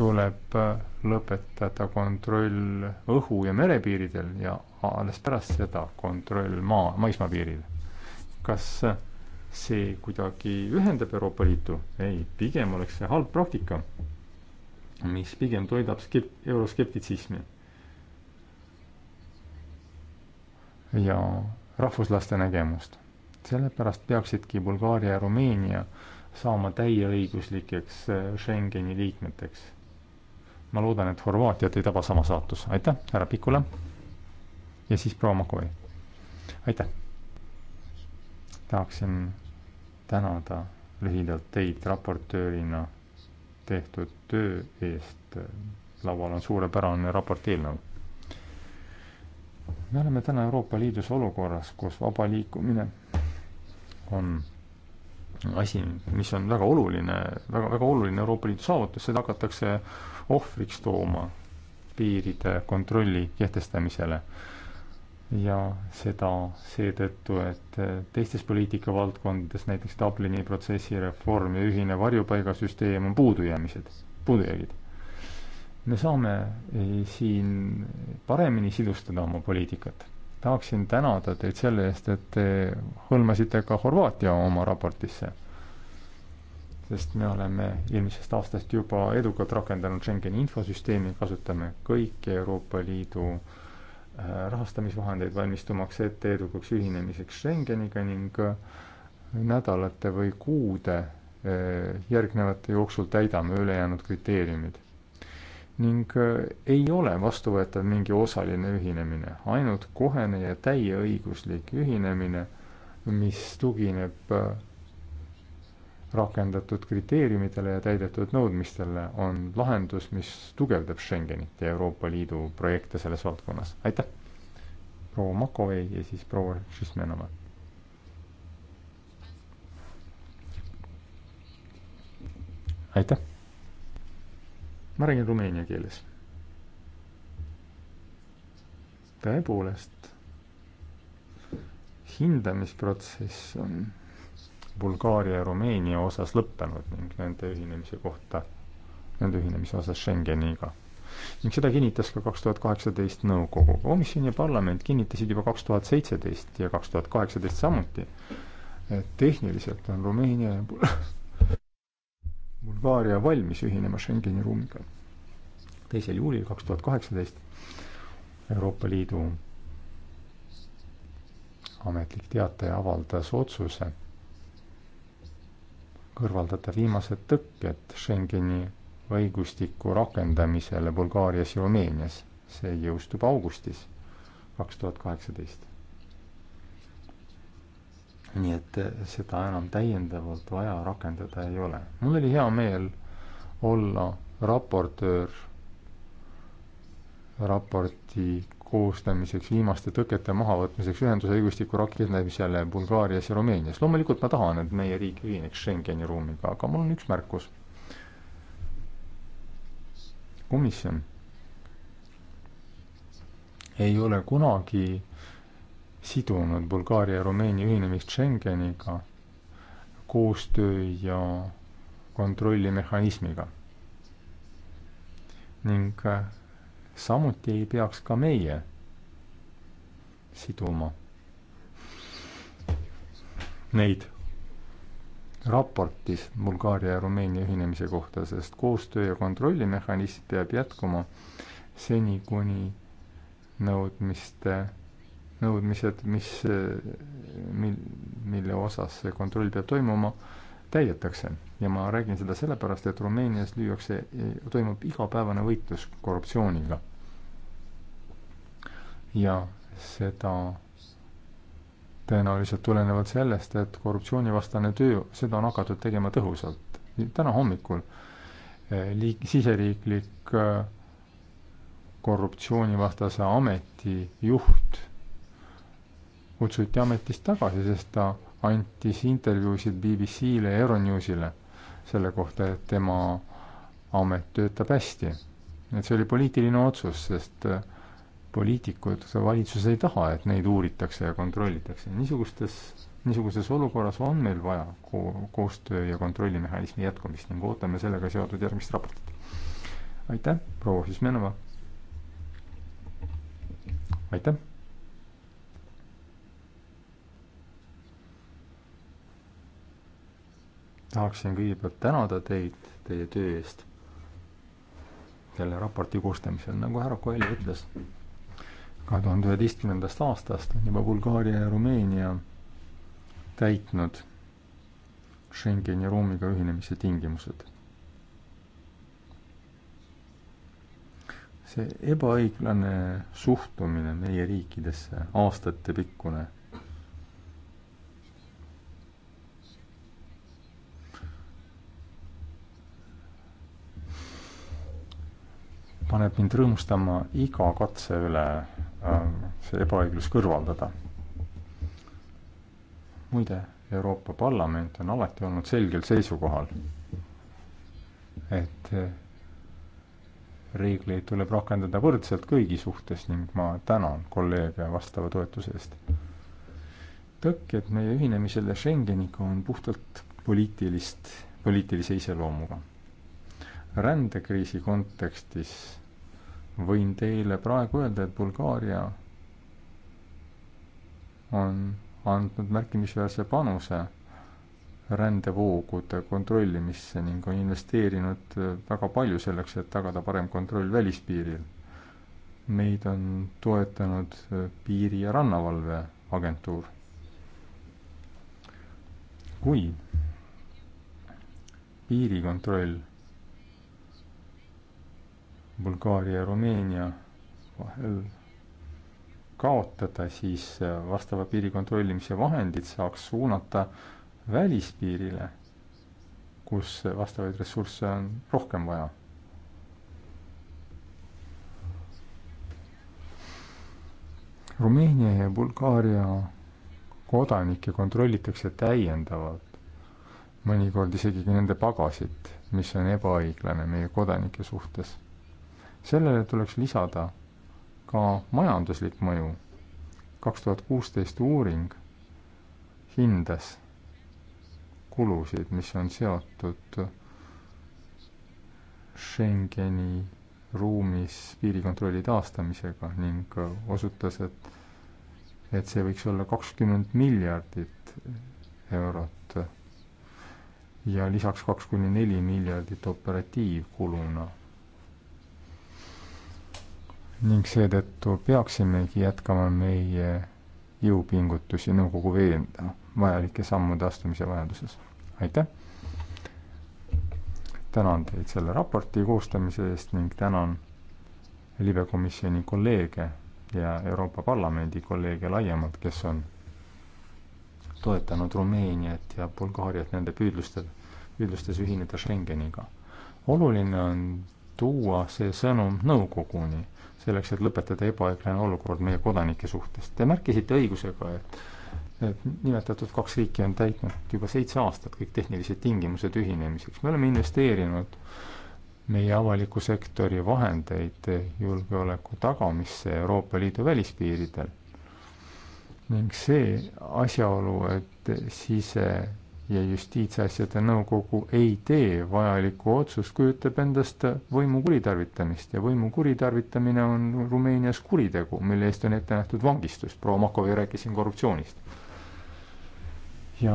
tuleb äh, lõpetada kontroll õhu- ja merepiiridel ja alles pärast seda kontroll maa, maismaapiiril. kas äh, see kuidagi ühendab Euroopa Liitu, ei, pigem oleks see halb praktika, mis pigem toidab skep-, euroskeptitsismi. ja rahvuslaste nägemust. sellepärast peaksidki Bulgaaria ja Rumeenia saama täieõiguslikeks äh, Schengeni liikmeteks. ma loodan, et Horvaatiat ei taba sama saatus, aitäh, härra Pikula. ja siis proua Makovi, aitäh. tahaksin tänada lühidalt teid raportöörina tehtud töö eest. laual on suurepärane raporti eelnõu. me oleme täna Euroopa Liidus olukorras, kus vaba liikumine on asi, mis on väga oluline väga,, väga-väga oluline Euroopa Liidu saavutus, seda hakatakse ohvriks tooma piiride kontrolli kehtestamisele ja seda seetõttu, et äh, teistes poliitikavaldkondades, näiteks Dublini protsessi reform ja ühine varjupaigasüsteem on puudujäämised, puudujäägid. me saame äh, siin paremini sidustada oma poliitikat. tahaksin tänada teid selle eest, et te hõlmasite ka Horvaatia oma raportisse. sest me oleme eelmisest aastast juba edukalt rakendanud Schengeni infosüsteemi, kasutame kõiki Euroopa Liidu äh, Äh, rahastamisvahendeid valmistumaks ette edukaks ühinemiseks Schengeniga ning äh, nädalate või kuude äh, järgnevate jooksul täidame ülejäänud kriteeriumid. ning ei ole vastuvõetav mingi osaline ühinemine, ainult kohene ja täieõiguslik ühinemine, mis tugineb rakendatud kriteeriumidele ja täidetud nõudmistele on lahendus, mis tugevdab Schengenit ja Euroopa Liidu projekte selles valdkonnas. aitäh! proua Makovei ja siis proua Šismenova. aitäh! ma räägin rumeenia keeles. tõepoolest, hindamisprotsess on Bulgaaria ja Rumeenia osas lõppenud ning nende ühinemise kohta, nende ühinemise osas Schengeniga. ning seda kinnitas ka kaks tuhat kaheksateist nõukogu. komisjon ja parlament kinnitasid juba kaks tuhat seitseteist ja kaks tuhat kaheksateist samuti, et tehniliselt on Rumeenia ja (laughs) Bulgaaria valmis ühinema Schengeni ruumiga. teisel juulil kaks tuhat kaheksateist Euroopa Liidu ametlik teataja avaldas otsuse kõrvaldada viimased tõkked Schengeni õigustiku rakendamisele Bulgaarias ja Rumeenias. see jõustub augustis kaks tuhat kaheksateist. nii et eh, seda enam täiendavalt vaja rakendada ei ole. mul oli hea meel olla raportöör raporti koostamiseks, viimaste tõkete mahavõtmiseks, ühenduse õigustiku rakendamisele Bulgaarias ja Rumeenias. loomulikult ma tahan, et meie riik ühineks Schengeni ruumiga, aga mul on üks märkus. komisjon ei ole kunagi sidunud Bulgaaria ja Rumeenia ühinemist Schengeniga koostöö ja kontrollimehhanismiga ning äh, samuti ei peaks ka meie siduma neid raportis Bulgaaria ja Rumeenia ühinemise kohta, sest koostöö ja kontrollimehhanism peab jätkuma seni, kuni nõudmiste, nõudmised, mis, mil, mille osas see kontroll peab toimuma, täidetakse ja ma räägin seda sellepärast, et Rumeenias lüüakse, eh, toimub igapäevane võitlus korruptsiooniga. ja seda tõenäoliselt tulenevalt sellest, et korruptsioonivastane töö, seda on hakatud tegema tõhusalt. täna hommikul eh, liik-, siseriiklik eh, korruptsioonivastase ameti juht kutsuti ametist tagasi, sest ta andis intervjuusid BBC-le ja Euronewsile selle kohta, et tema amet töötab hästi. et see oli poliitiline otsus, sest äh, poliitikud, valitsus ei taha, et neid uuritakse ja kontrollitakse. niisugustes, niisuguses olukorras on meil vaja ko koostöö ja kontrollimehhanismi jätkumist ning ootame sellega seotud järgmist raportit. aitäh, proua Sismenova! aitäh! tahaksin kõigepealt tänada teid teie töö eest selle raporti koostamisel, nagu härra Koeli ütles, kahe tuhande üheteistkümnendast aastast on juba Bulgaaria ja Rumeenia täitnud Schengeni ruumiga ühinemise tingimused. see ebaõiglane suhtumine meie riikidesse, aastatepikkune paneb mind rõõmustama iga katse üle ähm, see ebaõiglus kõrvaldada. muide, Euroopa Parlament on alati olnud selgel seisukohal, et äh, reegleid tuleb rakendada võrdselt kõigi suhtes ning ma tänan kolleege vastava toetuse eest. tõkked meie ühinemisele Schengeniga on puhtalt poliitilist, poliitilise iseloomuga rändekriisi kontekstis võin teile praegu öelda, et Bulgaaria on andnud märkimisväärse panuse rändevoogude kontrollimisse ning on investeerinud väga palju selleks, et tagada parem kontroll välispiiril. meid on toetanud Piiri- ja Rannavalveagentuur. kui piirikontroll Bulgaaria ja Rumeenia vahel kaotada, siis äh, vastava piiri kontrollimise vahendid saaks suunata välispiirile, kus vastavaid ressursse on rohkem vaja. Rumeenia ja Bulgaaria kodanikke kontrollitakse täiendavalt, mõnikord isegi nende pagasit, mis on ebaõiglane meie kodanike suhtes sellele tuleks lisada ka majanduslik mõju. kaks tuhat kuusteist uuring hindas kulusid, mis on seotud Schengeni ruumis piirikontrolli taastamisega ning osutas, et, et see võiks olla kakskümmend miljardit eurot ja lisaks kaks kuni neli miljardit operatiivkuluna ning seetõttu peaksimegi jätkama meie jõupingutusi nõukogu veenda vajalike sammude astumise vajaduses. aitäh! tänan teid selle raporti koostamise eest ning tänan libekomisjoni kolleege ja Euroopa Parlamendi kolleege laiemalt, kes on toetanud Rumeeniat ja Bulgaariat nende püüdlustel, püüdlustes ühineda Schengeniga. oluline on tuua see sõnum nõukoguni selleks, et lõpetada ebaõiglane olukord meie kodanike suhtes. Te märkisite õigusega, et et nimetatud kaks riiki on täitnud juba seitse aastat kõik tehnilised tingimused ühinemiseks. me oleme investeerinud meie avaliku sektori vahendeid julgeoleku tagamisse Euroopa Liidu välispiiridel ning see asjaolu, et sise ja Justiitsasjade Nõukogu ei tee vajalikku otsust, kujutab endast võimu kuritarvitamist ja võimu kuritarvitamine on Rumeenias kuritegu, mille eest on ette nähtud vangistus. proua Makovi rääkis siin korruptsioonist. ja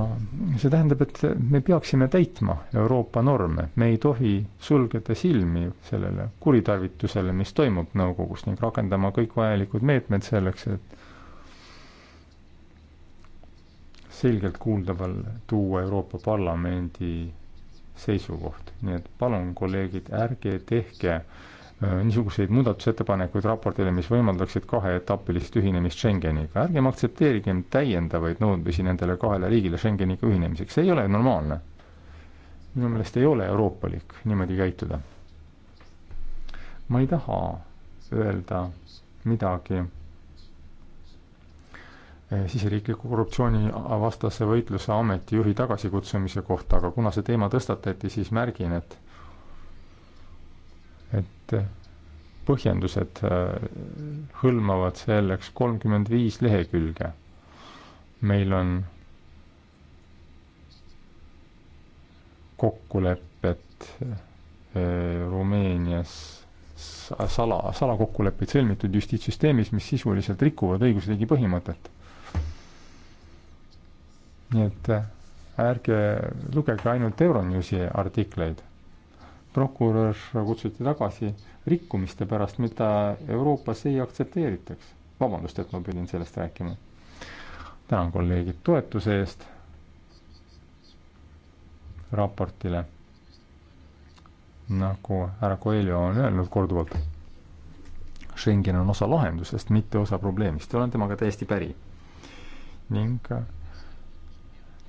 see tähendab, et me peaksime täitma Euroopa norme, me ei tohi sulgeda silmi sellele kuritarvitusele, mis toimub nõukogus ning rakendama kõik vajalikud meetmed selleks, et selgelt kuuldaval tuua Euroopa Parlamendi seisukoht. nii et palun, kolleegid, ärge tehke äh, niisuguseid muudatusettepanekuid raportile, mis võimaldaksid kaheetapilist ühinemist Schengeniga. ärgem aktsepteerigem täiendavaid nõudmisi nendele kahele riigile Schengeniga ühinemiseks, see ei ole normaalne. minu meelest ei ole euroopalik niimoodi käituda. ma ei taha öelda midagi Eh, siseriikliku korruptsioonivastase võitluse ameti juhi tagasikutsumise kohta, aga kuna see teema tõstatati, siis märgin, et et eh, põhjendused eh, hõlmavad selleks kolmkümmend viis lehekülge. meil on kokkulepet Rumeenias sala, salakokkuleppeid sõlmitud justiitssüsteemis, mis sisuliselt rikuvad õigusriigi põhimõtet nii et äh, ärge lugege ainult Euronewsi artikleid. prokurör kutsuti tagasi rikkumiste pärast, mida Euroopas ei aktsepteeritaks. vabandust, et ma pidin sellest rääkima. tänan kolleegid toetuse eest raportile, nagu härra Coelho on öelnud korduvalt. Schengen on osa lahendusest, mitte osa probleemist ja olen temaga täiesti päri. ning äh,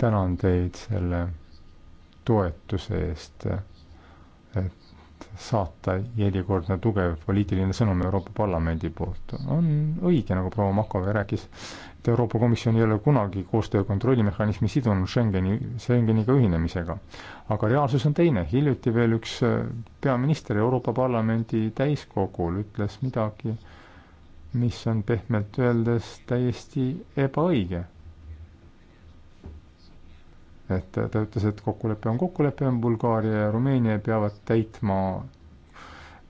tänan teid selle toetuse eest, et saata järjekordne tugev poliitiline sõnum Euroopa Parlamendi poolt. on õige, nagu proua Makove rääkis, et Euroopa Komisjon ei ole kunagi koostöö kontrollimehhanismi sidunud Schengeni, Schengeniga ühinemisega. aga reaalsus on teine, hiljuti veel üks äh, peaminister Euroopa Parlamendi täiskogul ütles midagi, mis on pehmelt öeldes täiesti ebaõige et ta ütles, et kokkulepe on kokkulepe, Bulgaaria ja Rumeenia peavad täitma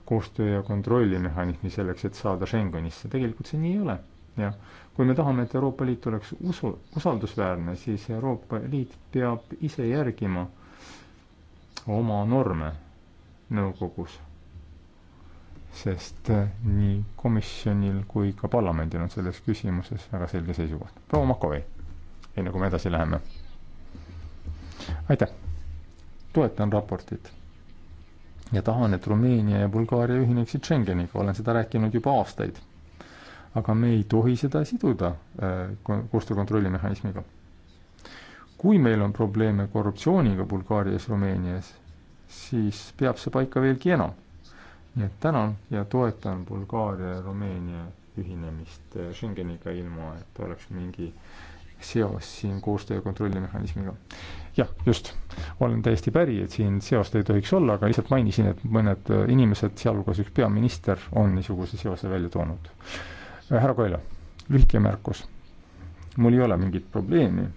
koostöö- ja kontrollimehhanismi selleks, et saada Schengenisse, tegelikult see nii ei ole. jah, kui me tahame, et Euroopa Liit oleks usu, usaldusväärne, siis Euroopa Liit peab ise järgima oma norme nõukogus. sest äh, nii komisjonil kui ka parlamendil on selles küsimuses väga selge seisukoht. proua Makovei, enne kui me edasi läheme aitäh, toetan raportit ja tahan, et Rumeenia ja Bulgaaria ühineksid Schengeniga, olen seda rääkinud juba aastaid. aga me ei tohi seda siduda äh, koostöökontrolli mehhanismiga. kui meil on probleeme korruptsiooniga Bulgaarias, Rumeenias, siis peab see paika veelgi enam. nii et tänan ja toetan Bulgaaria ja Rumeenia ühinemist äh, Schengeniga, ilma et oleks mingi äh, seos siin koostöö kontrollimehhanismiga. jah, just, olen täiesti päri, et siin seost ei tohiks olla, aga lihtsalt mainisin, et mõned äh, inimesed, sealhulgas üks peaminister, on niisuguse seose välja toonud. Äh, härra Koilja, lühike märkus. mul ei ole mingit probleemi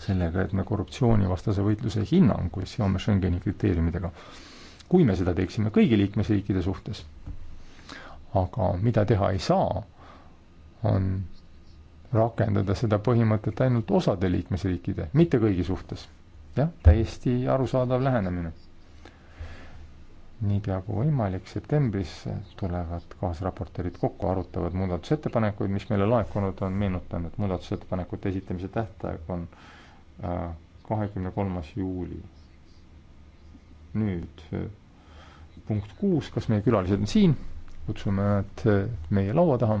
sellega, et me korruptsioonivastase võitluse hinnanguid seome Schengeni kriteeriumidega. kui me seda teeksime kõigi liikmesriikide suhtes, aga mida teha ei saa, on rakendada seda põhimõtet ainult osade liikmesriikide, mitte kõigi suhtes. jah, täiesti arusaadav lähenemine. niipea kui võimalik, septembris tulevad kaasraportöörid kokku, arutavad muudatusettepanekuid, mis meile laekunud on, meenutan, et muudatusettepanekute esitamise tähtaeg on äh, kahekümne kolmas juuli. nüüd äh, punkt kuus, kas meie külalised on siin? kutsume nad äh, meie laua taha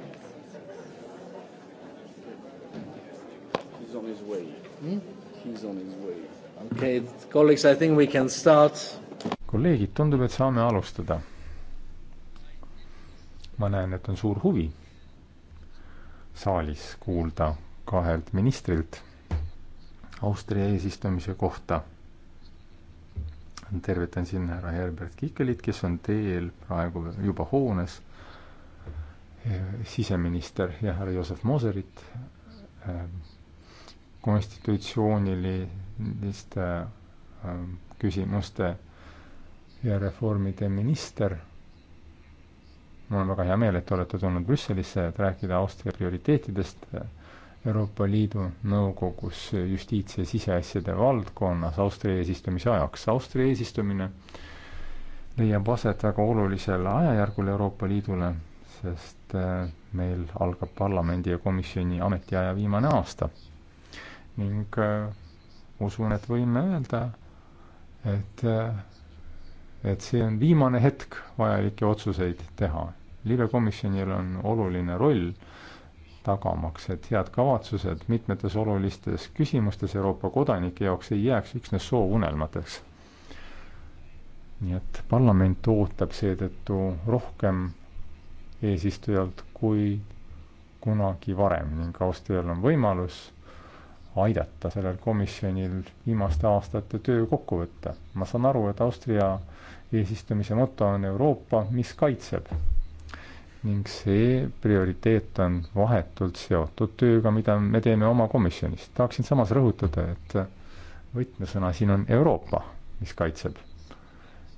Colleagues, I think we can start. kolleegid, tundub, et saame alustada. ma näen, et on suur huvi saalis kuulda kahelt ministrilt Austria eesistumise kohta. tervitan siin härra Herbert Kikelit, kes on teel praegu juba hoones, eh, siseminister ja härra Joosep Moserit eh, konstitutsiooniliste Ähm, küsimuste ja reformide minister. mul on väga hea meel, et te olete tulnud Brüsselisse, et rääkida Austria prioriteetidest äh, Euroopa Liidu Nõukogus justiits- ja siseasjade valdkonnas Austria eesistumise ajaks. Austria eesistumine leiab aset väga olulisel ajajärgul Euroopa Liidule, sest äh, meil algab parlamendi ja komisjoni ametiaja viimane aasta. ning äh, usun, et võime öelda, et, et see on viimane hetk vajalikke otsuseid teha. libekomisjonil on oluline roll tagamaks, et head kavatsused mitmetes olulistes küsimustes Euroopa kodanike jaoks ei jääks üksnes soovunelmateks. nii et parlament ootab seetõttu rohkem eesistujalt kui kunagi varem ning austajal on võimalus aidata sellel komisjonil viimaste aastate töö kokku võtta. ma saan aru, et Austria eesistumise moto on Euroopa, mis kaitseb. ning see prioriteet on vahetult seotud tööga, mida me teeme oma komisjonis. tahaksin samas rõhutada, et võtmesõna siin on Euroopa, mis kaitseb.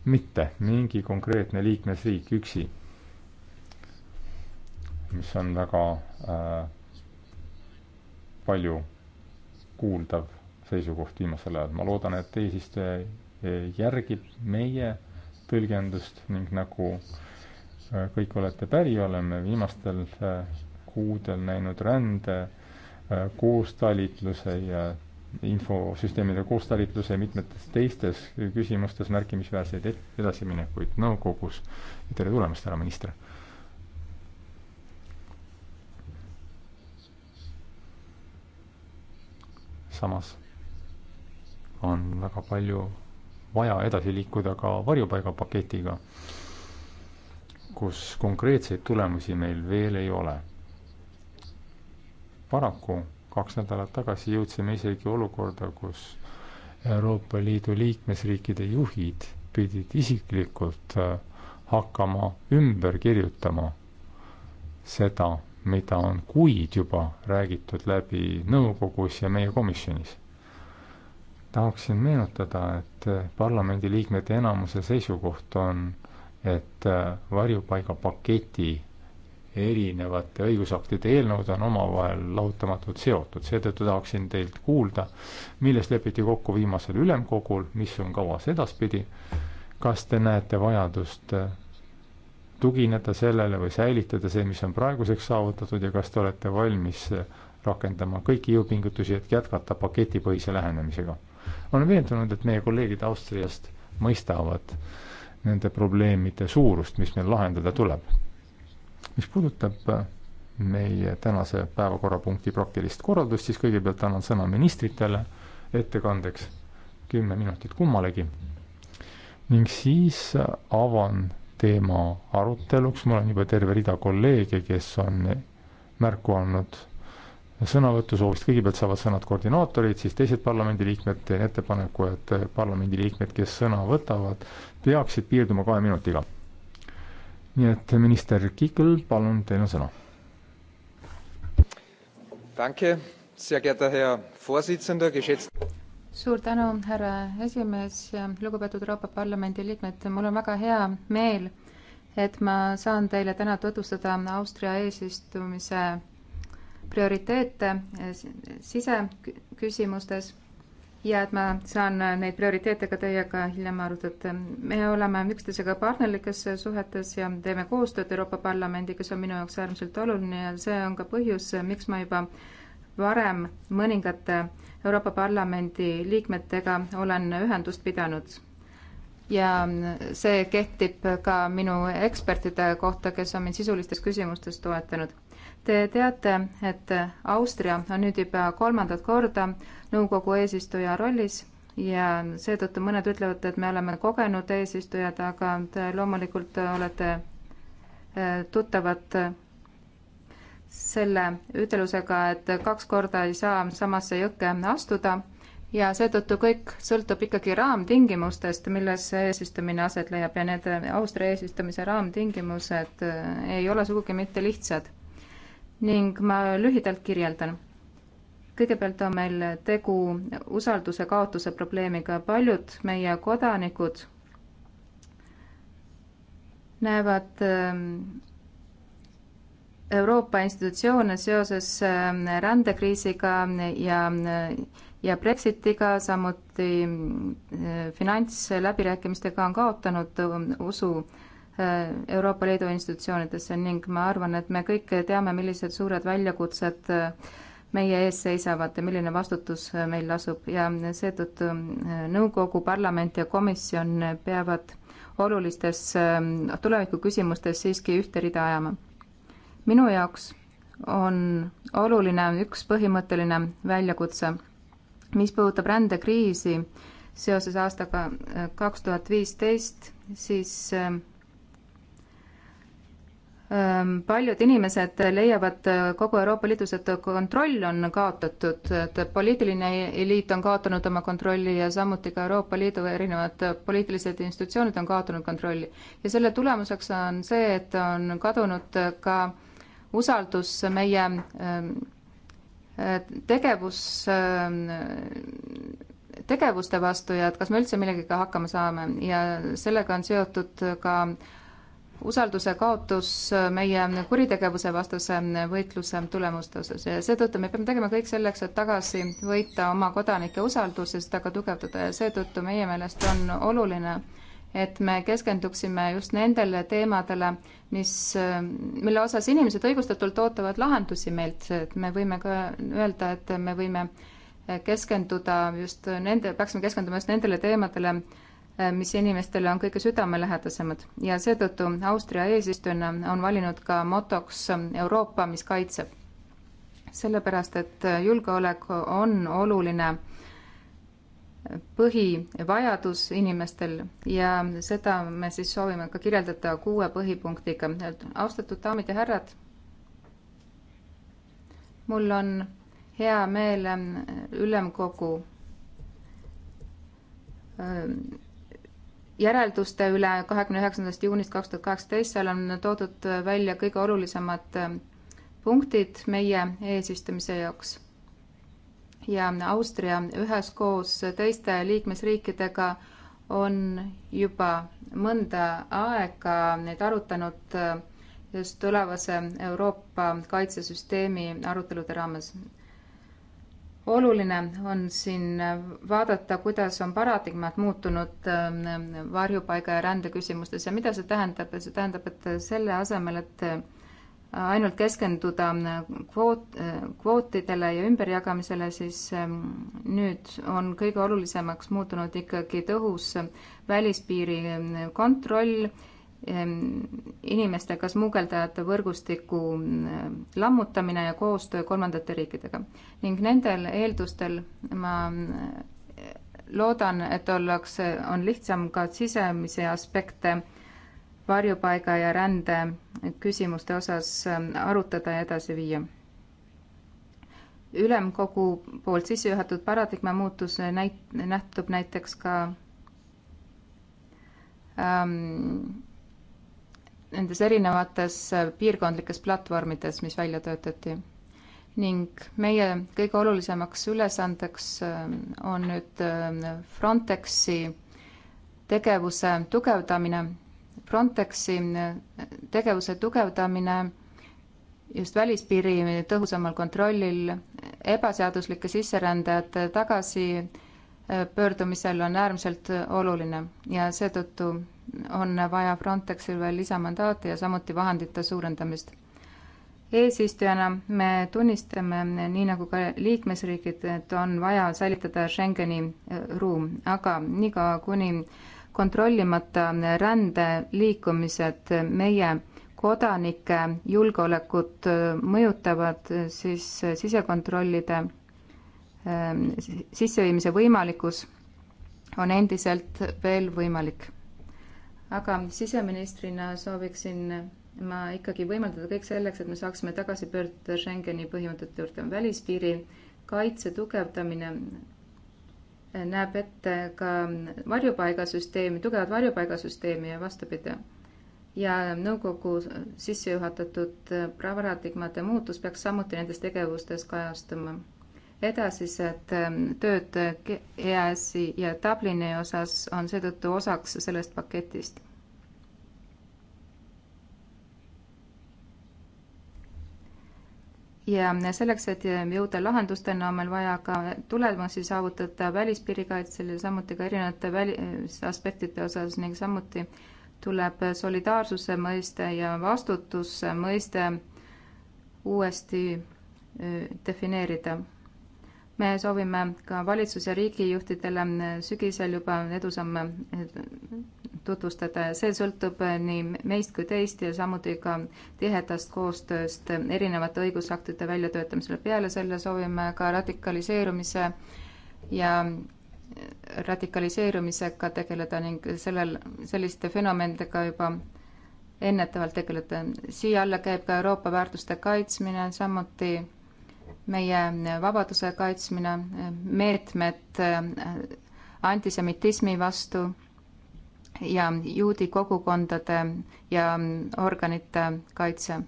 mitte mingi konkreetne liikmesriik üksi, mis on väga äh, palju kuuldav seisukoht viimasel ajal. ma loodan, et eesistuja järgib meie tõlgendust ning nagu äh, kõik olete päri, oleme viimastel äh, kuudel näinud rände äh, koostalitluse ja infosüsteemide koostalitluse ja mitmetes teistes küsimustes märkimisväärseid edasiminekuid nõukogus. tere tulemast, härra minister! samas on väga palju vaja edasi liikuda ka varjupaigapaketiga, kus konkreetseid tulemusi meil veel ei ole. paraku kaks nädalat tagasi jõudsime isegi olukorda, kus Euroopa Liidu liikmesriikide juhid pidid isiklikult äh, hakkama ümber kirjutama seda, mida on kuid juba räägitud läbi nõukogus ja meie komisjonis. tahaksin meenutada, et parlamendiliikmete enamuse seisukoht on, et varjupaigapaketi erinevate õigusaktide eelnõud on omavahel lahutamatult seotud, seetõttu tahaksin teilt kuulda, milles lepiti kokku viimasel ülemkogul, mis on kavas edaspidi, kas te näete vajadust tugineda sellele või säilitada see, mis on praeguseks saavutatud ja kas te olete valmis rakendama kõiki jõupingutusi, et jätkata paketipõhise lähenemisega. olen veendunud, et meie kolleegid Austriast mõistavad nende probleemide suurust, mis meil lahendada tuleb. mis puudutab äh, meie tänase päevakorrapunkti praktilist korraldust, siis kõigepealt annan sõna ministritele ettekandeks kümme minutit kummalegi ning siis avan teema aruteluks, mul on juba terve rida kolleege, kes on märku andnud sõnavõtusoovist, kõigepealt saavad sõnad koordinaatorid, siis teised parlamendiliikmed, teen ettepaneku, et parlamendiliikmed, kes sõna võtavad, peaksid piirduma kahe minutiga. nii et minister Kikl, palun, teil on sõna suur tänu, härra esimees ja lugupeetud Euroopa Parlamendi liikmed, mul on väga hea meel, et ma saan teile täna tutvustada Austria eesistumise prioriteete eh, siseküsimustes ja et ma saan neid prioriteete ka teiega hiljem arutada. me oleme üksteisega partnerlikes suhetes ja teeme koostööd Euroopa Parlamendiga, see on minu jaoks äärmiselt oluline ja see on ka põhjus, miks ma juba varem mõningate Euroopa Parlamendi liikmetega olen ühendust pidanud ja see kehtib ka minu ekspertide kohta, kes on mind sisulistes küsimustes toetanud. Te teate, et Austria on nüüd juba kolmandat korda nõukogu eesistuja rollis ja seetõttu mõned ütlevad, et me oleme kogenud eesistujad, aga te loomulikult olete eh, tuttavad selle ütelusega, et kaks korda ei saa samasse jõkke astuda ja seetõttu kõik sõltub ikkagi raamtingimustest, milles eesistumine aset leiab ja need Austria eesistumise raamtingimused äh, ei ole sugugi mitte lihtsad. ning ma lühidalt kirjeldan. kõigepealt on meil tegu usalduse kaotuse probleemiga, paljud meie kodanikud näevad ähm, Euroopa institutsioone seoses ähm, rändekriisiga ja, ja Brexitiga, samuti äh, finantsläbirääkimistega on kaotanud ähm, usu äh, Euroopa Liidu institutsioonidesse ning ma arvan, et me kõik teame, millised suured väljakutsed äh, meie ees seisavad ja milline vastutus meil lasub ja seetõttu nõukogu, parlament ja komisjon peavad olulistes ähm, tulevikuküsimustes siiski ühte rida ajama minu jaoks on oluline üks põhimõtteline väljakutse, mis puudutab rändekriisi seoses aastaga äh, kaks tuhat viisteist, siis ähm, ähm, paljud inimesed leiavad äh, kogu Euroopa Liidus, et kontroll on kaotatud, et poliitiline eliit on kaotanud oma kontrolli ja samuti ka Euroopa Liidu erinevad poliitilised institutsioonid on kaotanud kontrolli. ja selle tulemuseks on see, et on kadunud äh, ka äh, usaldus meie ähm, äh, tegevus, ähm, tegevuste vastu ja et kas me üldse millegagi hakkama saame ja sellega on seotud ka usalduse kaotus meie kuritegevuse vastase võitluse tulemuste osas ja seetõttu me peame tegema kõik selleks, et tagasi võita oma kodanike usaldus ja seda ka tugevdada ja seetõttu meie meelest on oluline, et me keskenduksime just nendele teemadele, mis, mille osas inimesed õigustatult ootavad lahendusi meilt, et me võime ka öelda, et me võime keskenduda just nende, peaksime keskenduma just nendele teemadele, mis inimestele on kõige südamelähedasemad ja seetõttu Austria eesistujana on valinud ka motoks Euroopa, mis kaitseb. sellepärast, et julgeolek on oluline põhivajadus inimestel ja seda me siis soovime ka kirjeldada kuue põhipunktiga. austatud daamid ja härrad, mul on hea meel äh, ülemkogu äh, järelduste üle kahekümne üheksandast juunist kaks tuhat kaheksateist, seal on toodud välja kõige olulisemad äh, punktid meie eesistumise jaoks ja Austria üheskoos teiste liikmesriikidega on juba mõnda aega neid arutanud just tulevase Euroopa kaitsesüsteemi arutelude raames. oluline on siin vaadata, kuidas on paradigmad muutunud ähm, varjupaiga ja rände küsimustes ja mida see tähendab, see tähendab, et selle asemel, et ainult keskenduda äh, kvoot, äh, kvootidele ja ümberjagamisele, siis ähm, nüüd on kõige olulisemaks muutunud ikkagi tõhus välispiiri ähm, kontroll, ähm, inimestega smugeldajate võrgustiku lammutamine ja koostöö kolmandate riikidega. ning nendel eeldustel ma äh, loodan, et ollakse, on lihtsam ka sisemisi aspekte varjupaiga ja rände küsimuste osas ähm, arutada ja edasi viia. ülemkogu poolt sisse juhatud paradigma muutus näit-, nähtub näiteks ka ähm, nendes erinevates äh, piirkondlikes platvormides, mis välja töötati ning meie kõige olulisemaks ülesandeks ähm, on nüüd ähm, Frontexi tegevuse tugevdamine Frontexi tegevuse tugevdamine just välispiiri tõhusamal kontrollil ebaseaduslike sisserändajate tagasipöördumisel äh, on äärmiselt oluline ja seetõttu on vaja Frontexil veel lisamandaati ja samuti vahendite suurendamist. eesistujana me tunnistame, nii nagu ka liikmesriigid, et on vaja säilitada Schengeni äh, ruum, aga niikaua, kuni kontrollimata rände liikumised meie kodanike julgeolekut äh, mõjutavad, äh, siis äh, sisekontrollide ähm, sisseviimise võimalikkus on endiselt veel võimalik. aga siseministrina sooviksin ma ikkagi võimaldada kõik selleks, et me saaksime tagasi pöörduda Schengeni põhimõtete juurde. välispiiri kaitse tugevdamine näeb ette ka varjupaigasüsteemi, tugevat varjupaigasüsteemi ja vastupidi. ja nõukogu sisse juhatatud äh, paradigmade muutus peaks samuti nendes tegevustes kajastuma. edasised ähm, tööd EAS-i ja Dublini osas on seetõttu osaks sellest paketist ja selleks, et jõuda lahendusteni, on meil vaja ka tulemusi saavutada välispiiri kaitsel ja samuti ka erinevate välisaspektide osas ning samuti tuleb solidaarsuse mõiste ja vastutuse mõiste uuesti äh, defineerida me soovime ka valitsus- ja riigijuhtidele sügisel juba edusamme tutvustada ja see sõltub nii meist kui teist ja samuti ka tihedast koostööst erinevate õigusaktide väljatöötamisele. peale selle soovime ka radikaliseerumise ja radikaliseerumisega tegeleda ning sellel, selliste fenomenidega juba ennetavalt tegeleda. siia alla käib ka Euroopa väärtuste kaitsmine, samuti meie vabaduse kaitsmine, meetmed äh, antisemitismi vastu ja juudi kogukondade ja mm, organite kaitse.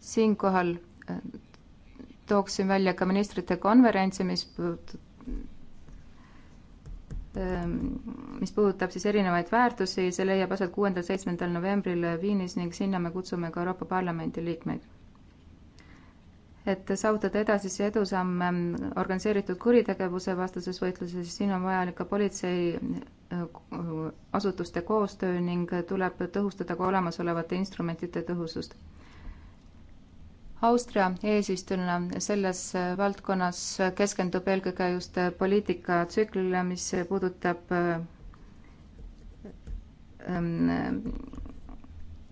siinkohal äh, tooksin välja ka ministrite konverentsi, mis ähm, mis puudutab siis erinevaid väärtusi, see leiab aset kuuendal-seitsmendal novembril Viinis ning sinna me kutsume ka Euroopa Parlamendi liikmeid et saavutada edasisi edusamme organiseeritud kuritegevuse vastases võitluses, siin on vajalik ka politseiasutuste äh, koostöö ning tuleb tõhustada ka olemasolevate instrumentide tõhusust. Austria eesistujana selles valdkonnas keskendub eelkõige just poliitikatsüklile, mis puudutab äh, ähm,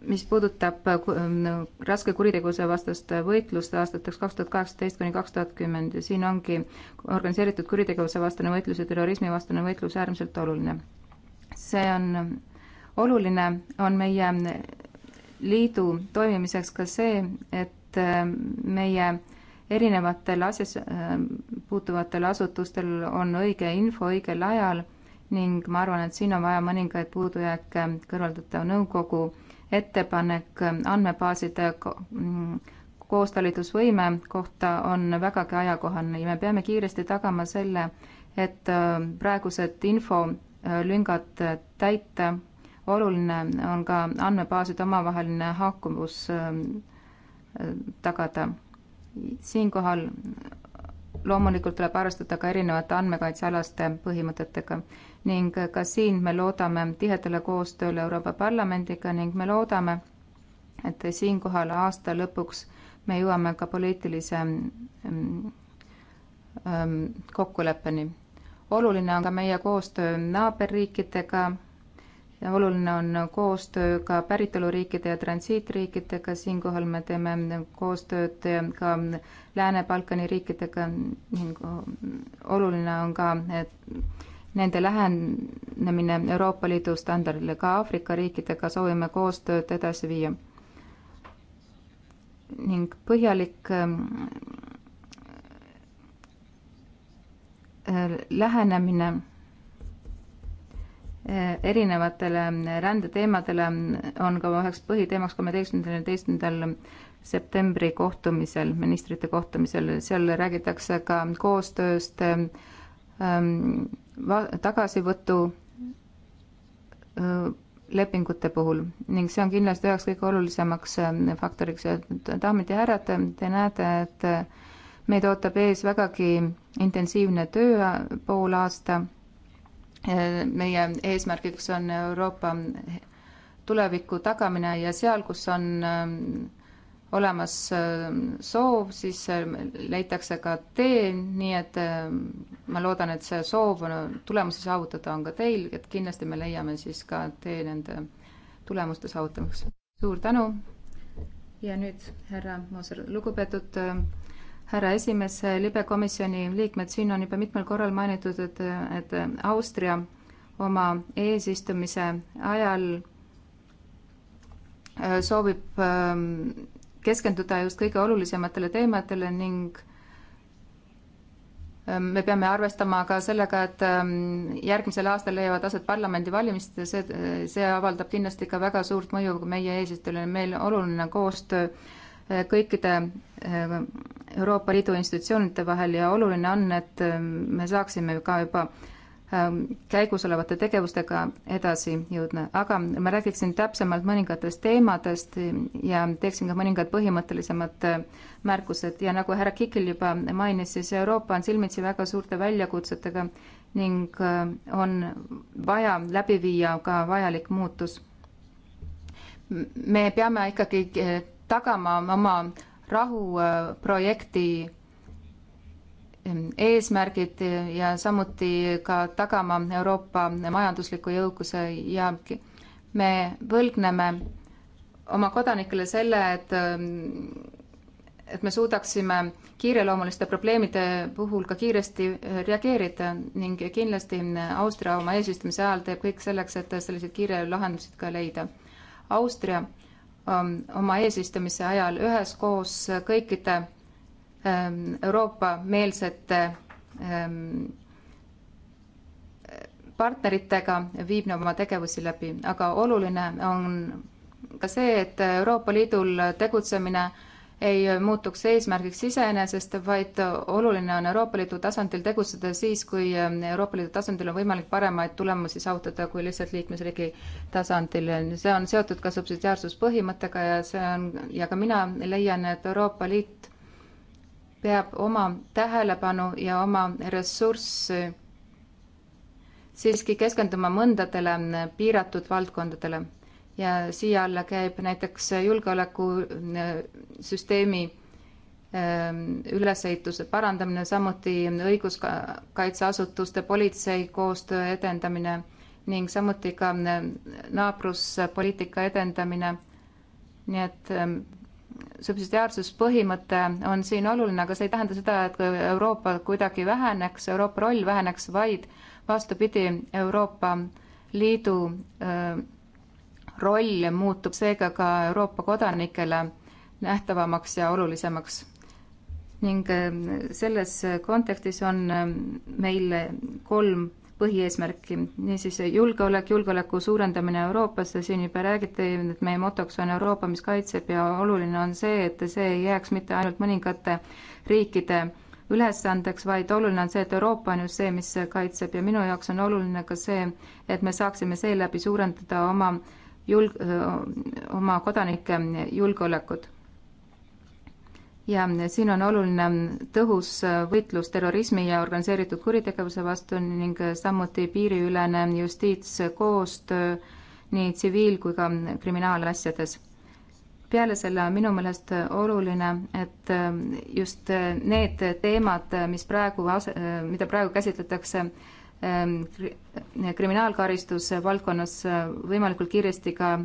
mis puudutab äh, ähm, raske kuritegevuse vastast äh, võitlust aastateks kaks tuhat kaheksateist kuni kaks tuhat kümmend ja siin ongi organiseeritud kuritegevuse vastane võitlus ja terrorismi vastane võitlus äärmiselt oluline. see on, oluline on meie liidu toimimiseks ka see, et ähm, meie erinevatel asjas ähm, puutuvatel asutustel on õige info õigel ajal ning ma arvan, et siin on vaja mõningaid puudujääke kõrvaldada nõukogu ettepanek andmebaaside koostalitusvõime kohta on vägagi ajakohane ja me peame kiiresti tagama selle, et äh, praegused infolüngad täita. oluline on ka andmebaaside omavaheline haakuvus ähm, tagada. siinkohal loomulikult tuleb arvestada ka erinevate andmekaitsealaste põhimõtetega ning ka siin me loodame tihedale koostööle Euroopa Parlamendiga ning me loodame, et siinkohal aasta lõpuks me jõuame ka poliitilise mm, mm, kokkuleppeni. oluline on ka meie koostöö naaberriikidega ja oluline on koostöö ka päritoluriikide ja transiitriikidega, siinkohal me teeme koostööd ka Lääne-Balkani riikidega ning oluline on ka, et nende lähenemine Euroopa Liidu standardile, ka Aafrika riikidega soovime koostööd edasi viia. ning põhjalik ähm, äh, lähenemine äh, erinevatele rändeteemadele on ka üheks põhiteemaks kolmeteistkümnendal ja üheteistkümnendal septembri kohtumisel, ministrite kohtumisel, seal räägitakse ka koostööst äh, Ähm, tagasivõtu äh, lepingute puhul ning see on kindlasti üheks kõige olulisemaks ähm, faktoriks. daamid ja härrad, te näete, et äh, meid ootab ees vägagi intensiivne töö äh, poolaasta. meie eesmärgiks on Euroopa tuleviku tagamine ja seal, kus on ähm, olemas ähm, soov, siis äh, leitakse ka tee, nii et ähm, ma loodan, et see soov tulemusi saavutada on ka teil, et kindlasti me leiame siis ka tee nende tulemuste saavutamiseks. suur tänu ja nüüd härra Mooser, lugupeetud äh, härra esimees, äh, libekomisjoni liikmed, siin on juba mitmel korral mainitud, et, et Austria oma eesistumise ajal soovib ähm, keskenduda just kõige olulisematele teemadele ning ähm, me peame arvestama ka sellega, et ähm, järgmisel aastal leiavad aset parlamendivalimised ja see, see avaldab kindlasti ka väga suurt mõju meie eesistujale, meil oluline koostöö äh, kõikide äh, Euroopa Liidu institutsioonide vahel ja oluline on, et ähm, me saaksime ka juba äh, Ähm, käigus olevate tegevustega edasi jõudma, aga ma räägiksin täpsemalt mõningatest teemadest ja teeksin ka mõningad põhimõttelisemad äh, märkused ja nagu härra Kikil juba mainis, siis Euroopa on silmitsi väga suurte väljakutsetega ning äh, on vaja läbi viia ka vajalik muutus. me peame ikkagi äh, tagama oma rahuprojekti eesmärgid ja samuti ka tagama Euroopa majandusliku jõukuse ja me võlgneme oma kodanikele selle, et, et me suudaksime kiireloomuliste probleemide puhul ka kiiresti reageerida ning kindlasti Austria oma eesistumise ajal teeb kõik selleks, et selliseid kiire lahendusi ka leida. Austria um, oma eesistumise ajal üheskoos kõikide Ähm, Euroopa-meelsete ähm, partneritega viib oma tegevusi läbi, aga oluline on ka see, et Euroopa Liidul tegutsemine ei muutuks eesmärgiks iseenesest, vaid oluline on Euroopa Liidu tasandil tegutseda siis, kui Euroopa Liidu tasandil on võimalik paremaid tulemusi saavutada kui lihtsalt liikmesriigi tasandil. see on seotud ka subsidiaarsuspõhimõttega ja see on, ja ka mina leian, et Euroopa Liit peab oma tähelepanu ja oma ressurssi siiski keskenduma mõndadele piiratud valdkondadele ja siia alla käib näiteks julgeolekusüsteemi ähm, ülesehituse parandamine, samuti õiguskaitseasutuste, politsei koostöö edendamine ning samuti ka ähm, naabruspoliitika edendamine. nii et ähm, subsidiaarsuspõhimõte on siin oluline, aga see ei tähenda seda, et Euroopa kuidagi väheneks, Euroopa roll väheneks, vaid vastupidi, Euroopa Liidu roll muutub seega ka Euroopa kodanikele nähtavamaks ja olulisemaks. ning selles kontekstis on meil kolm põhieesmärki. niisiis julgeolek, julgeoleku suurendamine Euroopas, siin juba räägiti, et meie motoks on Euroopa, mis kaitseb ja oluline on see, et see ei jääks mitte ainult mõningate riikide ülesandeks, vaid oluline on see, et Euroopa on just see, mis kaitseb ja minu jaoks on oluline ka see, et me saaksime seeläbi suurendada oma julg-, oma kodanike julgeolekut ja siin on oluline tõhus võitlus terrorismi ja organiseeritud kuritegevuse vastu ning samuti piiriülene justiitskoostöö nii tsiviil- kui ka kriminaalasjades. peale selle on minu meelest oluline, et just need teemad, mis praegu, mida praegu käsitletakse ähm, kriminaalkaristuse valdkonnas võimalikult kiiresti ka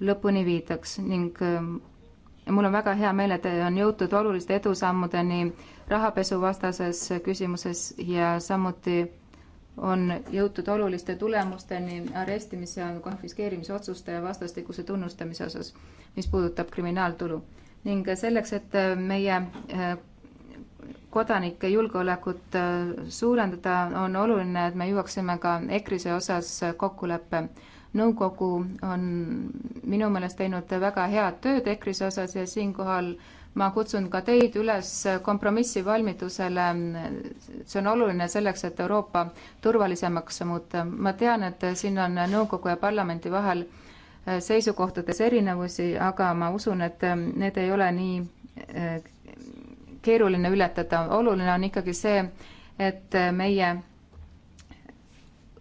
lõpuni viidaks ning ähm, mul on väga hea meel, et on jõutud oluliste edusammudeni rahapesuvastases küsimuses ja samuti on jõutud oluliste tulemusteni arestimise ja konfiskeerimise otsuste vastastikuse tunnustamise osas, mis puudutab kriminaaltulu. ning selleks, et meie äh, kodanike julgeolekut äh, suurendada, on oluline, et me jõuaksime ka EKRE-se osas kokkuleppe nõukogu on minu meelest teinud väga head tööd EKRE-s osas ja siinkohal ma kutsun ka teid üles kompromissivalmidusele. see on oluline selleks, et Euroopa turvalisemaks muuta. ma tean, et siin on nõukogu ja parlamendi vahel seisukohtades erinevusi, aga ma usun, et need ei ole nii eh, keeruline ületada. oluline on ikkagi see, et meie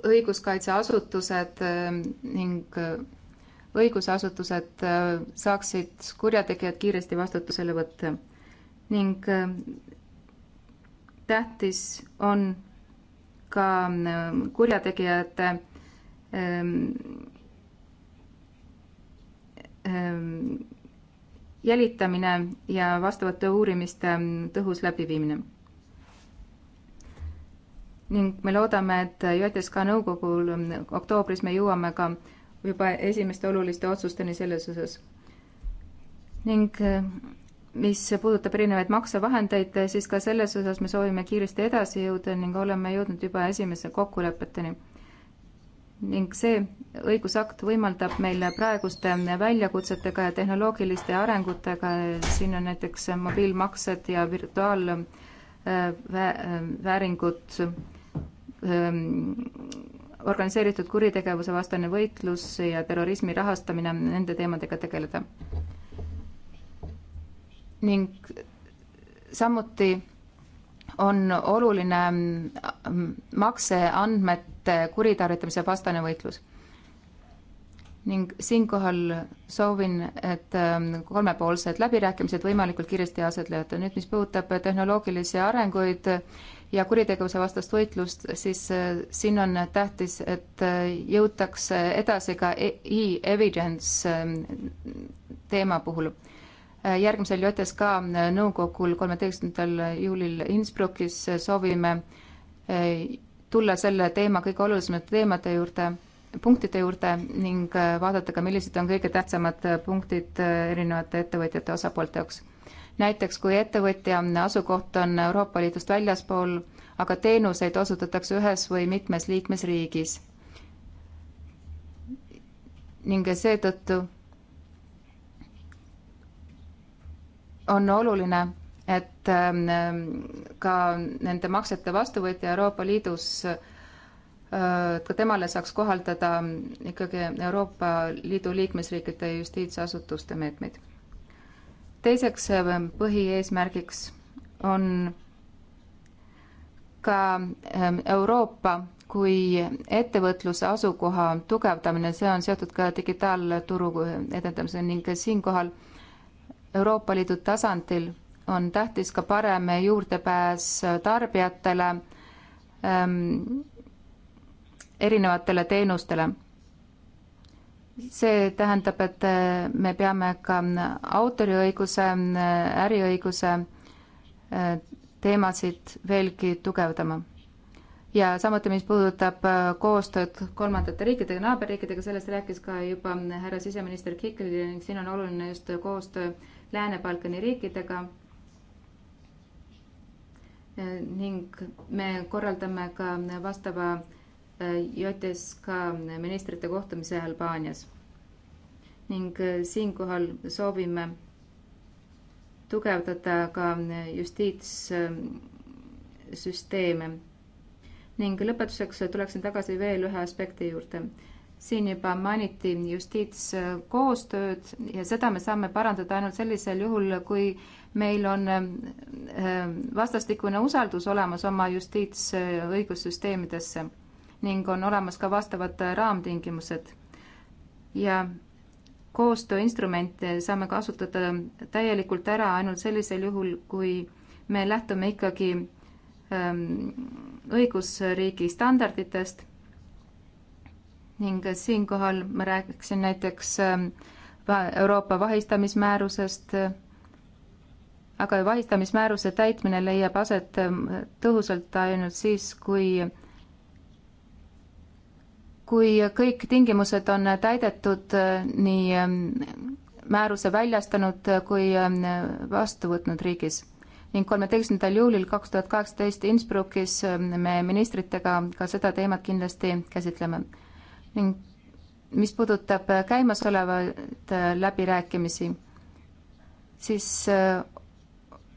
õiguskaitseasutused ehm, ning äh, õigusasutused äh, saaksid kurjategijad kiiresti vastutusele võtta. ning äh, tähtis on ka kurjategijate ehm, ehm, jälitamine ja vastavate uurimiste tõhus läbiviimine ning me loodame, et JSK nõukogul oktoobris me jõuame ka juba esimeste oluliste otsusteni selles osas. ning mis puudutab erinevaid maksevahendeid, siis ka selles osas me soovime kiiresti edasi jõuda ning oleme jõudnud juba esimese kokkulepeteni. ning see õigusakt võimaldab meil praeguste väljakutsetega ja tehnoloogiliste arengutega, siin on näiteks mobiilmaksed ja virtuaalvääringud äh, vä, äh, vääringud Ähm, organiseeritud kuritegevuse vastane võitlus ja terrorismi rahastamine, nende teemadega tegeleda. ning samuti on oluline ähm, makseandmete kuritarvitamise vastane võitlus. ning siinkohal soovin, et ähm, kolmepoolsed läbirääkimised võimalikult kiiresti aset leiavad. nüüd, mis puudutab tehnoloogilisi arenguid, ja kuritegevuse vastast võitlust, siis äh, siin on tähtis, et äh, jõutakse edasi ka e-, e-evidence ähm, teema puhul. Äh, järgmisel JTSK nõukogul kolmeteistkümnendal juulil Innsbruckis soovime tulla selle teema kõige olulisemate teemade juurde, punktide juurde ning vaadata ka, millised on kõige tähtsamad punktid erinevate ettevõtjate osapoolte jaoks näiteks kui ettevõtja asukoht on Euroopa Liidust väljaspool, aga teenuseid osutatakse ühes või mitmes liikmesriigis. ning seetõttu on oluline, et ähm, ka nende maksete vastuvõtja Euroopa Liidus äh, ka temale saaks kohaldada ikkagi Euroopa Liidu liikmesriikide justiitsasutuste meetmeid teiseks äh, põhieesmärgiks on ka ähm, Euroopa kui ettevõtluse asukoha tugevdamine, see on seotud ka digitaalturu äh, edendamisega ning siinkohal Euroopa Liidu tasandil on tähtis ka parem juurdepääs äh, tarbijatele ähm, erinevatele teenustele see tähendab, et äh, me peame ka autoriõiguse, äh, äriõiguse äh, teemasid veelgi tugevdama. ja samuti, mis puudutab koostööd kolmandate riikidega, naaberriikidega, sellest rääkis ka juba härra siseminister Kikli ning siin on oluline just koostöö Lääne-Balkani riikidega. ning me korraldame ka vastava JTSK ministrite kohtumise Albaanias. ning äh, siinkohal soovime tugevdada ka äh, justiitssüsteeme. ning lõpetuseks tuleksin tagasi veel ühe aspekti juurde siin juba mainiti justiitskoostööd ja seda me saame parandada ainult sellisel juhul, kui meil on äh, vastastikune usaldus olemas oma justiitsõigussüsteemidesse ning on olemas ka vastavad raamtingimused. ja koostööinstrumente saame kasutada täielikult ära ainult sellisel juhul, kui me lähtume ikkagi ähm, õigusriigi standarditest ning siinkohal ma räägiksin näiteks ähm, Euroopa vahistamismäärusest, aga vahistamismääruse täitmine leiab aset ähm, tõhusalt ainult siis, kui kui kõik tingimused on täidetud nii ähm, määruse väljastanud kui ähm, vastu võtnud riigis ning kolmeteistkümnendal juulil kaks tuhat kaheksateist Innsbruckis ähm, me ministritega ka seda teemat kindlasti käsitleme. ning mis puudutab käimasolevaid äh, läbirääkimisi, siis äh,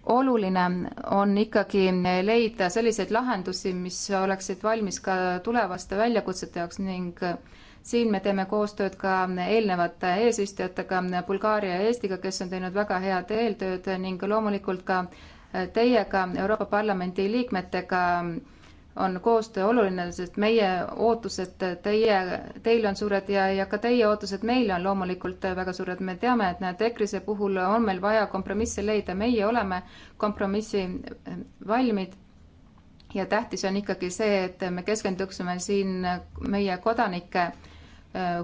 oluline on ikkagi leida selliseid lahendusi, mis oleksid valmis ka tulevaste väljakutsete jaoks ning siin me teeme koostööd ka eelnevate eesistujatega, Bulgaaria ja Eestiga, kes on teinud väga head eeltööd ning loomulikult ka teiega, Euroopa Parlamendi liikmetega on koostöö oluline, sest meie ootused teie, teil on suured ja, ja ka teie ootused meile on loomulikult väga suured. me teame, et näed, EKRE-se puhul on meil vaja kompromisse leida, meie oleme kompromissi eh, valmid. ja tähtis on ikkagi see, et me keskenduksime siin meie kodanike eh,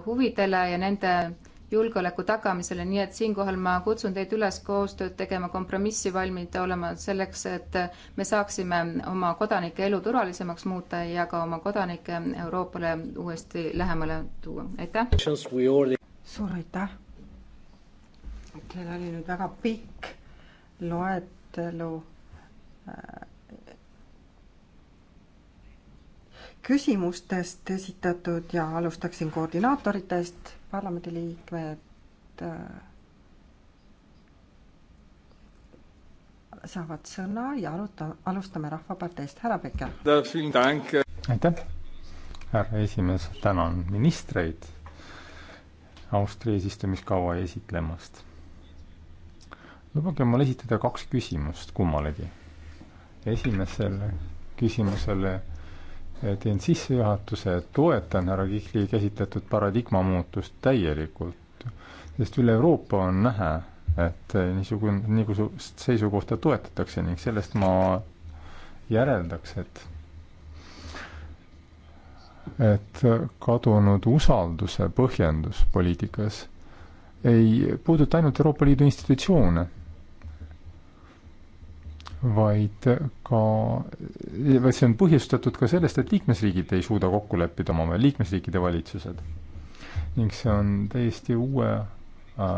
huvidele ja nende julgeoleku tagamisele, nii et siinkohal ma kutsun teid üles koostööd tegema, kompromissi valmid olema selleks, et me saaksime oma kodanike elu turvalisemaks muuta ja ka oma kodanikke Euroopale uuesti lähemale tuua, aitäh! suur aitäh! Teil oli nüüd väga pikk loetelu äh, küsimustest esitatud ja alustaksin koordinaatoritest parlamendiliikmed äh, saavad sõna ja aruta-, alustame Rahvaparteist, härra Peker. aitäh, härra esimees, tänan ministreid Austria eesistumiskava esitlemast. lubage mul esitada kaks küsimust kummalegi. esimesele küsimusele Eh, teen sissejuhatuse, toetan härra Kihli käsitletud paradigma muutust täielikult, sest üle Euroopa on näha, et eh, niisugune, niisugust seisukohta toetatakse ning sellest ma järeldaks, et et kadunud usalduse põhjendus poliitikas ei puuduta ainult Euroopa Liidu institutsioone, vaid ka, vaid see on põhjustatud ka sellest, et liikmesriigid ei suuda kokku leppida omavahel, liikmesriikide valitsused. ning see on täiesti uue äh,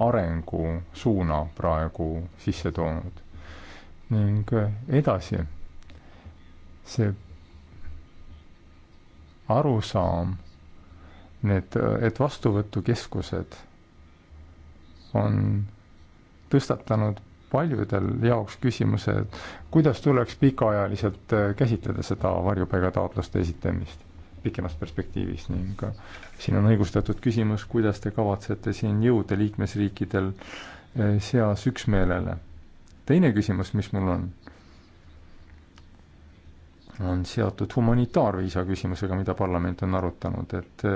arengusuuna praegu sisse toonud. ning äh, edasi, see arusaam, need, äh, et vastuvõtukeskused on tõstatanud paljudel jaoks küsimuse, et kuidas tuleks pikaajaliselt äh, käsitleda seda varjupaigataotluste esitamist pikemas perspektiivis ning äh, siin on õigustatud küsimus, kuidas te kavatsete siin jõuda liikmesriikidel äh, seas üksmeelele. teine küsimus, mis mul on, on seotud humanitaarviisa küsimusega, mida parlament on arutanud, et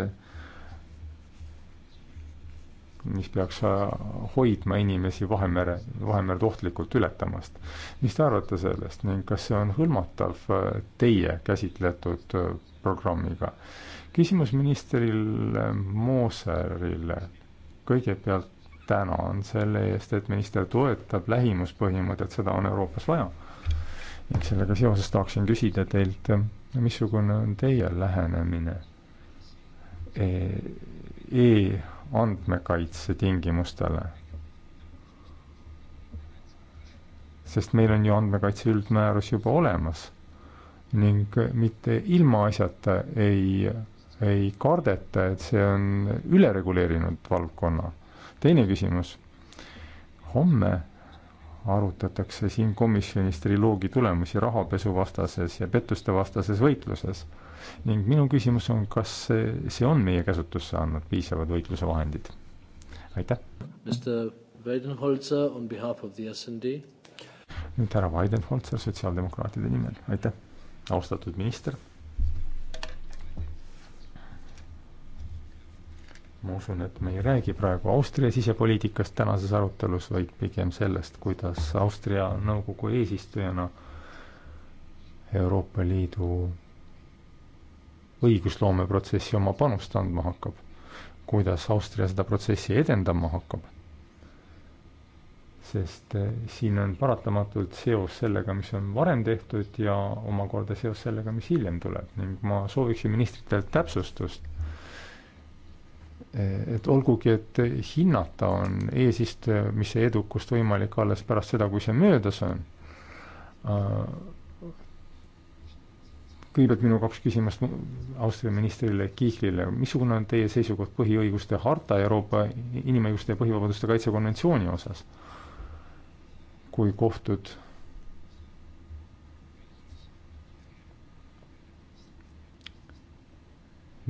mis peaks äh, hoidma inimesi Vahemere, Vahemerd ohtlikult ületamast. mis te arvate sellest ning kas see on hõlmatav äh, teie käsitletud äh, programmiga? küsimus ministril Mooserile kõigepealt tänan selle eest, et minister toetab lähimuspõhimõtet, seda on Euroopas vaja. ning sellega seoses tahaksin küsida teilt, missugune on teie lähenemine e, e andmekaitse tingimustele. sest meil on ju andmekaitse üldmäärus juba olemas ning mitte ilmaasjata ei, ei kardeta, et see on ülereguleerinud valdkonna. teine küsimus, homme arutatakse siin komisjonis triloogi tulemusi rahapesuvastases ja pettustevastases võitluses ning minu küsimus on, kas see, see on meie käsutusse andnud piisavad võitluse vahendid? aitäh. nüüd härra Weidenholzer sotsiaaldemokraatide nimel, aitäh, austatud minister. ma usun, et me ei räägi praegu Austria sisepoliitikast tänases arutelus, vaid pigem sellest, kuidas Austria nõukogu eesistujana Euroopa Liidu õigusloomeprotsessi oma panust andma hakkab, kuidas Austria seda protsessi edendama hakkab. sest eh, siin on paratamatult seos sellega, mis on varem tehtud ja omakorda seos sellega, mis hiljem tuleb ning ma sooviksin ministritelt täpsustust eh, et olgugi, et hinnata on eesistumise edukust võimalik alles pärast seda, kui see möödas on, äh, kõigepealt minu kaks küsimust Austria ministrile Kihlile. missugune on teie seisukoht põhiõiguste harta Euroopa inimõiguste ja põhivabaduste kaitse konventsiooni osas? kui kohtud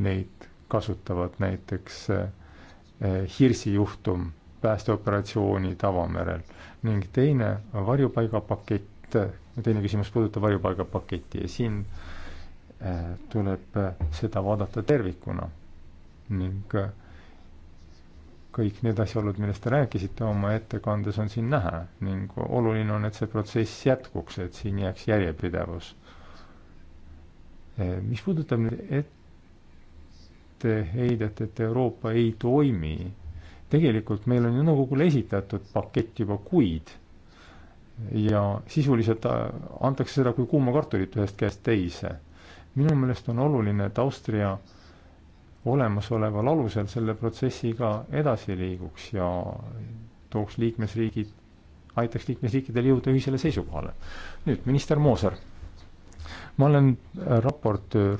neid kasutavad, näiteks eh, eh, Hirsi juhtum, päästeoperatsioonid avamerel ning teine varjupaigapakett, teine küsimus puudutab varjupaigapaketti ja siin äh, Äh, tuleb äh, seda vaadata tervikuna ning äh, kõik need asjaolud, millest te rääkisite oma ettekandes, on siin näha ning oluline on, et see protsess jätkuks, et siin jääks järjepidevus. mis puudutab nüüd etteheidet, et Euroopa ei toimi, tegelikult meil on ju nõukogule esitatud pakett juba kuid ja sisuliselt antakse seda kui kuuma kartulit ühest käest teise minu meelest on oluline, et Austria olemasoleval alusel selle protsessiga edasi liiguks ja tooks liikmesriigid, aitaks liikmesriikidel jõuda ühisele seisukohale. nüüd minister Mooser. ma olen raportöör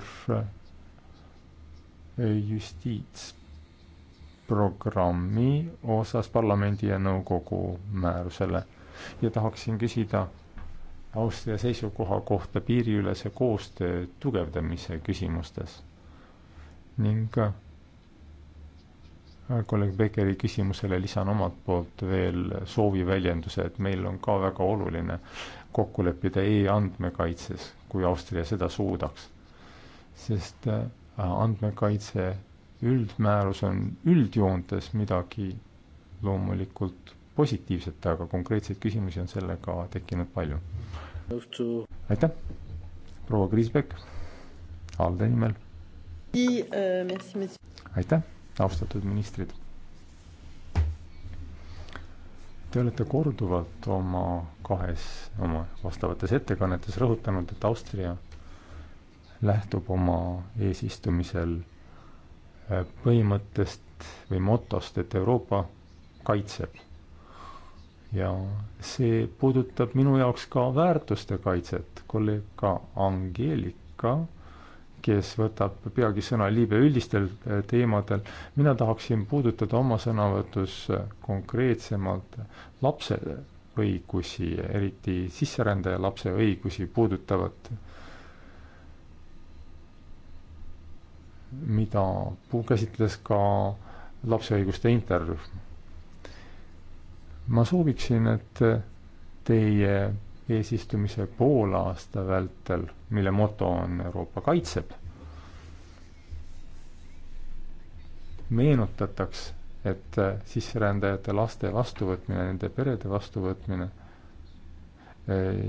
justiitsprogrammi osas parlamendi ja nõukogu määrusele ja tahaksin küsida Austria seisukoha kohta piiriülese koostöö tugevdamise küsimustes ning äh, kolleeg Bekeri küsimusele lisan omalt poolt veel sooviväljenduse, et meil on ka väga oluline kokku leppida e-andmekaitses, kui Austria seda suudaks. sest äh, andmekaitse üldmäärus on üldjoontes midagi loomulikult positiivset, aga konkreetseid küsimusi on sellega tekkinud palju aitäh, proua Kriisbeck, ALDE nimel. Euh, aitäh, austatud ministrid. Te olete korduvalt oma kahes, oma vastavates ettekannetes rõhutanud, et Austria lähtub oma eesistumisel äh, põhimõttest või motost, et Euroopa kaitseb ja see puudutab minu jaoks ka väärtuste kaitset. kolleeg ka Angeelika, kes võtab peagi sõna liibe üldistel eh, teemadel, mina tahaksin puudutada oma sõnavõtus eh, konkreetsemalt lapse õigusi, eriti sisserändaja lapse õigusi puudutavat, mida käsitles ka lapse õiguste interrühm ma sooviksin, et teie eesistumise poole aasta vältel, mille moto on Euroopa kaitseb, meenutataks, et sisserändajate laste vastuvõtmine, nende perede vastuvõtmine eh,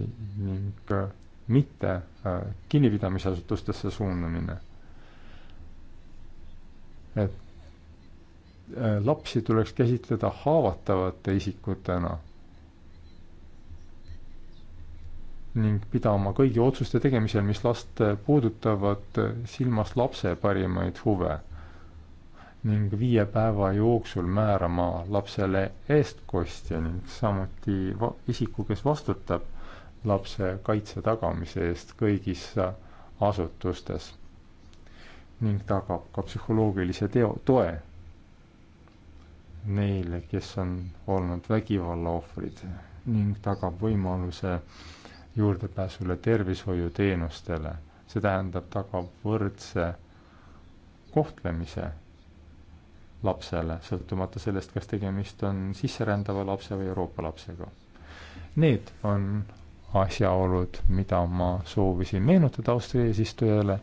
ning eh, mitte eh, kinnipidamisasutustesse suunamine. et Äh, lapsi tuleks käsitleda haavatavate isikutena ning pidama kõigi otsuste tegemisel, mis last puudutavad, silmas lapse parimaid huve ning viie päeva jooksul määrama lapsele eestkostja ning samuti isiku, kes vastutab lapse kaitse tagamise eest kõigis asutustes ning tagab ka psühholoogilise teo, toe neile, kes on olnud vägivalla ohvrid ning tagab võimaluse juurdepääsule tervishoiuteenustele. see tähendab, tagab võrdse kohtlemise lapsele, sõltumata sellest, kas tegemist on sisserändava lapse või Euroopa lapsega. Need on asjaolud, mida ma soovisin meenutada Austria eesistujale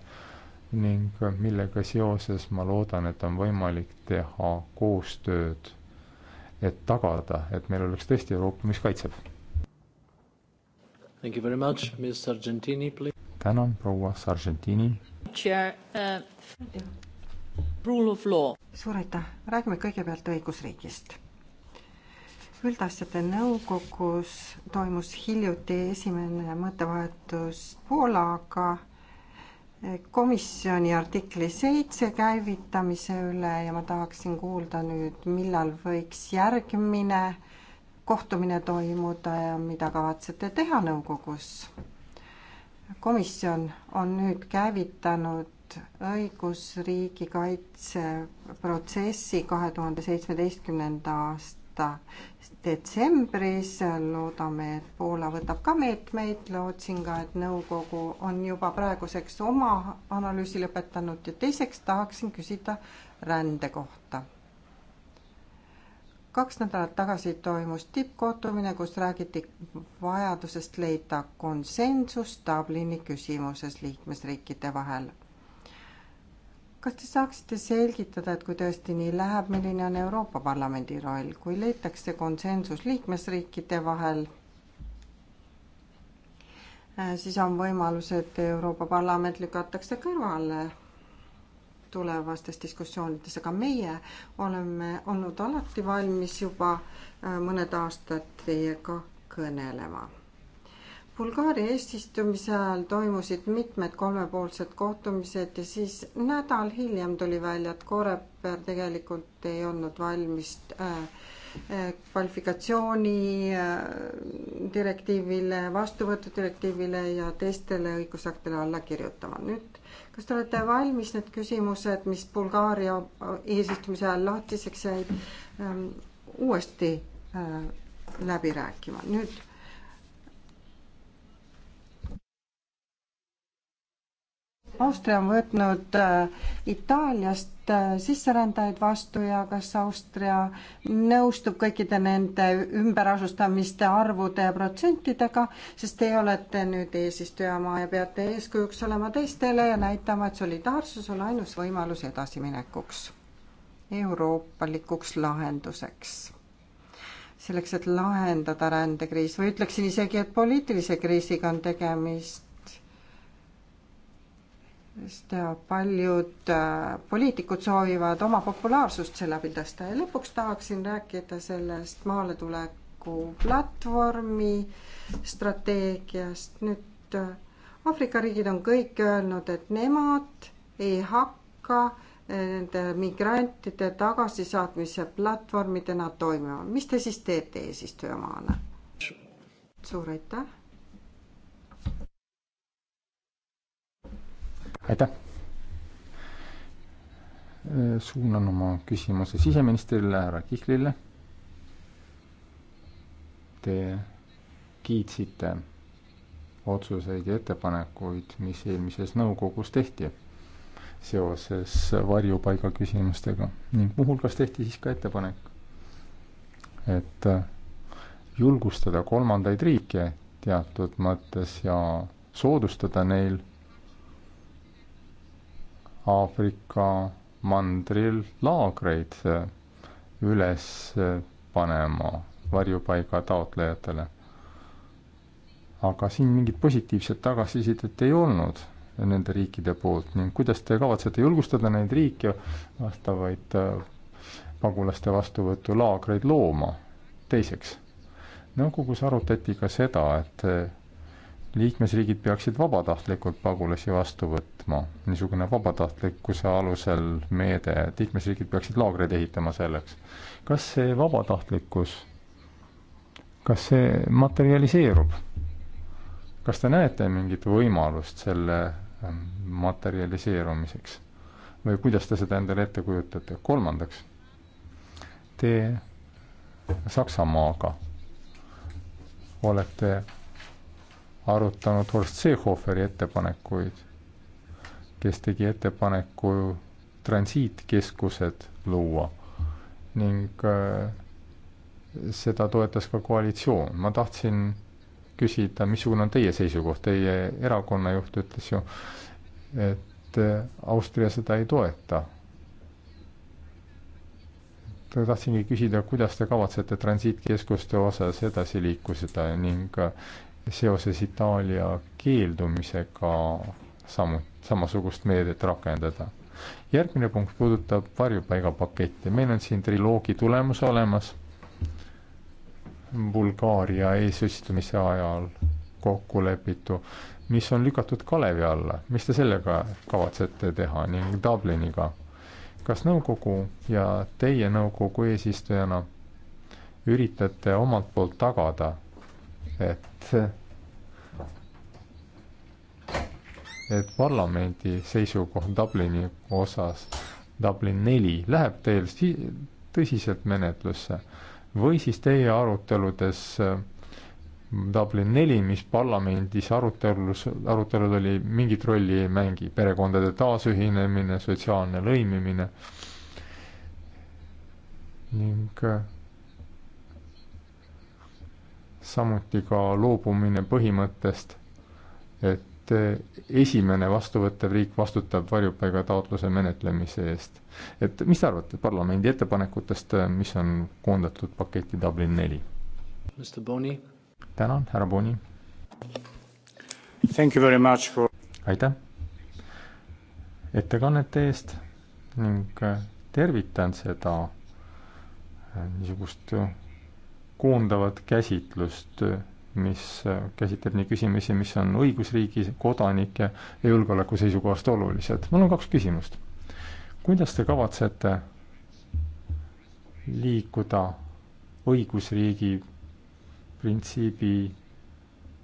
ning äh, millega seoses ma loodan, et on võimalik teha koostööd, et tagada, et meil oleks tõesti Euroopa, mis kaitseb. tänan, proua Sargentini. Uh, suur aitäh, räägime kõigepealt õigusriigist üldasjade nõukogus toimus hiljuti esimene mõttevahetus Poolaga komisjoni artikli seitse käivitamise üle ja ma tahaksin kuulda nüüd, millal võiks järgmine kohtumine toimuda ja mida kavatsete teha nõukogus? komisjon on nüüd käivitanud õigusriigi kaitse protsessi kahe tuhande seitsmeteistkümnenda aasta aasta detsembris, loodame, et Poola võtab ka meetmeid, lootsin ka, et nõukogu on juba praeguseks oma analüüsi lõpetanud ja teiseks tahaksin küsida rände kohta. kaks nädalat tagasi toimus tippkohtumine, kus räägiti vajadusest leida konsensus Dublini küsimuses liikmesriikide vahel kas te saaksite selgitada, et kui tõesti nii läheb, milline on Euroopa Parlamendi roll, kui leitakse konsensus liikmesriikide vahel, äh, siis on võimalus, et Euroopa Parlament lükatakse kõrvale tulevastes diskussioonides, aga meie oleme olnud alati valmis juba äh, mõned aastad teiega kõnelema Bulgaaria eesistumise ajal toimusid mitmed kolmepoolsed kohtumised ja siis nädal hiljem tuli välja, et Koreper tegelikult ei olnud valmis äh, äh, kvalifikatsiooni äh, direktiivile, vastuvõtudirektiivile ja teistele õigusaktidele alla kirjutama. nüüd, kas te olete valmis need küsimused, mis Bulgaaria eesistumise ajal lahtiseks jäid, ähm, uuesti läbi rääkima? nüüd Austria on võtnud äh, Itaaliast äh, sisserändajaid vastu ja kas Austria nõustub kõikide nende ümberasustamiste arvude ja protsentidega, sest teie olete nüüd eesistujamaa ja peate eeskujuks olema teistele ja näitama, et solidaarsus on ainus võimalus edasiminekuks, euroopalikuks lahenduseks selleks, et lahendada rändekriis või ütleksin isegi, et poliitilise kriisiga on tegemist sest äh, paljud äh, poliitikud soovivad oma populaarsust selle abil tõsta ja lõpuks tahaksin rääkida sellest maaletuleku platvormi strateegiast. nüüd äh, Aafrika riigid on kõik öelnud, et nemad ei hakka nende migrantide tagasisaatmise platvormidena toimima. mis te siis teete eesistujamaana? suur aitäh aitäh! Äh, suunan oma küsimuse siseministrile härra Kihlile. Te kiitsite otsuseid ja ettepanekuid, mis eelmises nõukogus tehti seoses varjupaiga küsimustega ning muuhulgas tehti siis ka ettepanek, et julgustada kolmandaid riike teatud mõttes ja soodustada neil Aafrika mandril laagreid eh, üles eh, panema varjupaiga taotlejatele. aga siin mingit positiivset tagasisidet ei olnud nende riikide poolt ning kuidas te kavatsete julgustada neid riike vastavaid eh, pagulaste vastuvõtulaagreid looma? teiseks, nõukogus arutati ka seda, et liikmesriigid peaksid vabatahtlikult pagulasi vastu võtma võtma. niisugune vabatahtlikkuse alusel meede, et liikmesriigid peaksid laagreid ehitama selleks. kas see vabatahtlikkus, kas see materialiseerub? kas te näete mingit võimalust selle ähm, materialiseerumiseks? või kuidas te seda endale ette kujutate? kolmandaks, te Saksamaaga olete arutanud Horst Seehoferi ettepanekuid kes tegi ettepaneku transiitkeskused luua ning äh, seda toetas ka koalitsioon. ma tahtsin küsida, missugune on teie seisukoht, teie erakonna juht ütles ju, et äh, Austria seda ei toeta. tahtsingi küsida, kuidas te kavatsete transiitkeskuste osas edasi liikuda ning äh, seoses Itaalia keeldumisega samuti samasugust meedet rakendada. järgmine punkt puudutab varjupaigapaketti, meil on siin triloogi tulemus olemas Bulgaaria eesistumise ajal kokku lepitu, mis on lükatud kalevi alla, mis te sellega kavatsete teha ning Dubliniga? kas nõukogu ja teie nõukogu eesistujana üritate omalt poolt tagada, et et parlamendi seisukoht Dublini osas, Dublin neli, läheb teil si-, tõsiselt menetlusse või siis teie aruteludes äh, Dublin neli, mis parlamendis arutelus, arutelul oli, mingit rolli ei mängi, perekondade taasühinemine, sotsiaalne lõimimine ning äh, samuti ka loobumine põhimõttest, et et eh, esimene vastuvõttev riik vastutab varjupaigataotluse menetlemise eest. et mis te arvate parlamendi ettepanekutest, eh, mis on koondatud paketti Dublin neli? tänan, härra Boni. For... aitäh ettekannete eest ning eh, tervitan seda niisugust koondavat käsitlust mis äh, käsitleb nii küsimusi, mis on õigusriigi, kodanike ja julgeoleku seisukohast olulised. mul on kaks küsimust. kuidas te kavatsete liikuda õigusriigi printsiibi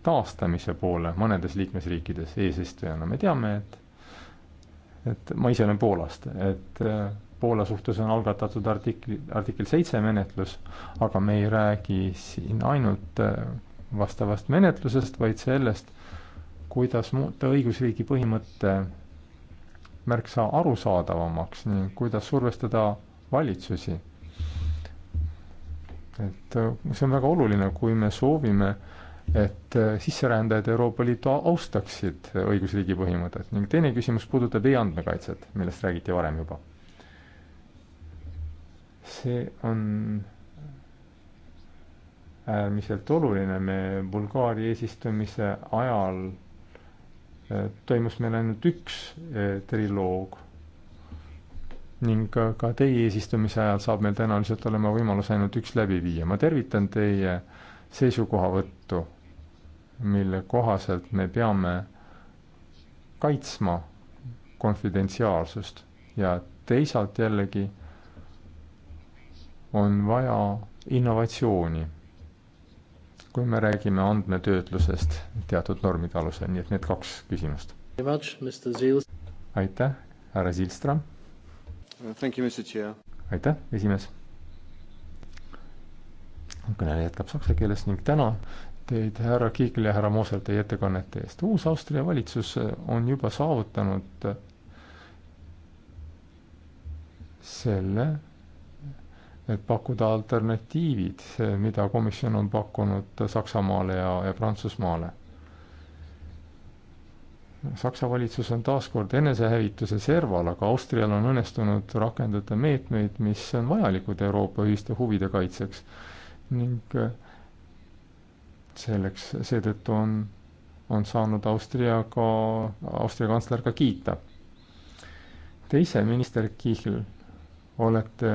taastamise poole mõnedes liikmesriikides eesistujana, me teame, et et ma ise olen Poolast, et äh, Poola suhtes on algatatud artikli, artikkel seitse menetlus, aga me ei räägi siin ainult äh, vastavast menetlusest, vaid sellest, kuidas muuta õigusriigi põhimõte märksa arusaadavamaks ning kuidas survestada valitsusi. et äh, see on väga oluline, kui me soovime, et äh, sisserändajad Euroopa Liitu austaksid õigusriigi põhimõtet ning teine küsimus puudutab e-andmekaitset, millest räägiti varem juba. see on äärmiselt oluline. me Bulgaaria eesistumise ajal äh, toimus meil ainult üks äh, triloog ning ka teie eesistumise ajal saab meil tõenäoliselt olema võimalus ainult üks läbi viia. ma tervitan teie seisukohavõttu, mille kohaselt me peame kaitsma konfidentsiaalsust ja teisalt jällegi on vaja innovatsiooni kui me räägime andmetöötlusest teatud normide alusel, nii et need kaks küsimust. aitäh, härra Zilstra. Uh, aitäh, esimees. kõneleja jätkab saksa keeles ning täna teid, härra Kiigel ja härra Moosel, teie ettekannete eest. uus Austria valitsus on juba saavutanud selle, et pakkuda alternatiivid, mida komisjon on pakkunud Saksamaale ja, ja Prantsusmaale. Saksa valitsus on taas kord enesehävituse serval, aga Austrial on õnnestunud rakendada meetmeid, mis on vajalikud Euroopa ühiste huvide kaitseks ning äh, selleks, seetõttu on, on saanud Austria ka, Austria kantsler ka kiita. Teise minister Kihl olete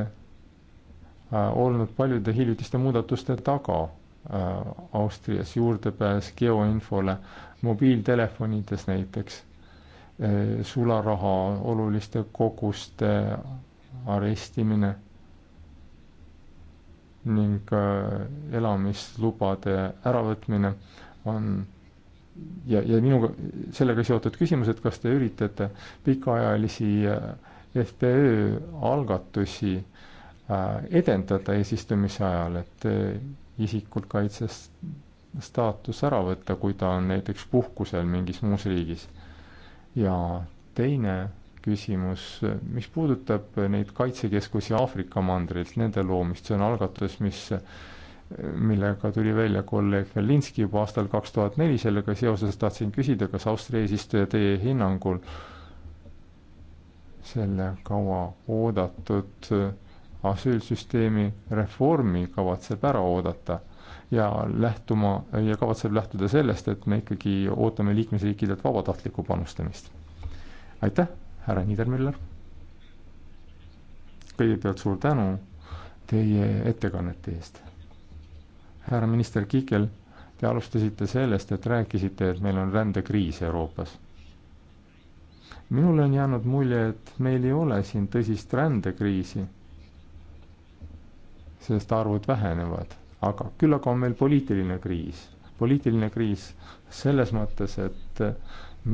Äh, olnud paljude hiljutiste muudatuste taga äh, Austrias, juurdepääs geoinfole mobiiltelefonides näiteks, äh, sularaha oluliste koguste arestimine ning elamislubade äravõtmine on ja, ja minuga, sellega seotud küsimus, et kas te üritate pikaajalisi FPÖ algatusi Äh, edendada eesistumise ajal, et äh, isikult kaitses staatus ära võtta, kui ta on näiteks puhkusel mingis muus riigis. ja teine küsimus, mis puudutab neid kaitsekeskusi Aafrika mandrilt, nende loomist, see on algatus, mis millega tuli välja kolleeg Velinski juba aastal kaks tuhat neli, sellega seoses tahtsin küsida, kas Austria eesistuja teie hinnangul selle kaua oodatud asüülsüsteemi reformi kavatseb ära oodata ja lähtuma ja kavatseb lähtuda sellest, et me ikkagi ootame liikmesriikidelt vabatahtlikku panustamist. aitäh, härra Niedermüller. kõigepealt suur tänu teie ettekannete eest. härra minister Kiikel, te alustasite sellest, et rääkisite, et meil on rändekriis Euroopas minule on jäänud mulje, et meil ei ole siin tõsist rändekriisi sest arvud vähenevad, aga küll aga on meil poliitiline kriis. poliitiline kriis selles mõttes, et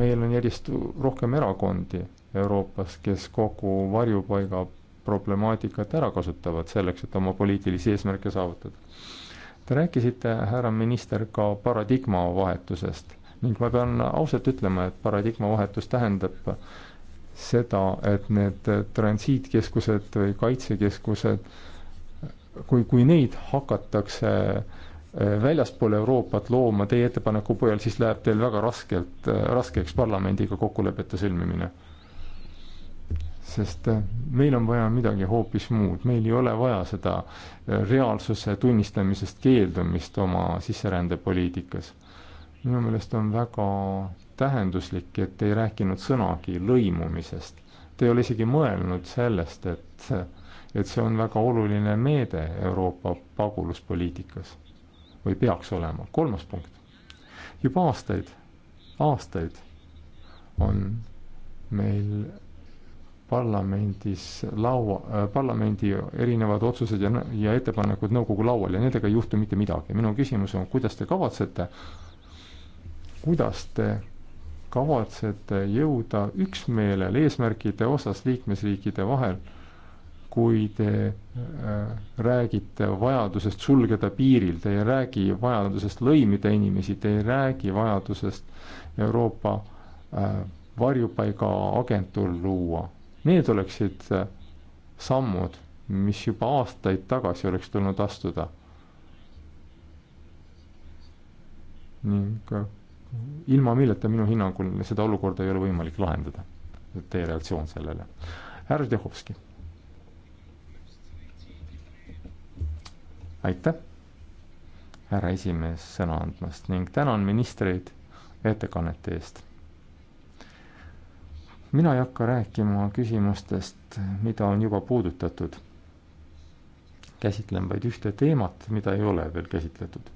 meil on järjest rohkem erakondi Euroopas, kes kogu varjupaiga problemaatikat ära kasutavad selleks, et oma poliitilisi eesmärke saavutada. Te rääkisite, härra minister, ka paradigma vahetusest ning ma pean ausalt ütlema, et paradigma vahetus tähendab seda, et need transiitkeskused või kaitsekeskused kui, kui neid hakatakse eh, väljaspool Euroopat looma teie ettepaneku põhjal, siis läheb teil väga raskelt, eh, raskeks parlamendiga kokkulepete sõlmimine. sest eh, meil on vaja midagi hoopis muud, meil ei ole vaja seda reaalsuse tunnistamisest keeldumist oma sisserändepoliitikas. minu meelest on väga tähenduslik, et ei rääkinud sõnagi lõimumisest. Te ei ole isegi mõelnud sellest, et et see on väga oluline meede Euroopa pagulaspoliitikas või peaks olema. kolmas punkt. juba aastaid, aastaid on meil parlamendis laua äh,, parlamendi erinevad otsused ja, ja ettepanekud nõukogu laual ja nendega ei juhtu mitte midagi. minu küsimus on, kuidas te kavatsete, kuidas te kavatsete jõuda üksmeelele eesmärkide osas liikmesriikide vahel kui te äh, räägite vajadusest sulgeda piiril, te ei räägi vajadusest lõimida inimesi, te ei räägi vajadusest Euroopa äh, varjupaigaagentuur luua. Need oleksid äh, sammud, mis juba aastaid tagasi oleks tulnud astuda. ning ilma milleta minu hinnangul seda olukorda ei ole võimalik lahendada. Teie reaktsioon sellele. härra Tšehhovski aitäh, härra esimees, sõna andmast ning tänan ministreid ettekannete eest. mina ei hakka rääkima küsimustest, mida on juba puudutatud. käsitlen vaid ühte teemat, mida ei ole veel käsitletud.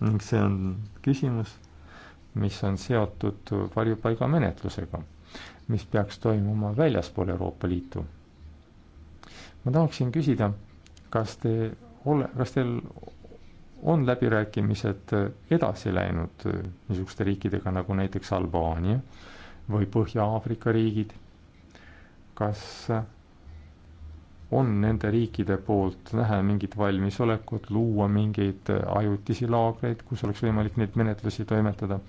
ning see on küsimus, mis on seotud varjupaigamenetlusega, mis peaks toimuma väljaspool Euroopa Liitu ma tahaksin küsida, kas te ole, kas teil on läbirääkimised edasi läinud niisuguste riikidega nagu näiteks Albaania või Põhja-Aafrika riigid? kas on nende riikide poolt näha mingit valmisolekut luua mingeid ajutisi laagreid, kus oleks võimalik neid menetlusi toimetada?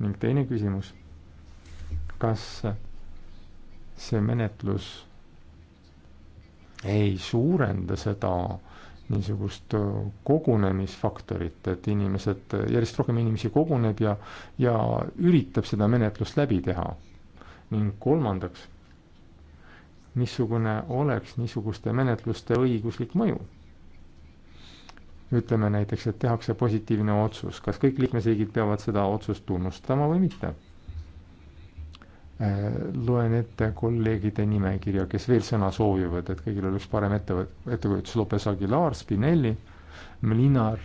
ning teine küsimus, kas see menetlus ei suurenda seda niisugust äh, kogunemisfaktorit, et inimesed, järjest rohkem inimesi koguneb ja, ja üritab seda menetlust läbi teha. ning kolmandaks, missugune oleks niisuguste menetluste õiguslik mõju? ütleme näiteks, et tehakse positiivne otsus, kas kõik liikmesriigid peavad seda otsust tunnustama või mitte? Äh, loen ette kolleegide nimekirja, kes veel sõna soovivad, et kõigil oleks parem ette, ettekujutus, Lopez Aguilar, Spinelli, Mlinar,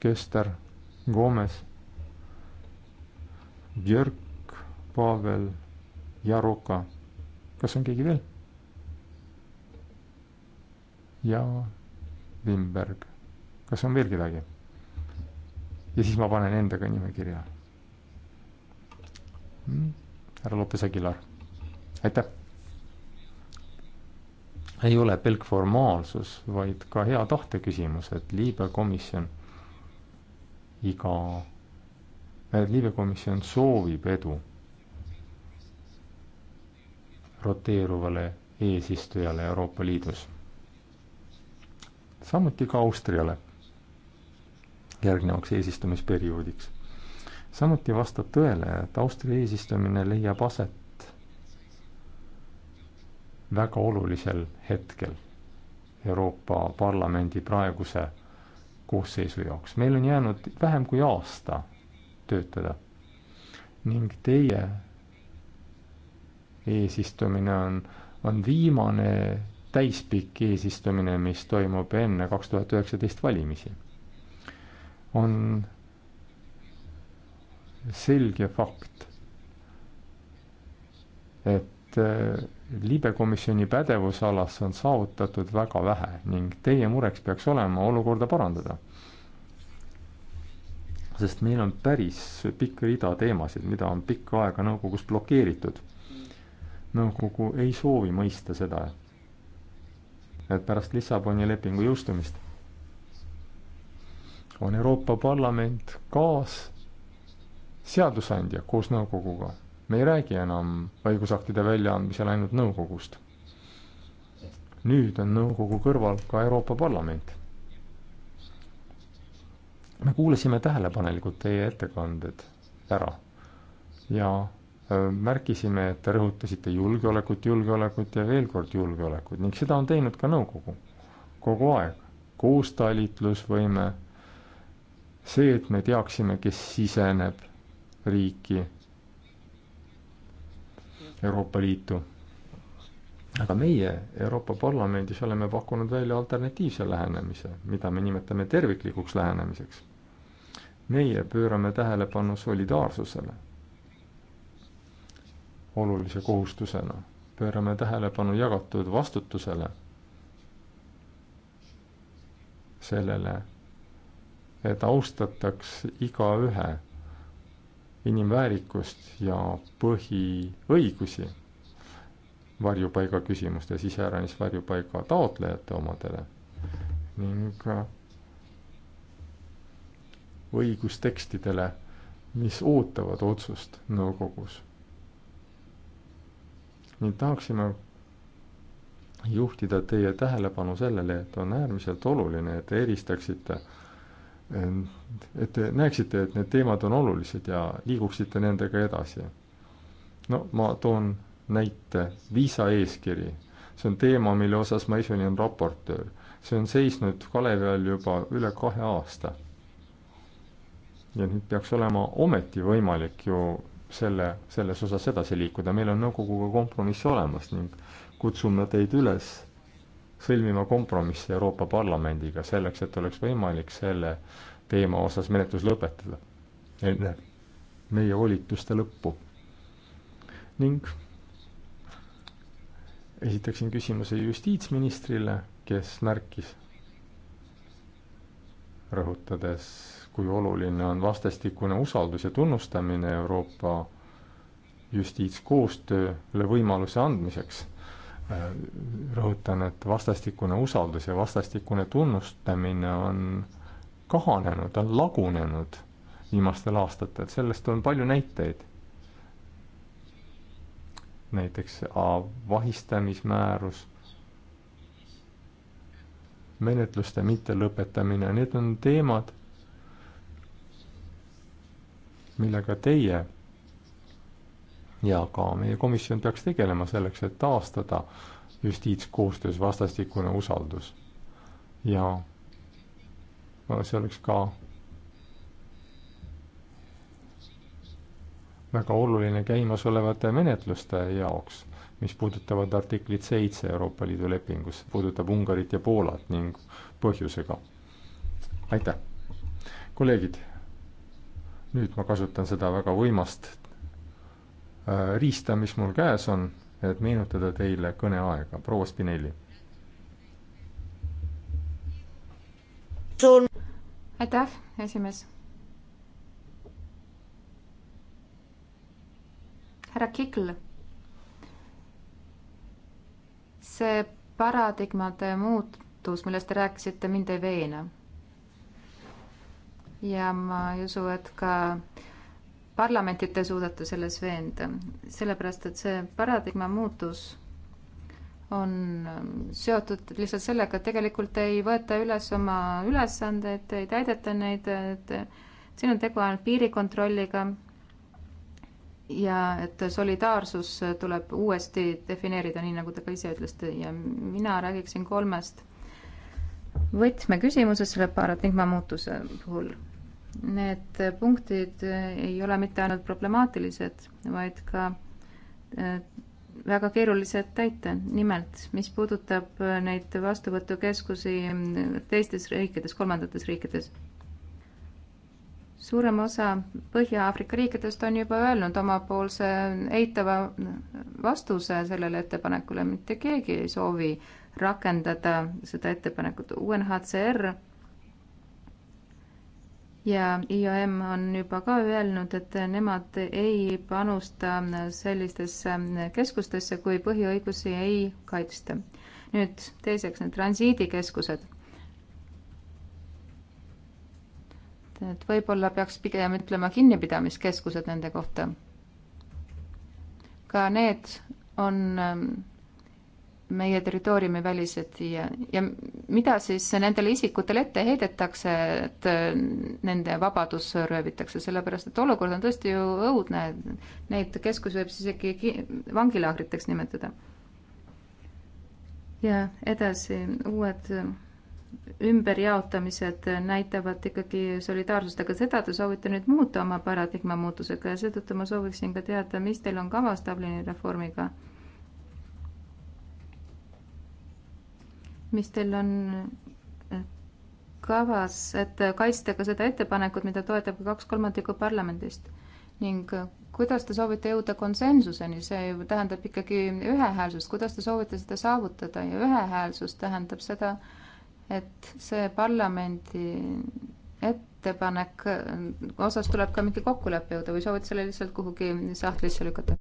Kester, Gomez, Björk, Pavel ja Roka. kas on keegi veel? ja Wimberg. kas on veel kedagi? ja siis ma panen endaga nimekirja mm härra Lopes Aguilar. aitäh! ei ole pelk formaalsus, vaid ka hea tahte küsimus, et Liibe komisjon iga, Liibe komisjon soovib edu roteeruvale eesistujale Euroopa Liidus. samuti ka Austriale järgnevaks eesistumisperioodiks samuti vastab tõele, et Austria eesistumine leiab aset väga olulisel hetkel Euroopa Parlamendi praeguse koosseisu jaoks. meil on jäänud vähem kui aasta töötada ning teie eesistumine on, on viimane täispikk eesistumine, mis toimub enne kaks tuhat üheksateist valimisi. on selge fakt, et äh, libekomisjoni pädevusalas on saavutatud väga vähe ning teie mureks peaks olema olukorda parandada. sest meil on päris pikk rida teemasid, mida on pikka aega nõukogus blokeeritud. nõukogu ei soovi mõista seda, et pärast Lissaboni lepingu jõustumist on Euroopa Parlament kaas seadusandja koos nõukoguga. me ei räägi enam õigusaktide väljaandmisel ainult nõukogust. nüüd on nõukogu kõrval ka Euroopa Parlament. me kuulasime tähelepanelikult teie ettekanded ära ja märkisime, et te rõhutasite julgeolekut, julgeolekut ja veel kord julgeolekut ning seda on teinud ka nõukogu kogu aeg. koostalitlusvõime, see, et me teaksime, kes siseneb riiki Euroopa Liitu. aga meie Euroopa Parlamendis oleme pakkunud välja alternatiivse lähenemise, mida me nimetame terviklikuks lähenemiseks. meie pöörame tähelepanu solidaarsusele olulise kohustusena, pöörame tähelepanu jagatud vastutusele, sellele, et austataks igaühe inimväärikust ja põhiõigusi varjupaiga küsimustes, iseäranis varjupaiga taotlejate omadele ning õigustekstidele, mis ootavad otsust nõukogus. nii tahaksime juhtida teie tähelepanu sellele, et on äärmiselt oluline, et te eristaksite äh, et te näeksite, et need teemad on olulised ja liiguksite nendega edasi. no ma toon näite, viisaeeskiri, see on teema, mille osas ma ise olin raportöör. see on seisnud kalevi all juba üle kahe aasta. ja nüüd peaks olema ometi võimalik ju selle, selles osas edasi liikuda, meil on nõukoguga kompromiss olemas ning kutsume teid üles sõlmima kompromisse Euroopa Parlamendiga selleks, et oleks võimalik selle teema osas menetlus lõpetada enne meie volituste lõppu. ning esitaksin küsimuse justiitsministrile, kes märkis, rõhutades, kui oluline on vastastikune usaldus ja tunnustamine Euroopa justiitskoostööle võimaluse andmiseks Äh, rõhutan, et vastastikune usaldus ja vastastikune tunnustamine on kahanenud, on lagunenud viimastel aastatel, sellest on palju näiteid. näiteks vahistamismäärus, menetluste mittelõpetamine, need on teemad, millega teie ja ka meie komisjon peaks tegelema selleks, et taastada justiitskoostöös vastastikune usaldus. ja see oleks ka väga oluline käimasolevate menetluste jaoks, mis puudutavad artiklit seitse Euroopa Liidu lepingus, puudutab Ungarit ja Poolat ning põhjusega. aitäh! kolleegid, nüüd ma kasutan seda väga võimast Äh, riista, mis mul käes on, et meenutada teile kõneaega, proua Spinelli. aitäh, esimees. härra Kikl. see paradigmade muutus, millest te rääkisite, mind ei veena. ja ma ei usu, et ka äh, parlamenti te suudate selles veenda, sellepärast et see paradigma muutus on seotud lihtsalt sellega, et tegelikult ei võeta üles oma ülesandeid, ei täideta neid, et siin on tegu ainult piirikontrolliga. ja et solidaarsus tuleb uuesti defineerida, nii nagu te ka ise ütlesite ja mina räägiksin kolmest võtmeküsimusest selle paradigma muutuse puhul need punktid ei ole mitte ainult problemaatilised, vaid ka äh, väga keerulised täita. nimelt, mis puudutab äh, neid vastuvõtukeskusi mm, teistes riikides, kolmandates riikides. suurem osa Põhja-Aafrika riikidest on juba öelnud omapoolse eitava äh, vastuse sellele ettepanekule, mitte keegi ei soovi rakendada seda ettepanekut. UNHCR ja IOM on juba ka öelnud, et nemad ei panusta sellistesse keskustesse, kui põhiõigusi ei kaitsta. nüüd teiseks need transiidikeskused. et võib-olla peaks pigem ütlema kinnipidamiskeskused nende kohta. ka need on meie territooriumi välised ja, ja mida siis nendele isikutele ette heidetakse, et äh, nende vabadus röövitakse, sellepärast et olukord on tõesti ju õudne, neid keskusi võib siis isegi vangilaagriteks nimetada. ja edasi, uued äh, ümberjaotamised näitavad ikkagi solidaarsust, aga seda te soovite nüüd muuta oma paradigma muutusega ja seetõttu ma sooviksin ka teada, mis teil on kavas Dublini reformiga mis teil on äh, kavas, et kaitsta ka seda ettepanekut, mida toetab ka kaks kolmandikku parlamendist ning äh, kuidas te soovite jõuda konsensuseni, see ju tähendab ikkagi ühehäälsust, kuidas te soovite seda saavutada ja ühehäälsus tähendab seda, et see parlamendi ettepanek äh, osas tuleb ka mingi kokkulepe jõuda või soovite selle lihtsalt kuhugi sahtlisse lükata?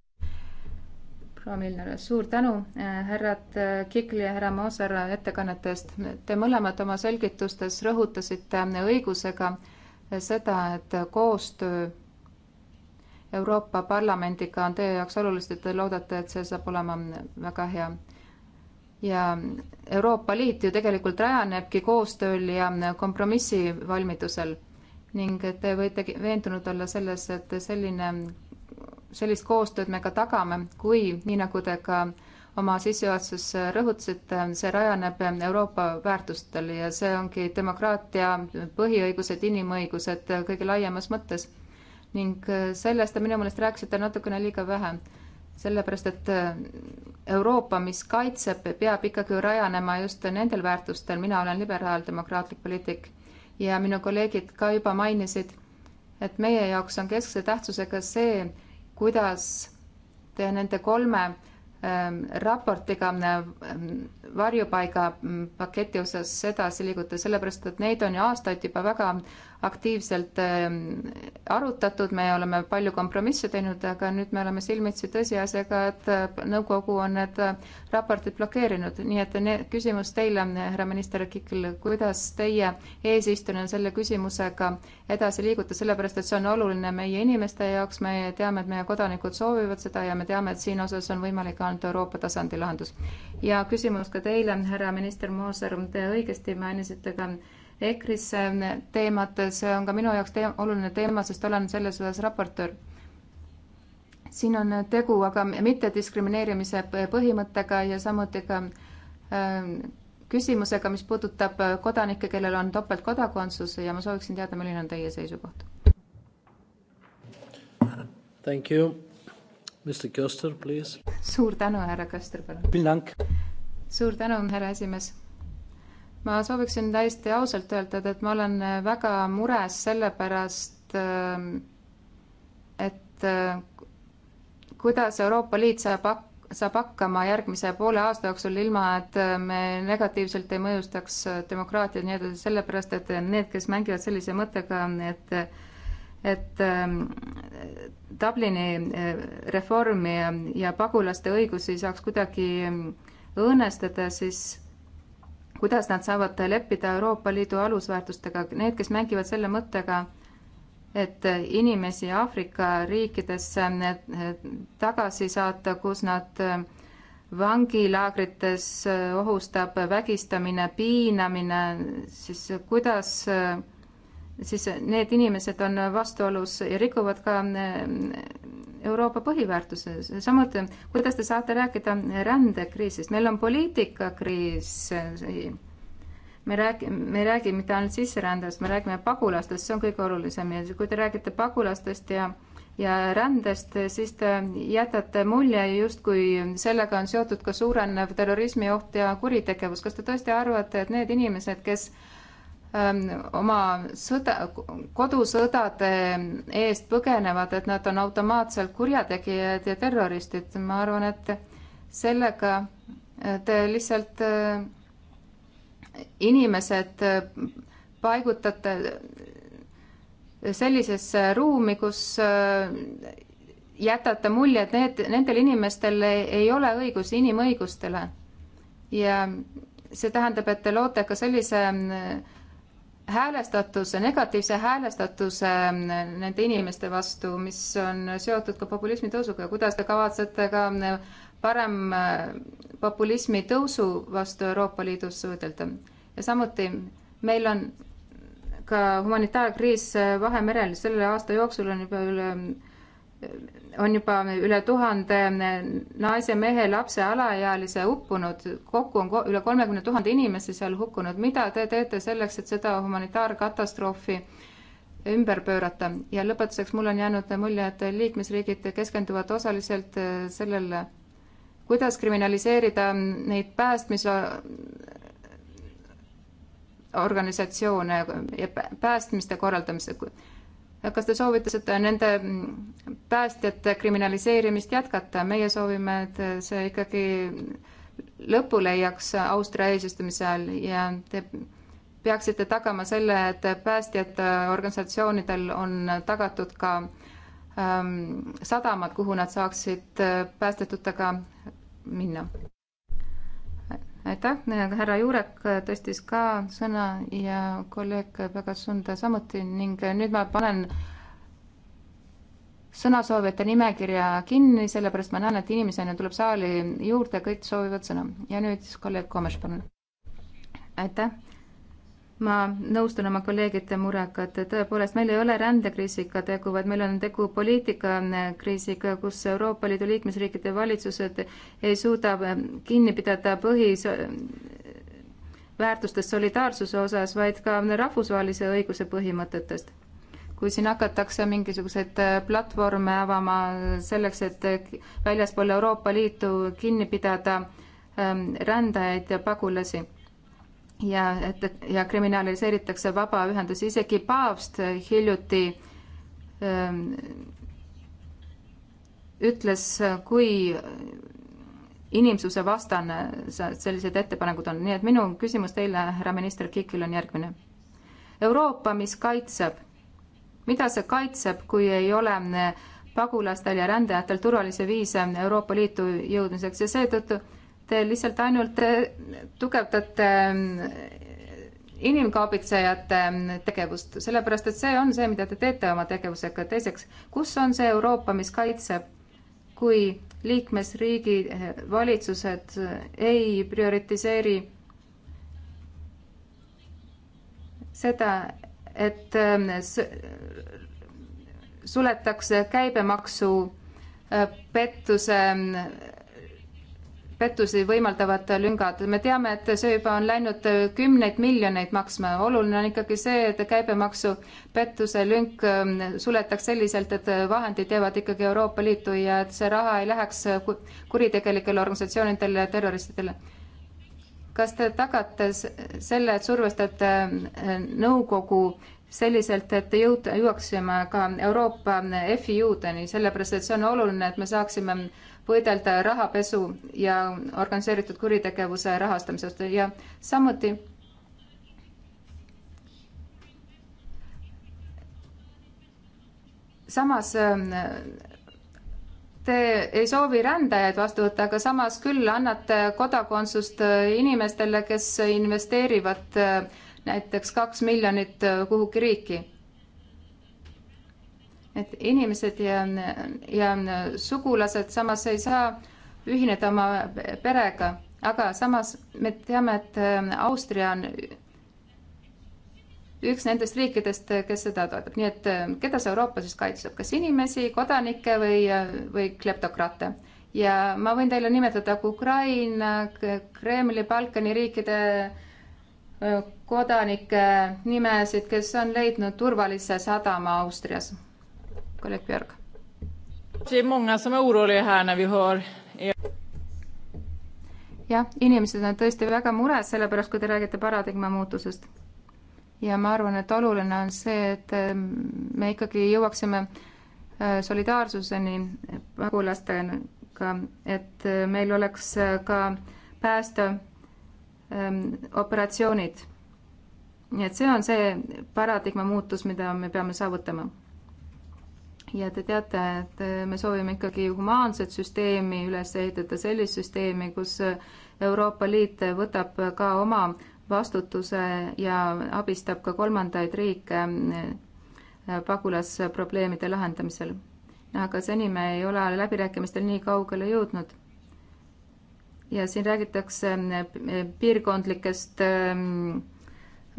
proua Milner, suur tänu, äh, härrad äh, Kikli ja härra Moser ettekannete eest. Te mõlemad oma selgitustes rõhutasite äh, õigusega seda, et koostöö Euroopa Parlamendiga on teie jaoks olulist ja te loodate, et see saab olema väga hea. ja Euroopa Liit ju tegelikult rajanebki koostööl ja kompromissivalmidusel ning te võite veendunud olla selles, et selline sellist koostööd me ka tagame, kui nii, nagu te ka oma sissejuhatuses rõhutasite, see rajaneb Euroopa väärtustel ja see ongi demokraatia põhiõigused, inimõigused kõige laiemas mõttes. ning sellest te minu meelest rääkisite natukene liiga vähe, sellepärast et Euroopa, mis kaitseb, peab ikkagi rajanema just nendel väärtustel, mina olen liberaaldemokraatlik poliitik ja minu kolleegid ka juba mainisid, et meie jaoks on keskse tähtsusega see, kuidas te nende kolme ähm, raportiga ähm, varjupaigapaketi mm, osas edasi liiguta, sellepärast et neid on ju aastaid juba väga aktiivselt ehm, arutatud, me oleme palju kompromisse teinud, aga nüüd me oleme silmitsi tõsiasjaga, et eh, nõukogu on need eh, raportid blokeerinud, nii et küsimus teile, härra minister Kikl, kuidas teie eesistujana selle küsimusega edasi liigute, sellepärast et see on oluline meie inimeste jaoks, me teame, et meie kodanikud soovivad seda ja me teame, et siin osas on võimalik ainult Euroopa tasandi lahendus. ja küsimus ka teile, härra minister Mooser, te õigesti mainisite ka EKRE-sse ähm, teemat, see on ka minu jaoks teem-, oluline teema, sest olen selles osas raportöör. siin on äh, tegu aga mittediskrimineerimise põhimõttega ja samuti ka äh, küsimusega, mis puudutab äh, kodanikke, kellel on topeltkodakondsus ja ma sooviksin teada, milline on teie seisukoht? Thank you. Mr Köster, please. suur tänu, härra Köster, palun. suur tänu, härra esimees ma sooviksin täiesti ausalt öelda, et, et ma olen äh, väga mures selle pärast, ähm, et äh, kuidas Euroopa Liit saab hak-, saab hakkama järgmise poole aasta jooksul, ilma et äh, me negatiivselt ei mõjustaks demokraatiat ja nii edasi, sellepärast et need, kes mängivad sellise mõttega, et et ähm, Dublini reformi ja pagulaste õigusi saaks kuidagi ähm, õõnestada, siis kuidas nad saavad leppida Euroopa Liidu alusväärtustega, need, kes mängivad selle mõttega, et inimesi Aafrika riikidesse tagasi saata, kus nad äh, vangilaagrites äh, ohustab vägistamine, piinamine, siis kuidas äh, siis need inimesed on vastuolus ja rikuvad ka mm, Euroopa põhiväärtuse. samuti, kuidas te saate rääkida rändekriisist? meil on poliitikakriis. me räägime, me ei räägi mitte ainult sisserändajast, me räägime pagulastest, see on kõige olulisem ja kui te räägite pagulastest ja ja rändest, siis te jätate mulje justkui sellega on seotud ka suurenev terrorismioht ja kuritegevus. kas te tõesti arvate, et need inimesed, kes äh, Ähm, oma sõda, kodusõdade eest põgenevad, et nad on automaatselt kurjategijad ja terroristid. ma arvan, et sellega äh, te lihtsalt äh, inimesed äh, paigutate sellisesse ruumi, kus jätate mulje, et need, nendel inimestel ei ole õigus inimõigustele. ja see tähendab, et te loote ka sellise häälestatuse, negatiivse häälestatuse mm, nende inimeste vastu, mis on seotud ka populismi tõusuga ja kuidas te kavatsete ka mm, parem mm, populismi tõusu vastu Euroopa Liidus võidelda? ja samuti meil on ka humanitaarkriis Vahemerel, selle aasta jooksul on juba üle on juba üle tuhande naise, mehe, lapse, alaealise hukkunud, kokku on ko üle kolmekümne tuhande inimese seal hukkunud. mida te teete selleks, et seda humanitaarkatastroofi ümber pöörata? ja lõpetuseks, mul on jäänud mulje, et liikmesriigid keskenduvad osaliselt äh, sellele, kuidas kriminaliseerida neid päästmise organisatsioone ja päästmiste korraldamise kas te soovitasite nende päästjate kriminaliseerimist jätkata? meie soovime, et see ikkagi lõpu leiaks Austria eesistumise all ja te peaksite tagama selle, et päästjate organisatsioonidel on tagatud ka ähm, sadamad, kuhu nad saaksid äh, päästetutega minna aitäh, äh, härra Jurek äh, tõstis ka sõna ja kolleeg Pegasunda samuti ning äh, nüüd ma panen sõnasoovijate nimekirja kinni, sellepärast ma näen, et inimesi on ja tuleb saali juurde, kõik soovivad sõna. ja nüüd kolleeg Komes, palun. aitäh ma nõustun oma kolleegide murega, et tõepoolest meil ei ole rändekriisiga tegu, vaid meil on tegu poliitikakriisiga, eh, kus Euroopa Liidu liikmesriikide valitsused ei suuda eh, kinni pidada põhis väärtustest solidaarsuse osas, vaid ka rahvusvahelise õiguse põhimõtetest. kui siin hakatakse mingisuguseid eh, platvorme avama selleks, et väljaspool Euroopa Liitu kinni pidada rändajaid ja pagulasi ja et, ja kriminaliseeritakse vabaühendusi, isegi paavst hiljuti öö, ähm, ütles, kui inimsuse vastane sellised ettepanekud on, nii et minu küsimus teile, härra minister Kikil, on järgmine. Euroopa, mis kaitseb, mida see kaitseb, kui ei ole äh, pagulastel ja rändajatel turvalisi viise Euroopa Liitu jõudmiseks ja seetõttu Te lihtsalt ainult eh, tugevdate mm, inimkaabitsejate mm, tegevust, sellepärast et see on see, mida te teete oma tegevusega. teiseks, kus on see Euroopa, mis kaitseb, kui liikmesriigi eh, valitsused eh, ei prioritiseeri seda, et mm, suletakse käibemaksu pettuse pettusi võimaldavad lüngad. me teame, et see juba on läinud kümneid miljoneid maksma. oluline on ikkagi see, et käibemaksupettuse lünk ähm, suletaks selliselt, et vahendid jäävad ikkagi Euroopa Liitu ja et see raha ei läheks kuritegelikele organisatsioonidele ja terroristidele. kas te tagate selle, et survestate äh, nõukogu selliselt, et jõud, jõuaksime ka Euroopa äh, FIU-deni, sellepärast et see on oluline, et me saaksime võidelda rahapesu ja organiseeritud kuritegevuse rahastamisest ja samuti samas äh, te ei soovi rändajaid vastu võtta, aga samas küll annate kodakondsust äh, inimestele, kes investeerivad äh, näiteks kaks miljonit kuhugi riiki et inimesed ja, ja sugulased samas ei saa ühineda oma perega, aga samas me teame, et ähm, Austria on üks nendest riikidest, kes seda toetab, nii et ähm, keda see Euroopa siis kaitseb, kas inimesi, kodanikke või, äh, või kleptokraate? ja ma võin teile nimetada Ukraina, Kremli, Balkani riikide äh, kodanike nimesid, kes on leidnud turvalise sadama Austrias kolleeg Björk. Er. jah, inimesed on tõesti väga mures, sellepärast kui te räägite paradigma muutusest. ja ma arvan, et oluline on see, et ähm, me ikkagi jõuaksime äh, solidaarsuseni pagulastega, et äh, meil oleks äh, ka päästeoperatsioonid. Ähm, nii et see on see paradigma muutus, mida me peame saavutama ja te teate, et me soovime ikkagi humaanset süsteemi üles ehitada, sellist süsteemi, kus Euroopa Liit võtab ka oma vastutuse ja abistab ka kolmandaid riike eh, pagulasprobleemide lahendamisel. aga seni me ei ole läbirääkimistel nii kaugele jõudnud. ja siin räägitakse eh, piirkondlikest eh,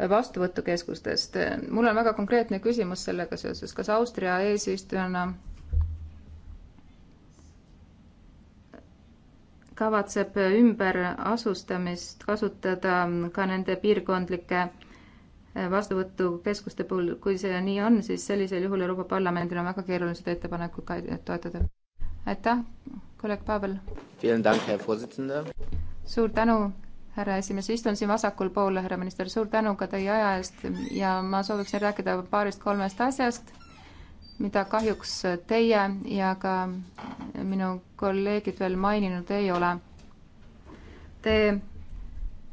vastuvõtukeskustest. mul on väga konkreetne küsimus sellega seoses, kas Austria eesistujana kavatseb ümberasustamist kasutada ka nende piirkondlike vastuvõtukeskuste puhul, kui see nii on, siis sellisel juhul Euroopa Parlamendil on väga keeruline seda ettepanekut ka toetada. aitäh, kolleeg Pavel. suur tänu, härra esimees, istun siin vasakul pool, härra minister, suur tänu ka teie aja eest ja ma sooviksin rääkida paarist-kolmest asjast, mida kahjuks teie ja ka minu kolleegid veel maininud ei ole. Te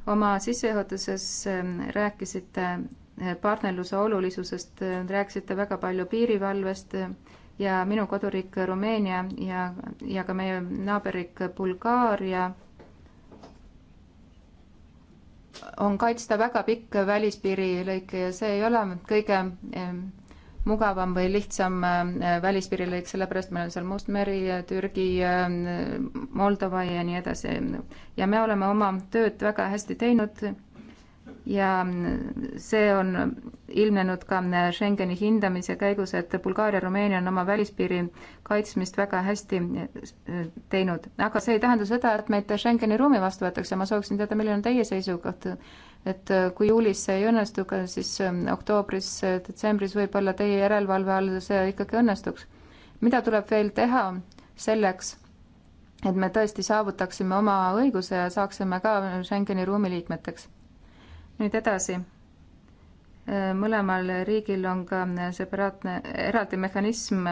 oma sissejuhatuses ähm, rääkisite äh, partnerluse olulisusest, äh, rääkisite väga palju piirivalvest äh, ja minu koduriik Rumeenia ja, ja ka meie naaberriik Bulgaaria on kaitsta väga pikk välispiirilõik ja see ei ole kõige mugavam või lihtsam välispiirilõik, sellepärast meil on seal Must meri, Türgi, Moldova ja nii edasi. ja me oleme oma tööd väga hästi teinud ja see on ilmnenud ka Schengeni hindamise käigus, et Bulgaaria ja Rumeenia on oma välispiiri kaitsmist väga hästi äh, teinud. aga see ei tähenda seda, et meid Schengeni ruumi vastu võetakse, ma sooviksin teada, milline on teie seisukoht, et äh, kui juulis see ei õnnestu, kas siis äh, oktoobris, detsembris võib-olla teie järelevalve all see ikkagi õnnestuks? mida tuleb veel teha selleks, et me tõesti saavutaksime oma õiguse ja saaksime ka Schengeni ruumi liikmeteks? nüüd edasi. Äh, mõlemal riigil on ka äh, separaatne, eraldi mehhanism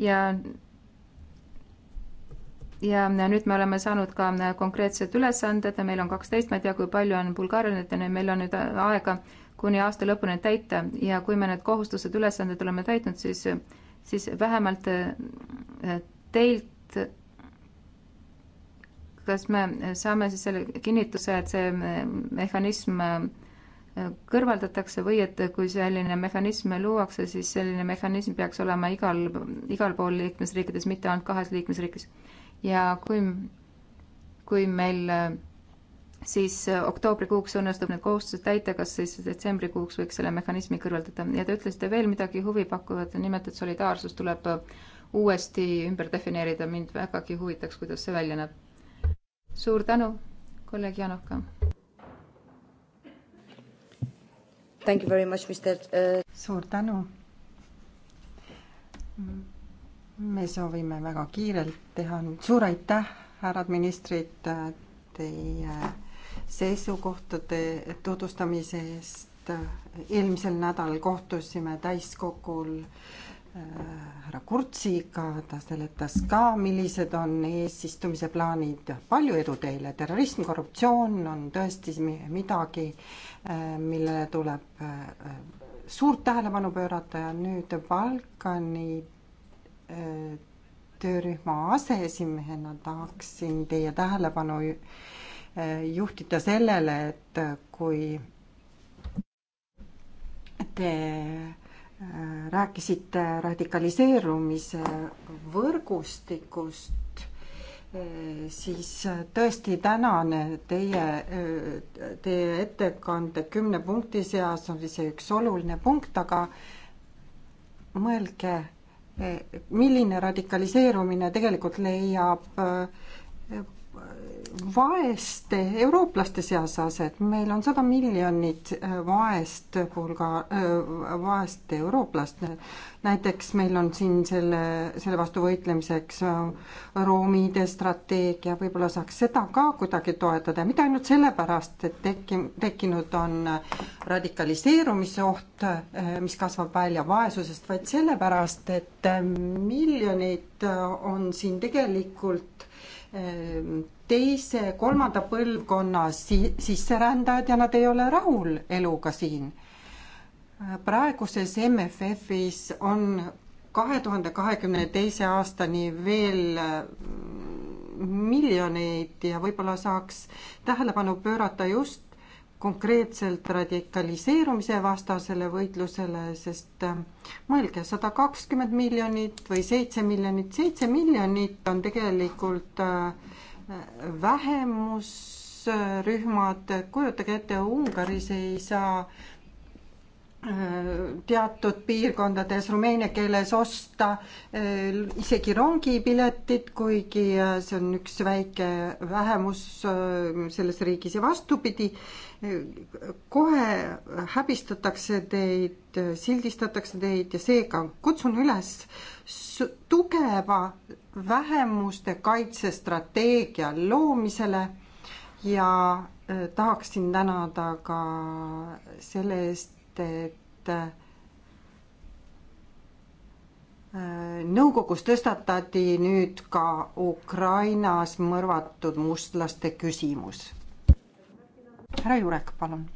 ja ja nüüd me oleme saanud ka äh, konkreetsed ülesanded ja meil on kaksteist, ma ei tea, kui palju on Bulgaarial neid ja nüüd meil on nüüd aega kuni aasta lõpuni täita ja kui me need kohustused, ülesanded oleme täitnud, siis, siis vähemalt teilt kas me saame siis selle kinnituse, et see mehhanism äh, kõrvaldatakse või et kui selline mehhanism luuakse, siis selline mehhanism peaks olema igal, igal pool liikmesriikides, mitte ainult kahes liikmesriigis. ja kui, kui meil äh, siis äh, oktoobrikuuks õnnestub need kohustused täita, kas siis detsembrikuuks võiks selle mehhanismi kõrvaldada ja te ütlesite veel midagi huvipakkuvat, nimelt et solidaarsus tuleb uuesti ümber defineerida, mind vägagi huvitaks, kuidas see välja näeb suur tänu, kolleeg Janoka. Thank you very much, Mr uh.... suur tänu. me soovime väga kiirelt teha, suur aitäh, härrad ministrid, teie seisukohtade tutvustamise eest. eelmisel nädalal kohtusime täiskogul äh, Äh, härra Kurtsiga, ta seletas ka, millised on eesistumise plaanid. palju edu teile, terrorism, korruptsioon on tõesti midagi, äh, millele tuleb äh, suurt tähelepanu pöörata ja nüüd Balkani töörühma aseesimehena tahaksin teie tähelepanu juhtida sellele, et kui te rääkisite radikaliseerumise võrgustikust, siis tõesti tänane teie, teie ettekande kümne punkti seas oli see üks oluline punkt, aga mõelge, milline radikaliseerumine tegelikult leiab vaeste eurooplaste seas aset, meil on sada miljonit äh, vaest hulga, äh, vaest eurooplast. näiteks meil on siin selle, selle vastu võitlemiseks äh, roomide strateegia, võib-olla saaks seda ka kuidagi toetada ja mitte ainult sellepärast, et tekki-, tekkinud on radikaliseerumise oht, mis kasvab välja vaesusest, vaid sellepärast, et miljonid on siin tegelikult teise, kolmanda põlvkonna si-, sisserändajad ja nad ei ole rahul eluga siin. praeguses MFF-is on kahe tuhande kahekümne teise aastani veel mm, miljoneid ja võib-olla saaks tähelepanu pöörata just konkreetselt radikaliseerumise vastasele võitlusele, sest äh, mõelge, sada kakskümmend miljonit või seitse miljonit, seitse miljonit on tegelikult äh, vähemusrühmad, kujutage ette, Ungaris ei saa teatud piirkondades rumeenia keeles osta eh, isegi rongipiletit, kuigi eh, see on üks väike vähemus eh, selles riigis ja vastupidi, kohe häbistatakse teid, sildistatakse teid ja seega kutsun üles tugeva vähemuste kaitsestrateegia loomisele ja tahaksin tänada ka selle eest, et, et äh, nõukogus tõstatati nüüd ka Ukrainas mõrvatud mustlaste küsimus. härra Jurek, palun.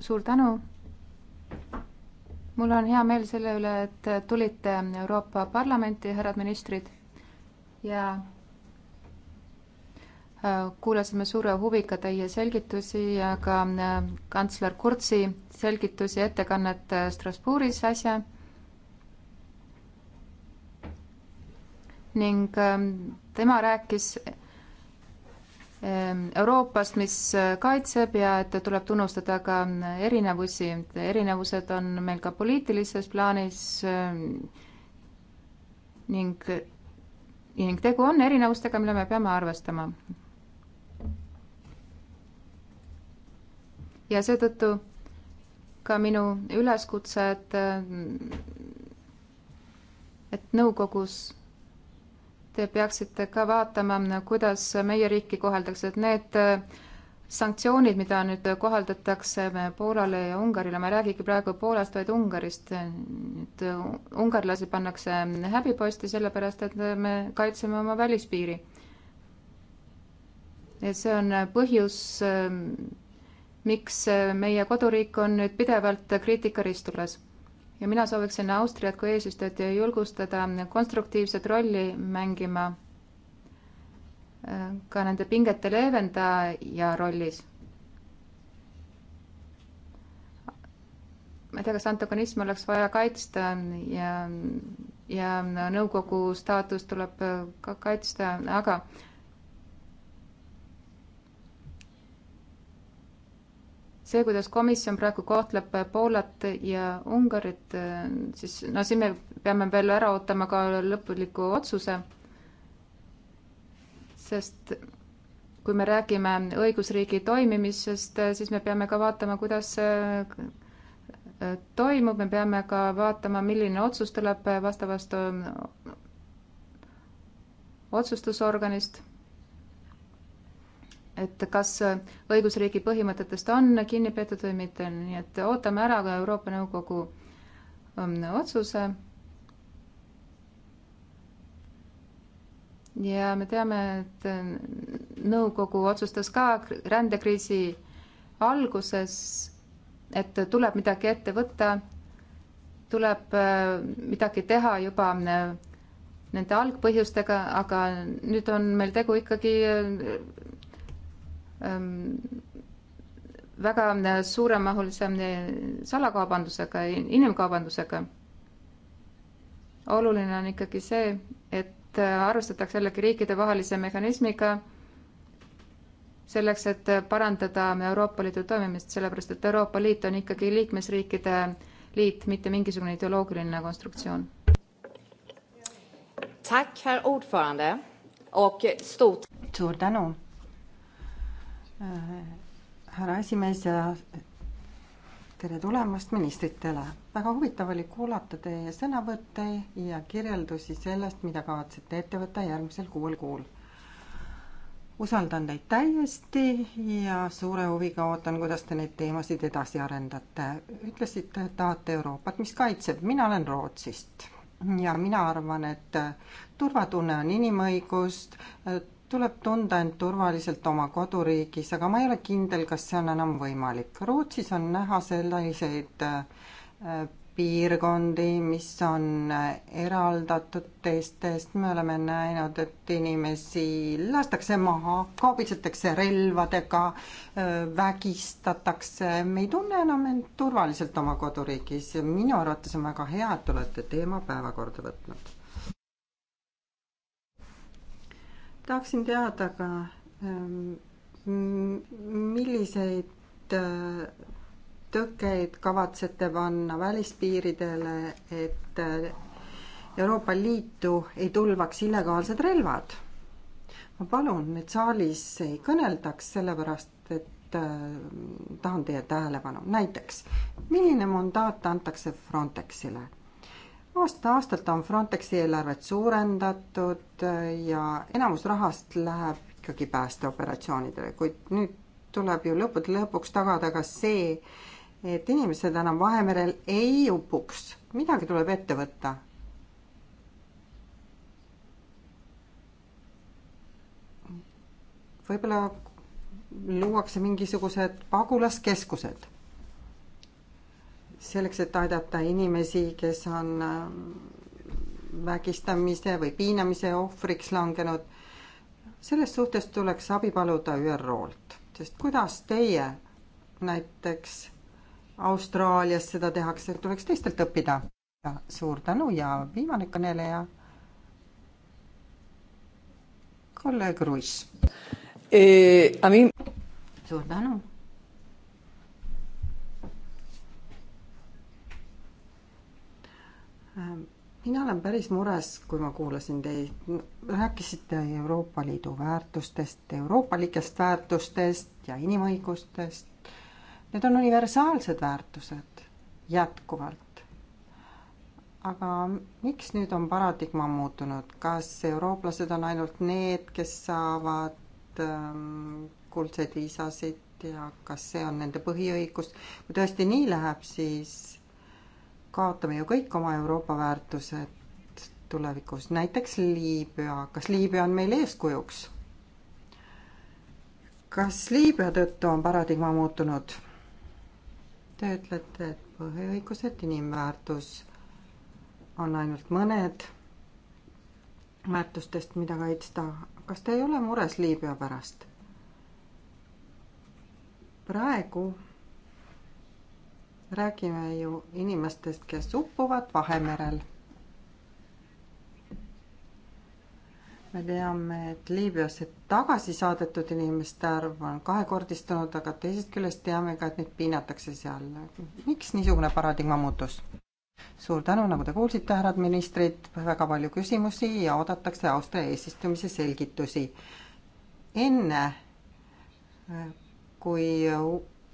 suur tänu mul on hea meel selle üle, et tulite Euroopa Parlamenti, härrad ministrid, ja kuulasime suure huviga teie selgitusi ja ka äh, kantsler Kurtsi selgitusi ettekannet äh, Strasbourgis äsja. ning ähm, tema rääkis ähm, Euroopast, mis äh, kaitseb ja et tuleb tunnustada ka erinevusi, erinevused on meil ka poliitilises plaanis ähm, ning, ning tegu on erinevustega, mille me peame arvestama. ja seetõttu ka minu üleskutse, et et nõukogus te peaksite ka vaatama, kuidas meie riiki koheldakse, et need sanktsioonid, mida nüüd kohaldatakse Poolale ja Ungarile, ma ei räägigi praegu Poolast, vaid Ungarist, et ungarlasi pannakse häbiposti sellepärast, et me kaitseme oma välispiiri. ja see on põhjus miks äh, meie koduriik on nüüd pidevalt kriitikaristules. ja mina sooviksin Austriat kui eesistujat julgustada konstruktiivset rolli mängima äh, ka nende pingete leevendaja rollis. ma ei tea, kas antagonismi oleks vaja kaitsta ja, ja nõukogu staatust tuleb äh, ka kaitsta, aga see, kuidas komisjon praegu kohtleb Poolat ja Ungarit, siis no siin me peame veel ära ootama ka lõpliku otsuse. sest kui me räägime õigusriigi toimimisest, siis me peame ka vaatama, kuidas see toimub, me peame ka vaatama, milline otsus tuleb vastavast otsustusorganist et kas õigusriigi põhimõtetest on kinni peetud või mitte, nii et ootame ära ka Euroopa Nõukogu um, otsuse. ja me teame, et äh, nõukogu otsustas ka rändekriisi alguses, et tuleb midagi ette võtta, tuleb äh, midagi teha juba äh, nende algpõhjustega, aga nüüd on meil tegu ikkagi Ähm, väga suuremahulise äh, salakaubandusega, inimkaubandusega. oluline on ikkagi see, et äh, arvestatakse jällegi riikidevahelise mehhanismiga selleks, et parandada Euroopa Liidu toimimist, sellepärast et Euroopa Liit on ikkagi liikmesriikide liit, mitte mingisugune ideoloogiline konstruktsioon. suur tänu. Äh, härra esimees ja tere tulemast ministritele. väga huvitav oli kuulata teie sõnavõtte ja kirjeldusi sellest, mida kavatsete ette võtta järgmisel kuuel kuul. usaldan teid täiesti ja suure huviga ootan, kuidas te neid teemasid edasi arendate. ütlesite, et tahate Euroopat, mis kaitseb, mina olen Rootsist ja mina arvan, et turvatunne on inimõigust, tuleb tunda end turvaliselt oma koduriigis, aga ma ei ole kindel, kas see on enam võimalik. Rootsis on näha selliseid äh, piirkondi, mis on äh, eraldatud teistest, me oleme näinud, et inimesi lastakse maha, kaubitsetakse relvadega, äh, vägistatakse, me ei tunne enam end turvaliselt oma koduriigis ja minu arvates on väga hea, et olete teema päevakorda võtnud tahaksin teada ka, ähm, milliseid äh, tõkkeid kavatsete panna välispiiridele, et äh, Euroopa Liitu ei tulvaks illegaalsed relvad? ma palun, et saalis ei kõneldaks, sellepärast et äh, tahan teie tähelepanu. näiteks, milline mandaat antakse Frontexile? aasta-aastalt on Frontexi eelarvet suurendatud äh, ja enamus rahast läheb ikkagi päästeoperatsioonidele, kuid nüüd tuleb ju lõppude lõpuks tagada ka see, et inimesed enam Vahemerel ei upuks, midagi tuleb ette võtta. võib-olla luuakse mingisugused pagulaskeskused selleks, et aidata inimesi, kes on ähm, vägistamise või piinamise ohvriks langenud. selles suhtes tuleks abi paluda ÜRO-lt, sest kuidas teie näiteks Austraalias seda tehakse, tuleks teistelt õppida. suur tänu ja viimane kõneleja. kolleeg Ruiz eh,. Amin. suur tänu Ähm, mina olen päris mures, kui ma kuulasin teid, rääkisite Euroopa Liidu väärtustest, euroopalikest väärtustest ja inimõigustest. Need on universaalsed väärtused jätkuvalt aga miks nüüd on paradigma muutunud, kas eurooplased on ainult need, kes saavad ähm, kuldseid viisasid ja kas see on nende põhiõigus? kui tõesti nii läheb, siis kaotame ju kõik oma Euroopa väärtused tulevikus, näiteks Liibüa, kas Liibüa on meil eeskujuks? kas Liibüa tõttu on paradigma muutunud? Te ütlete, et põhiõigused, inimväärtus on ainult mõned väärtustest, mida kaitsta. kas te ei ole mures Liibüa pärast? praegu räägime ju inimestest, kes uppuvad Vahemerel. me teame, et Liibüasse tagasi saadetud inimeste arv on kahekordistunud, aga teisest küljest teame ka, et neid piinatakse seal. miks niisugune paradigma muutus? suur tänu, nagu te kuulsite, härrad ministrid, väga palju küsimusi ja oodatakse Austria eesistumise selgitusi. enne kui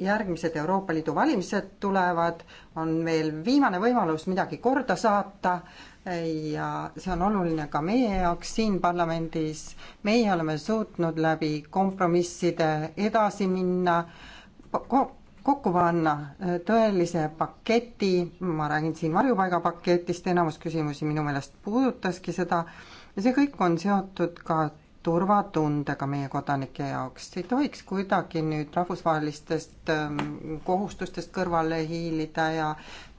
järgmised Euroopa Liidu valimised tulevad, on meil viimane võimalus midagi korda saata ja see on oluline ka meie jaoks siin parlamendis. meie oleme suutnud läbi kompromisside edasi minna, kokku panna äh, tõelise paketi, ma räägin siin varjupaigapaketist, enamus küsimusi minu meelest puudutaski seda, ja see kõik on seotud ka turvatundega meie kodanike jaoks. ei tohiks kuidagi nüüd rahvusvahelistest ähm, kohustustest kõrvale hiilida ja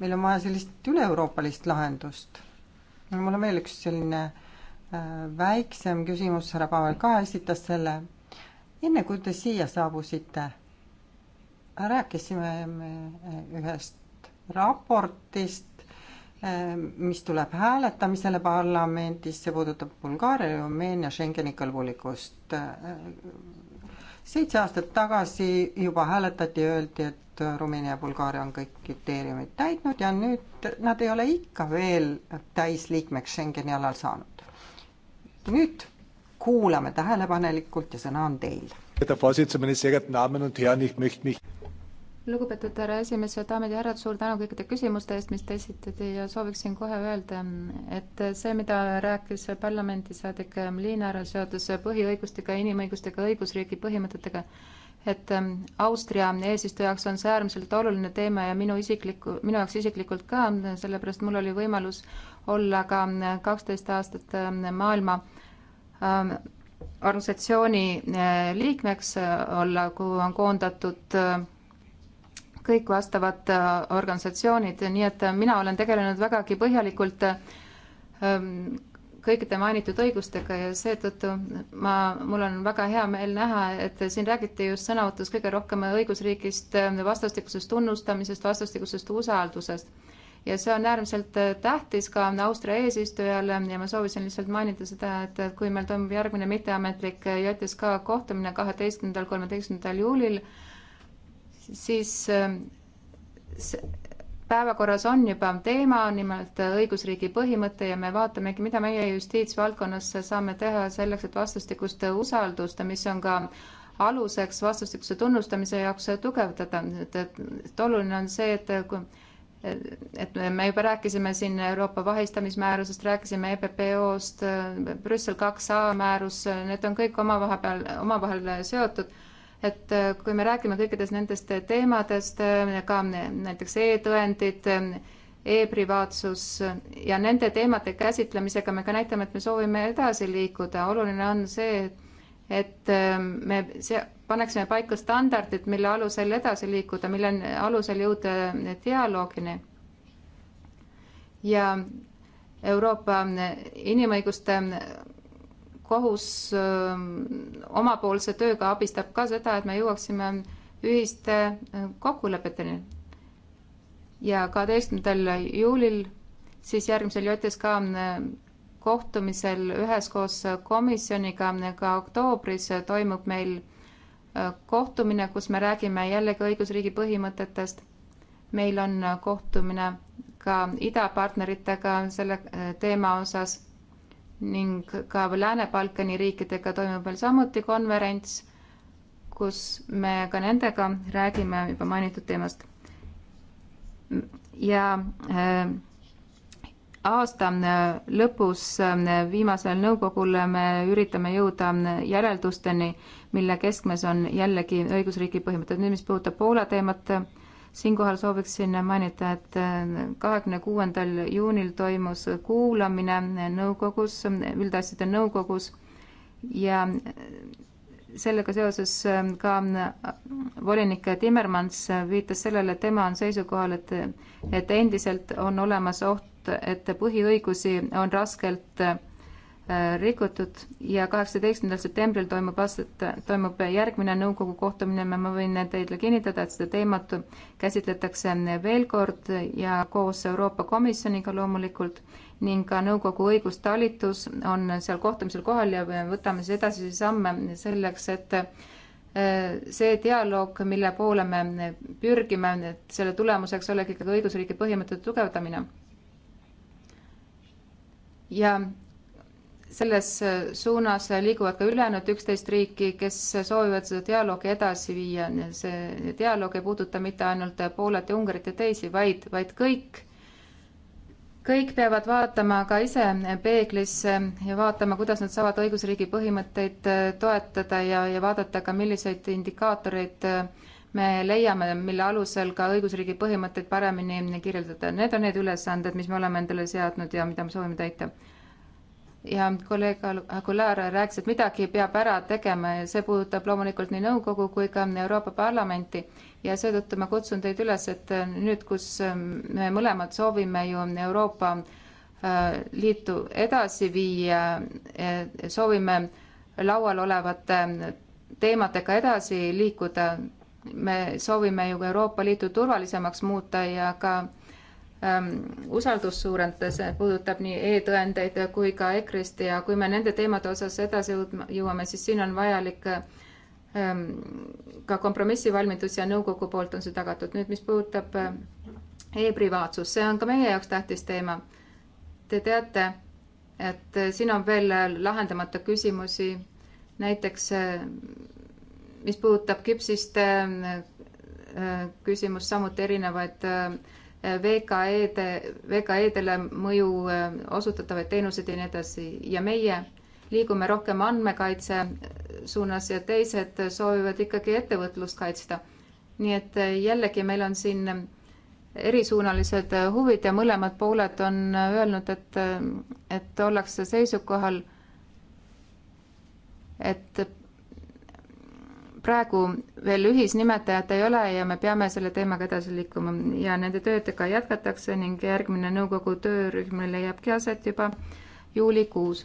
meil on vaja sellist üle-euroopalist lahendust. mul on veel üks selline äh, väiksem küsimus, härra Pavel ka esitas selle. enne kui te siia saabusite, rääkisime me ühest raportist, Ehm, mis tuleb hääletamisele parlamendis, see puudutab Bulgaaria ja Rumeenia Schengeni kõlbulikkust. Ehm, seitse aastat tagasi juba hääletati, öeldi, et Rumeenia ja Bulgaaria on kõik kriteeriumid täitnud ja nüüd nad ei ole ikka veel täisliikmeks Schengeni alal saanud. nüüd kuulame tähelepanelikult ja sõna on teil. Herr Vorsitzender, meine sehr geehrten Damen und Herren, ich möchte mich lugupeetud härra esimees, daamid ja härrad, suur tänu kõikide küsimuste eest, mis te esitati ja sooviksin kohe öelda, et see, mida rääkis parlamendisaadik Liinar seoses põhiõigustega, inimõigustega, õigusriigi põhimõtetega, et ähm, Austria eesistujaks on see äärmiselt oluline teema ja minu isikliku, minu jaoks isiklikult ka, sellepärast mul oli võimalus olla ka kaksteist aastat ähm, maailma ähm, organisatsiooni äh, liikmeks olla, kuhu on koondatud äh, kõik vastavad äh, organisatsioonid, nii et äh, mina olen tegelenud vägagi põhjalikult ähm, kõikide mainitud õigustega ja seetõttu ma, mul on väga hea meel näha, et siin räägiti just sõnavõtus kõige rohkem õigusriigist, äh, vastastikusest tunnustamisest, vastastikusest usaldusest. ja see on äärmiselt tähtis ka Austria eesistujale ja ma soovisin lihtsalt mainida seda, et kui meil toimub järgmine mitteametlik JSK kohtumine kaheteistkümnendal, kolmeteistkümnendal juulil, siis ähm, päevakorras on juba teema, nimelt äh, õigusriigi põhimõte ja me vaatamegi, mida meie justiitsvaldkonnas saame teha selleks, et vastastikust usaldust, mis on ka aluseks vastastikuse tunnustamise jaoks tugevdada, et, et oluline on see, et kui et me juba rääkisime siin Euroopa vahistamismäärusest, rääkisime EPPO-st, Brüssel kaks A määrus, need on kõik omavahepeal, omavahel seotud et äh, kui me räägime kõikidest nendest äh, teemadest, äh, ka näiteks e-tõendid e, e-privaatsus ja nende teemade käsitlemisega me ka näitame, et me soovime edasi liikuda, oluline on see, et me see, paneksime paika standardid, mille alusel edasi liikuda, mille alusel jõuda dialoogini. ja Euroopa inimõiguste kohus ähm, omapoolse tööga abistab ka seda, et me jõuaksime ühiste äh, kokkulepeteni. ja kaheteistkümnendal juulil siis järgmisel JSK äh, kohtumisel üheskoos komisjoniga äh, ka oktoobris toimub meil kohtumine, kus me räägime jällegi õigusriigi põhimõtetest. meil on kohtumine ka idapartneritega selle teema osas ning ka Lääne-Balkani riikidega toimub meil samuti konverents, kus me ka nendega räägime juba mainitud teemast. ja äh, aasta äh, lõpus äh, viimasel nõukogul me üritame jõuda äh, järeldusteni, mille keskmes on jällegi õigusriigi põhimõtted. nüüd, mis puudutab Poola teemat äh,, siinkohal sooviksin mainida, et äh, kahekümne kuuendal juunil toimus kuulamine nõukogus, üldasjade nõukogus ja äh, sellega seoses äh, ka volinik Timmermans viitas sellele, et tema on seisukohal, et, et endiselt on olemas oht, et põhiõigusi on raskelt Äh, rikutud ja kaheksateistkümnendal septembril toimub aastat, toimub järgmine nõukogu kohtumine, ma võin teile kinnitada, et seda teemat käsitletakse veel kord ja koos Euroopa Komisjoniga loomulikult ning ka nõukogu õigustalitus on seal kohtumisel kohal ja võtame siis edasisi samme selleks, et äh, see dialoog, mille poole me pürgime, et selle tulemuseks olegi ikkagi õigusriigi põhimõtete tugevdamine. ja selles äh, suunas liiguvad ka ülejäänud üksteist riiki, kes soovivad seda dialoogi edasi viia. see dialoog ei puuduta mitte ainult Poolat ja Ungarit ja teisi, vaid, vaid kõik, kõik peavad vaatama ka ise peeglisse ja vaatama, kuidas nad saavad õigusriigi põhimõtteid äh, toetada ja, ja vaadata ka, milliseid indikaatoreid äh, me leiame, mille alusel ka õigusriigi põhimõtteid paremini kirjeldada. Need on need ülesanded, mis me oleme endale seadnud ja mida me soovime täita ja kolleeg Aguilar rääkis, et midagi peab ära tegema ja see puudutab loomulikult nii nõukogu kui ka Euroopa Parlamenti ja seetõttu ma kutsun teid üles, et nüüd, kus me mõlemad soovime ju Euroopa äh, Liitu edasi viia, äh, soovime laual olevate teemadega edasi liikuda, me soovime ju Euroopa Liitu turvalisemaks muuta ja ka Ähm, usaldust suurendada, see puudutab nii e-tõendeid kui ka EKRE-st ja kui me nende teemade osas edasi jõuame, siis siin on vajalik ähm, ka kompromissivalmidus ja nõukogu poolt on see tagatud. nüüd, mis puudutab äh, e-privaatsust, see on ka meie jaoks tähtis teema. Te teate, et siin on veel lahendamata küsimusi, näiteks äh, mis puudutab küpsiste äh, küsimust, samuti erinevaid äh, VKE-de, VKE-dele mõju äh, osutatavaid teenuseid ja nii edasi ja meie liigume rohkem andmekaitse suunas ja teised soovivad ikkagi ettevõtlust kaitsta. nii et äh, jällegi meil on siin erisuunalised huvid ja mõlemad pooled on öelnud, et, äh, et ollakse seisukohal, et praegu veel ühisnimetajat ei ole ja me peame selle teemaga edasi liikuma ja nende töödega jätkatakse ning järgmine nõukogu töörühm leiabki aset juba juulikuus.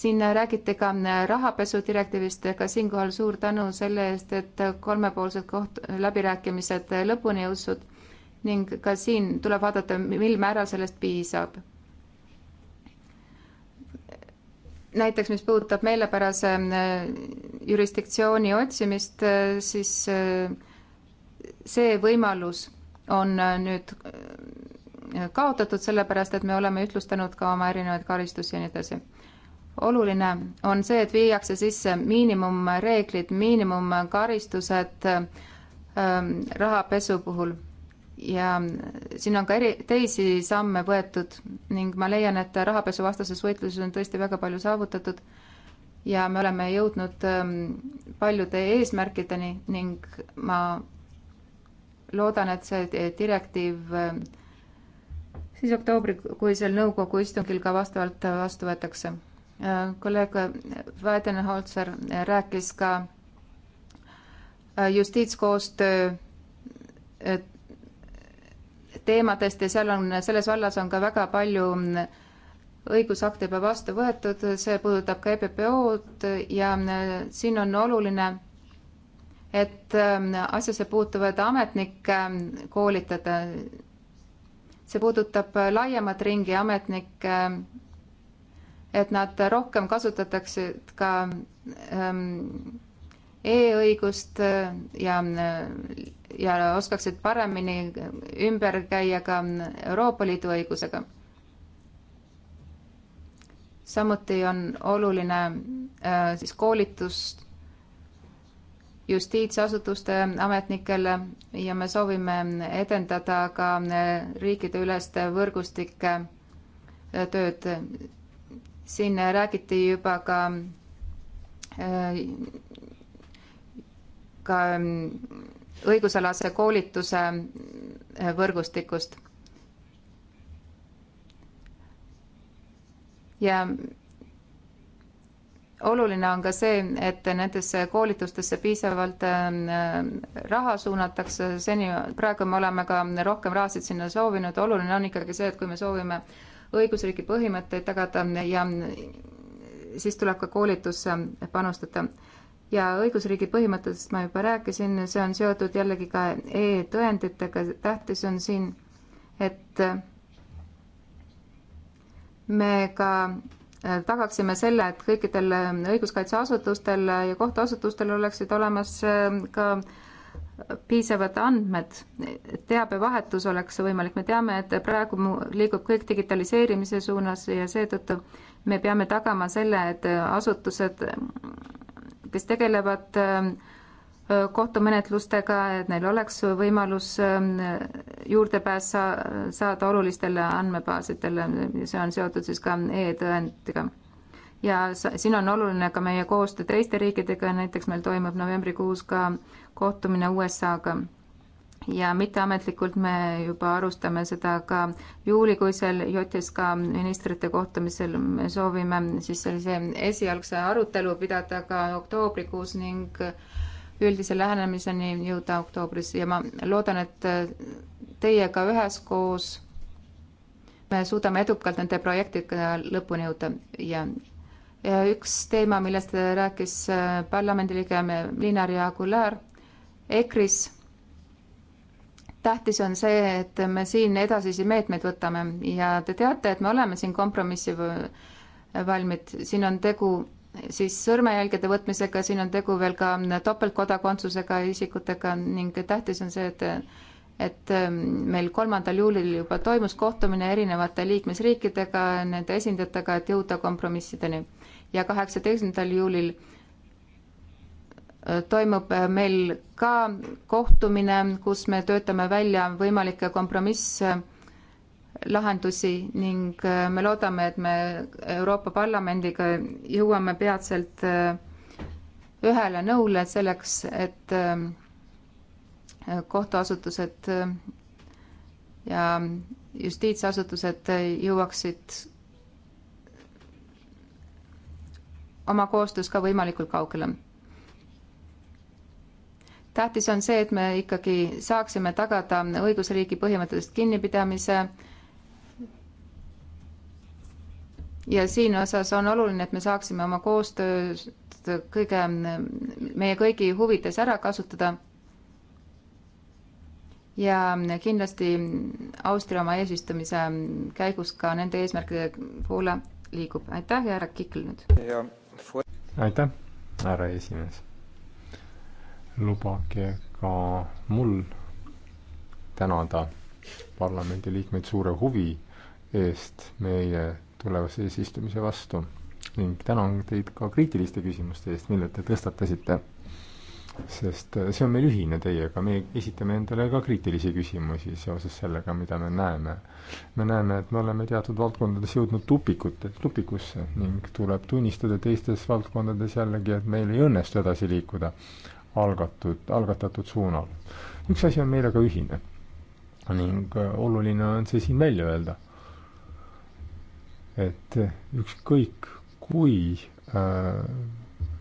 siin räägiti ka rahapesu direktiivist, ka siinkohal suur tänu selle eest, et kolmepoolsed koht-, läbirääkimised lõpuni jõudsid ning ka siin tuleb vaadata, mil määral sellest piisab näiteks mis puudutab meelepärase äh, jurisdiktsiooni otsimist, äh, siis äh, see võimalus on nüüd kaotatud, sellepärast et me oleme ühtlustanud ka oma erinevaid karistusi ja nii edasi. oluline on see, et viiakse sisse miinimumreeglid, miinimumkaristused rahapesu puhul ja siin on ka eri, teisi samme võetud ning ma leian, et rahapesuvastases võitluses on tõesti väga palju saavutatud ja me oleme jõudnud ähm, paljude eesmärkideni ning ma loodan, et see direktiiv ähm, siis oktoobrikuisel nõukogu istungil ka vastavalt vastu võetakse. Äh, kolleeg Weidenholzer rääkis ka äh, justiitskoostöö teemadest ja seal on, selles vallas on ka väga palju mm, õigusakte juba vastu võetud, see puudutab ka EPPO-d ja mm, siin on oluline, et mm, asjasse puutuvaid ametnikke koolitada. see puudutab laiemat ringi ametnikke, et nad rohkem kasutataksid ka e-õigust ja ja oskaksid paremini ümber käia ka Euroopa Liidu õigusega. samuti on oluline äh, siis koolitus justiitsasutuste ametnikele ja me soovime edendada ka äh, riikideüleste võrgustike äh, tööd. siin räägiti juba ka ka mm, õigusalase koolituse äh, võrgustikust. ja oluline on ka see, et nendesse koolitustesse piisavalt äh, raha suunatakse, seni, praegu me oleme ka rohkem rahasid sinna soovinud, oluline on ikkagi see, et kui me soovime õigusriigi põhimõtteid tagada ja siis tuleb ka koolitusse panustada ja õigusriigi põhimõttest ma juba rääkisin, see on seotud jällegi ka e-tõenditega, tähtis on siin, et me ka äh, tagaksime selle, et kõikidel õiguskaitseasutustel ja kohtuasutustel oleksid olemas äh, ka piisavad andmed, teabevahetus oleks võimalik, me teame, et praegu liigub kõik digitaliseerimise suunas ja seetõttu me peame tagama selle, et asutused kes tegelevad ähm, äh, kohtumenetlustega, et neil oleks võimalus ähm, juurdepääs saada olulistele andmebaasidele, see on seotud siis ka e-tõendiga. ja siin on oluline ka meie koostöö teiste riikidega, näiteks meil toimub novembrikuus ka kohtumine USA-ga ja mitteametlikult me juba arutame seda ka juulikuisel JSK ministrite kohtumisel. me soovime siis sellise esialgse arutelu pidada ka oktoobrikuus ning üldise lähenemiseni jõuda oktoobris ja ma loodan, et teiega üheskoos me suudame edukalt nende projektidega lõpuni jõuda ja, ja üks teema, millest rääkis parlamendiliige Linar Jaagular EKRE-s tähtis on see, et me siin edasisi meetmeid võtame ja te teate, et me oleme siin kompromissi valmid, siin on tegu siis sõrmejälgede võtmisega, siin on tegu veel ka topeltkodakondsusega isikutega ning tähtis on see, et et ähm, meil kolmandal juulil juba toimus kohtumine erinevate liikmesriikidega, nende esindajatega, et jõuda kompromissideni. ja kaheksateistkümnendal juulil äh, toimub meil ka kohtumine, kus me töötame välja võimalikke kompromisslahendusi ning äh, me loodame, et me Euroopa Parlamendiga jõuame peatselt äh, ühele nõule selleks, et äh, kohtuasutused ja justiitsasutused jõuaksid oma koostöös ka võimalikult kaugele tähtis on see, et me ikkagi saaksime tagada õigusriigi põhimõtetest kinnipidamise. ja siin osas on oluline, et me saaksime oma koostööd kõige, meie kõigi huvides ära kasutada. ja kindlasti Austria oma eesistumise käigus ka nende eesmärkide poole liigub. aitäh ja härra Kikl nüüd. aitäh, härra esimees lubage ka mul tänada parlamendiliikmeid suure huvi eest meie tulevase eesistumise vastu ning tänan teid ka kriitiliste küsimuste eest, mille te tõstatasite. sest äh, see on meil ühine teiega, me esitame endale ka kriitilisi küsimusi seoses sellega, mida me näeme. me näeme, et me oleme teatud valdkondades jõudnud tupikute, tupikusse ning tuleb tunnistada teistes valdkondades jällegi, et meil ei õnnestu edasi liikuda algatud, algatatud suunal. üks asi on meile ka ühine ning äh, oluline on see siin välja öelda. et äh, ükskõik kui äh,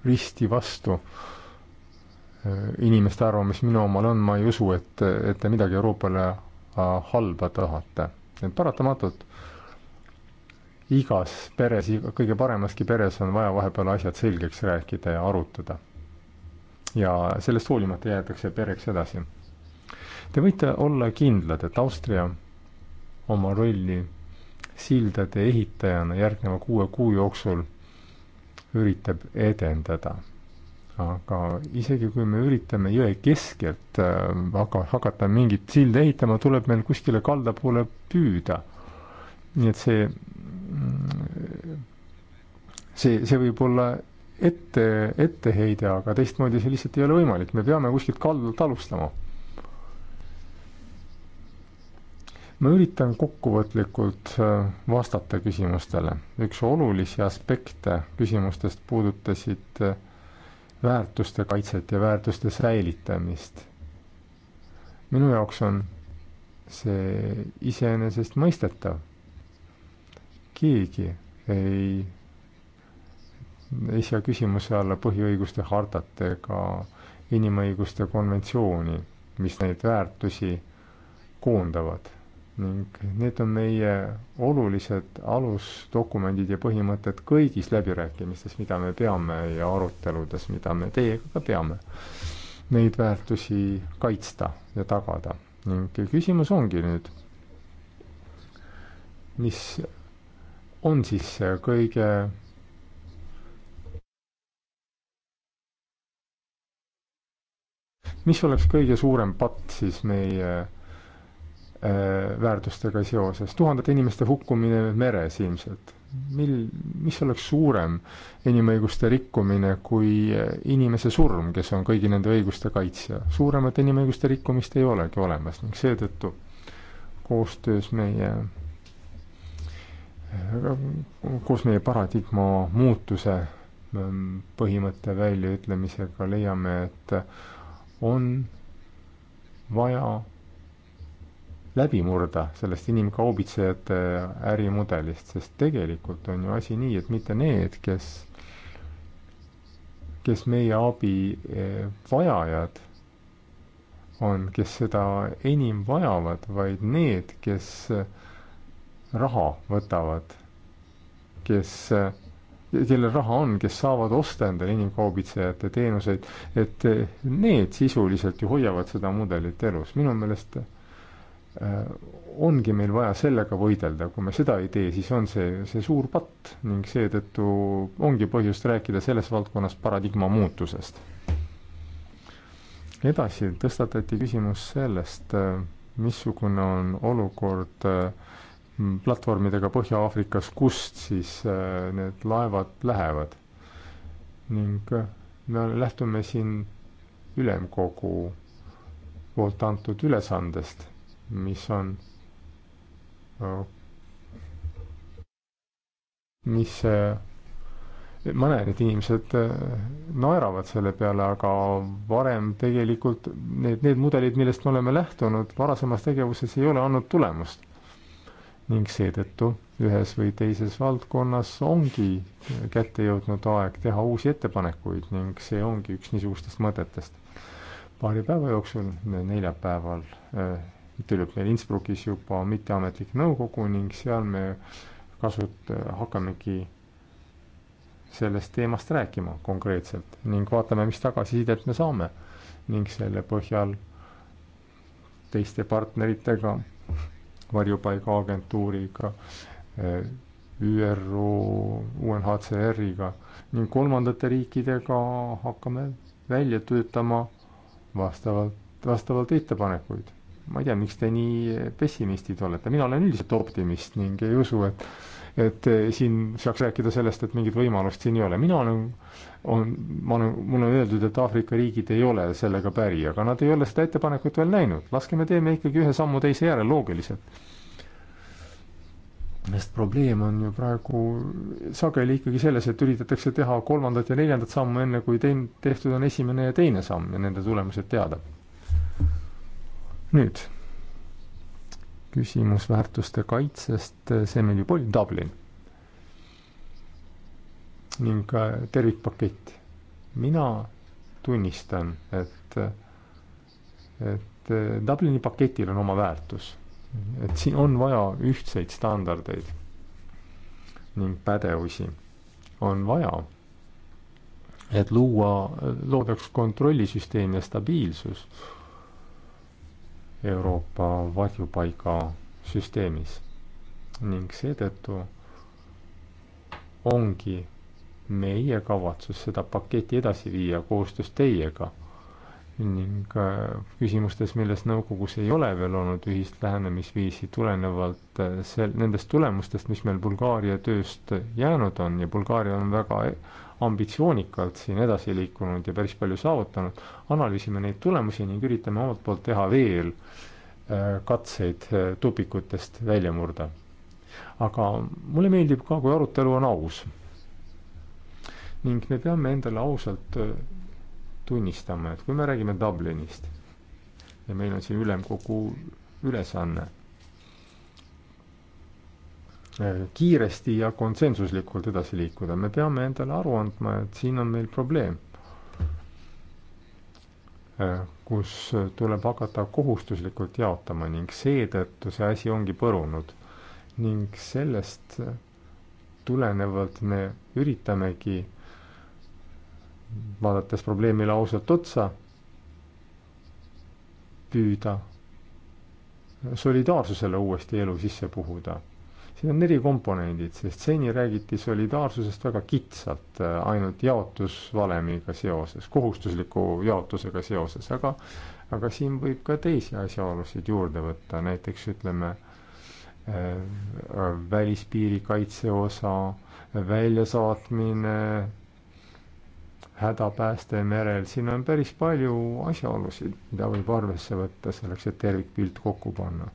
risti vastu äh, inimeste arvamus minu omal on, ma ei usu, et, et te midagi Euroopale äh, halba tahate. et paratamatult igas peres, kõige paremaski peres on vaja vahepeal asjad selgeks rääkida ja arutada ja sellest hoolimata jäetakse pereks edasi. Te võite olla kindlad, et Austria oma rolli sildade ehitajana järgneva kuue kuu jooksul üritab edendada. aga isegi kui me üritame jõe keskelt äh, aga hakata mingit silda ehitama, tuleb meil kuskile kalda poole püüda. nii et see, mm, see, see võib olla ette, etteheide, aga teistmoodi see lihtsalt ei ole võimalik, me peame kuskilt kaldalt alustama. ma üritan kokkuvõtlikult äh, vastata küsimustele. üks olulisi aspekte küsimustest puudutasid äh, väärtuste kaitset ja väärtuste säilitamist. minu jaoks on see iseenesestmõistetav. keegi ei ei sea küsimuse alla põhiõiguste hartat ega inimõiguste konventsiooni, mis neid väärtusi koondavad. ning need on meie olulised alusdokumendid ja põhimõtted kõigis läbirääkimistes, mida me peame ja aruteludes, mida me teiega ka peame. Neid väärtusi kaitsta ja tagada ning küsimus ongi nüüd, mis on siis see kõige mis oleks kõige suurem patt siis meie äh, väärtustega seoses, tuhandete inimeste hukkumine meres ilmselt. mil, mis oleks suurem inimõiguste rikkumine kui äh, inimese surm, kes on kõigi nende õiguste kaitsja. suuremat inimõiguste rikkumist ei olegi olemas ning seetõttu koostöös meie, äh, koos meie paradigma muutuse ähm, põhimõtte väljaütlemisega leiame, et on vaja läbi murda sellest inimkaubitsejate ärimudelist, sest tegelikult on ju asi nii, et mitte need, kes, kes meie abi eh, vajajad on, kes seda enim vajavad, vaid need, kes raha võtavad, kes eh, kellel raha on, kes saavad osta endale inimkaubitsejate teenuseid, et need sisuliselt ju hoiavad seda mudelit elus, minu meelest äh, ongi meil vaja sellega võidelda, kui me seda ei tee, siis on see, see suur patt ning seetõttu ongi põhjust rääkida selles valdkonnas paradigma muutusest. edasi tõstatati küsimus sellest, äh, missugune on olukord äh, platvormidega Põhja-Aafrikas, kust siis äh, need laevad lähevad. ning äh, me lähtume siin ülemkogu poolt antud ülesandest, mis on, äh, mis mõned need inimesed naeravad selle peale, aga varem tegelikult need, need mudelid, millest me oleme lähtunud varasemas tegevuses, ei ole andnud tulemust ning seetõttu ühes või teises valdkonnas ongi kätte jõudnud aeg teha uusi ettepanekuid ning see ongi üks niisugustest mõtetest. paari päeva jooksul, neljapäeval äh, tuleb meil Innsbruckis juba mitteametlik nõukogu ning seal me kasut-, hakkamegi sellest teemast rääkima konkreetselt ning vaatame, mis tagasisidet me saame ning selle põhjal teiste partneritega varjupaigaagentuuriga, ÜRO, UNHCR-iga ning kolmandate riikidega hakkame välja töötama vastavalt, vastavalt ettepanekuid. ma ei tea, miks te nii pessimistid olete, mina olen üldiselt optimist ning ei usu, et et eh, siin saaks rääkida sellest, et mingit võimalust siin ei ole, mina olen on, ma olen, mulle on öeldud, et Aafrika riigid ei ole sellega päri, aga nad ei ole seda ettepanekut veel näinud, laske me teeme ikkagi ühe sammu teise järel loogiliselt sest probleem on ju praegu sageli ikkagi selles, et üritatakse teha kolmandat ja neljandat sammu, enne kui tein-, tehtud on esimene ja teine samm ja nende tulemused teada. nüüd küsimus väärtuste kaitsest, see meil juba oli, Dublin. ning tervikpakett. mina tunnistan, et, et Dublini paketil on oma väärtus. et siin on vaja ühtseid standardeid ning pädevusi. on vaja, et luua, loodaks kontrollisüsteem ja stabiilsus Euroopa varjupaigasüsteemis ning seetõttu ongi meie kavatsus seda paketti edasi viia koostöös teiega ning äh, küsimustes, milles nõukogus ei ole veel olnud ühist lähenemisviisi tulenevalt äh, sel-, nendest tulemustest, mis meil Bulgaaria tööst jäänud on ja Bulgaaria on väga ambitsioonikalt siin edasi liikunud ja päris palju saavutanud, analüüsime neid tulemusi ning üritame omalt poolt teha veel äh, katseid äh, tupikutest välja murda. aga mulle meeldib ka, kui arutelu on aus. ning me peame endale ausalt äh, tunnistama, et kui me räägime Dublinist ja meil on siin ülemkogu ülesanne Äh, kiiresti ja konsensuslikult edasi liikuda. me peame endale aru andma, et siin on meil probleem, äh, kus tuleb hakata kohustuslikult jaotama ning seetõttu see asi ongi põrunud. ning sellest tulenevalt me üritamegi, vaadates probleemile ausalt otsa, püüda solidaarsusele uuesti elu sisse puhuda siin on neli komponendit, sest seni räägiti solidaarsusest väga kitsalt, äh, ainult jaotusvalemiga seoses, kohustusliku jaotusega seoses, aga aga siin võib ka teisi asjaolusid juurde võtta, näiteks ütleme, äh, välispiiri kaitse osa, väljasaatmine, hädapääste merel, siin on päris palju asjaolusid, mida võib arvesse võtta selleks, et tervikpilt kokku panna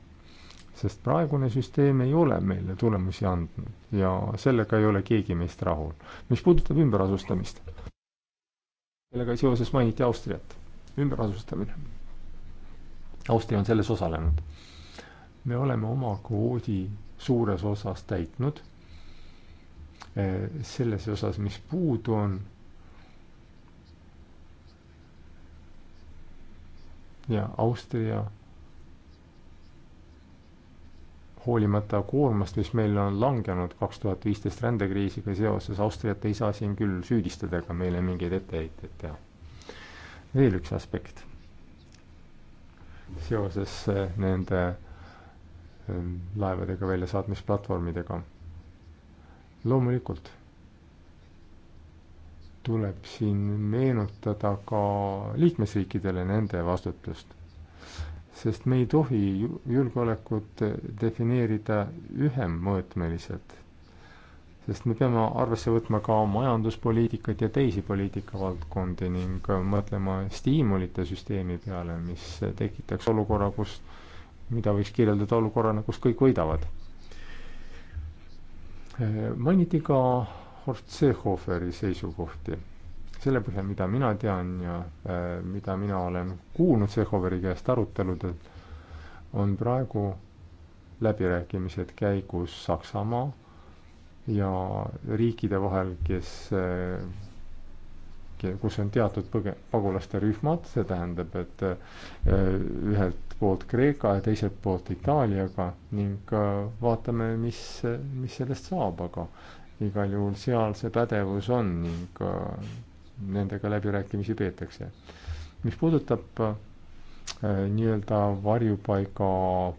sest praegune süsteem ei ole meile tulemusi andnud ja sellega ei ole keegi meist rahul. mis puudutab ümberasustamist, sellega seoses mainiti Austriat, ümberasustamine. Austria on selles osalenud. me oleme oma kvoodi suures osas täitnud, selles osas, mis puudu on, ja Austria hoolimata koormast, mis meil on langenud kaks tuhat viisteist rändekriisiga seoses, Austriat ei saa siin küll süüdistada ega meile mingeid etteheiteid teha. veel üks aspekt seoses äh, nende ähm, laevadega väljasaatmisplatvormidega. loomulikult tuleb siin meenutada ka liikmesriikidele nende vastutust sest me ei tohi julgeolekut defineerida ühemõõtmeliselt, sest me peame arvesse võtma ka majanduspoliitikat ja teisi poliitikavaldkondi ning mõtlema stiimulite süsteemi peale, mis tekitaks olukorra, kus, mida võiks kirjeldada olukorrana, kus kõik võidavad. Äh, mainiti ka Horst Seehoferi seisukohti selle põhjal, mida mina tean ja äh, mida mina olen kuulnud Sehhoveri käest aruteludel, on praegu läbirääkimised käigus Saksamaa ja riikide vahel, kes, äh, kus on teatud põge-, pagulaste rühmad, see tähendab, et äh, ühelt poolt Kreeka ja teiselt poolt Itaaliaga ning vaatame, mis, mis sellest saab, aga igal juhul seal see pädevus on ning nendega läbirääkimisi peetakse. mis puudutab äh, nii-öelda varjupaiga äh,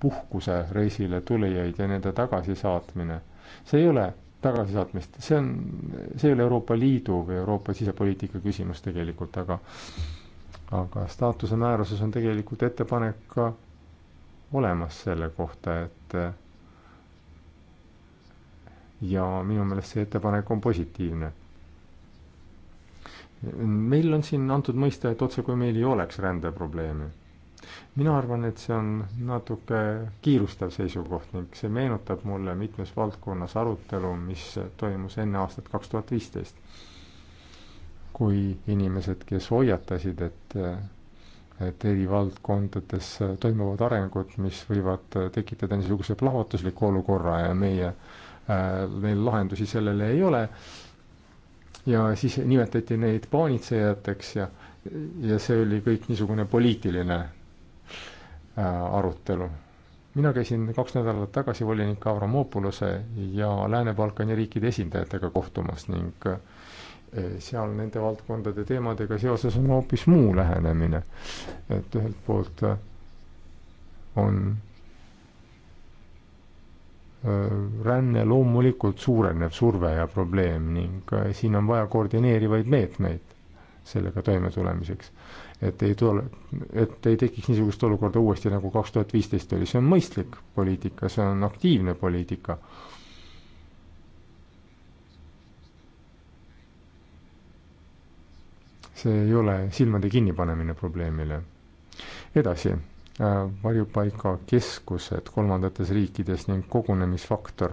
puhkuse reisile tulijaid ja nende tagasisaatmine, see ei ole tagasisaatmist, see on, see ei ole Euroopa Liidu või Euroopa sisepoliitika küsimus tegelikult, aga aga staatuse määruses on tegelikult ettepanek ka olemas selle kohta, et ja minu meelest see ettepanek on positiivne meil on siin antud mõista, et otsekui meil ei oleks rändeprobleemi. mina arvan, et see on natuke kiirustav seisukoht ning see meenutab mulle mitmes valdkonnas arutelu, mis toimus enne aastat kaks tuhat viisteist. kui inimesed, kes hoiatasid, et et eri valdkondades toimuvad arengud, mis võivad tekitada niisuguse plahvatusliku olukorra ja meie, äh, meil lahendusi sellele ei ole ja siis nimetati neid paanitsejateks ja, ja see oli kõik niisugune poliitiline äh, arutelu. mina käisin kaks nädalat tagasi volinik Avramopolose ja Lääne-Balkani riikide esindajatega kohtumas ning äh, seal nende valdkondade teemadega seoses on hoopis muu lähenemine. et ühelt poolt äh, on Äh, ränne loomulikult suurenev surve ja probleem ning äh, siin on vaja koordineerivaid meetmeid sellega toimetulemiseks. et ei tule, et ei tekiks niisugust olukorda uuesti, nagu kaks tuhat viisteist oli, see on mõistlik poliitika, see on aktiivne poliitika see ei ole silmade kinnipanemine probleemile. edasi, Äh, varjupaigakeskused kolmandates riikides ning kogunemisfaktor.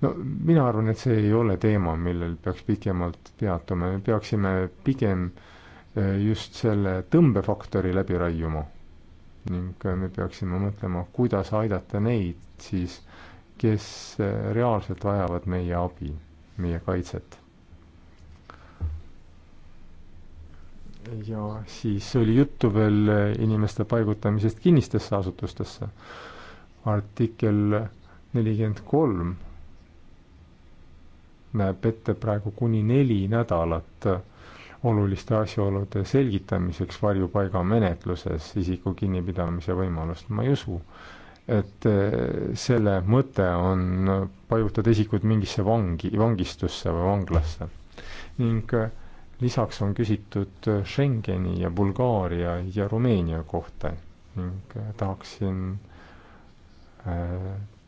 no mina arvan, et see ei ole teema, millel peaks pikemalt peatuma, me peaksime pigem äh, just selle tõmbefaktori läbi raiuma. ning äh, me peaksime mõtlema, kuidas aidata neid siis, kes reaalselt vajavad meie abi, meie kaitset. ja siis oli juttu veel inimeste paigutamisest kinnistesse asutustesse. artikkel nelikümmend kolm näeb ette praegu kuni neli nädalat oluliste asjaolude selgitamiseks varjupaiga menetluses isiku kinnipidamise võimalust, ma ei usu, et eh, selle mõte on paigutada isikud mingisse vangi, vangistusse või vanglasse. ning äh, lisaks on küsitud äh, Schengeni ja Bulgaaria ja Rumeenia kohta ning äh, tahaksin äh,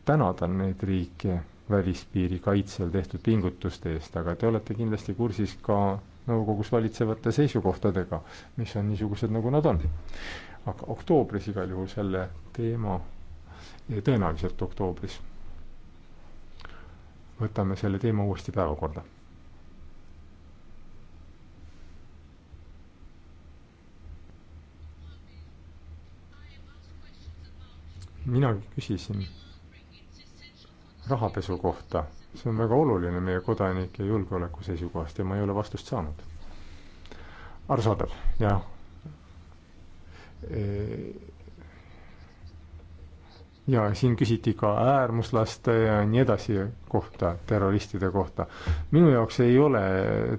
tänada neid riike välispiiri kaitsel tehtud pingutuste eest, aga te olete kindlasti kursis ka nõukogus valitsevate seisukohtadega, mis on niisugused, nagu nad on. aga oktoobris igal juhul selle teema, tõenäoliselt oktoobris, võtame selle teema uuesti päevakorda mina küsisin rahapesu kohta, see on väga oluline meie kodanike julgeoleku seisukohast ja ma ei ole vastust saanud. arusaadav, jah e, ja siin küsiti ka äärmuslaste ja nii edasi kohta, terroristide kohta. minu jaoks ei ole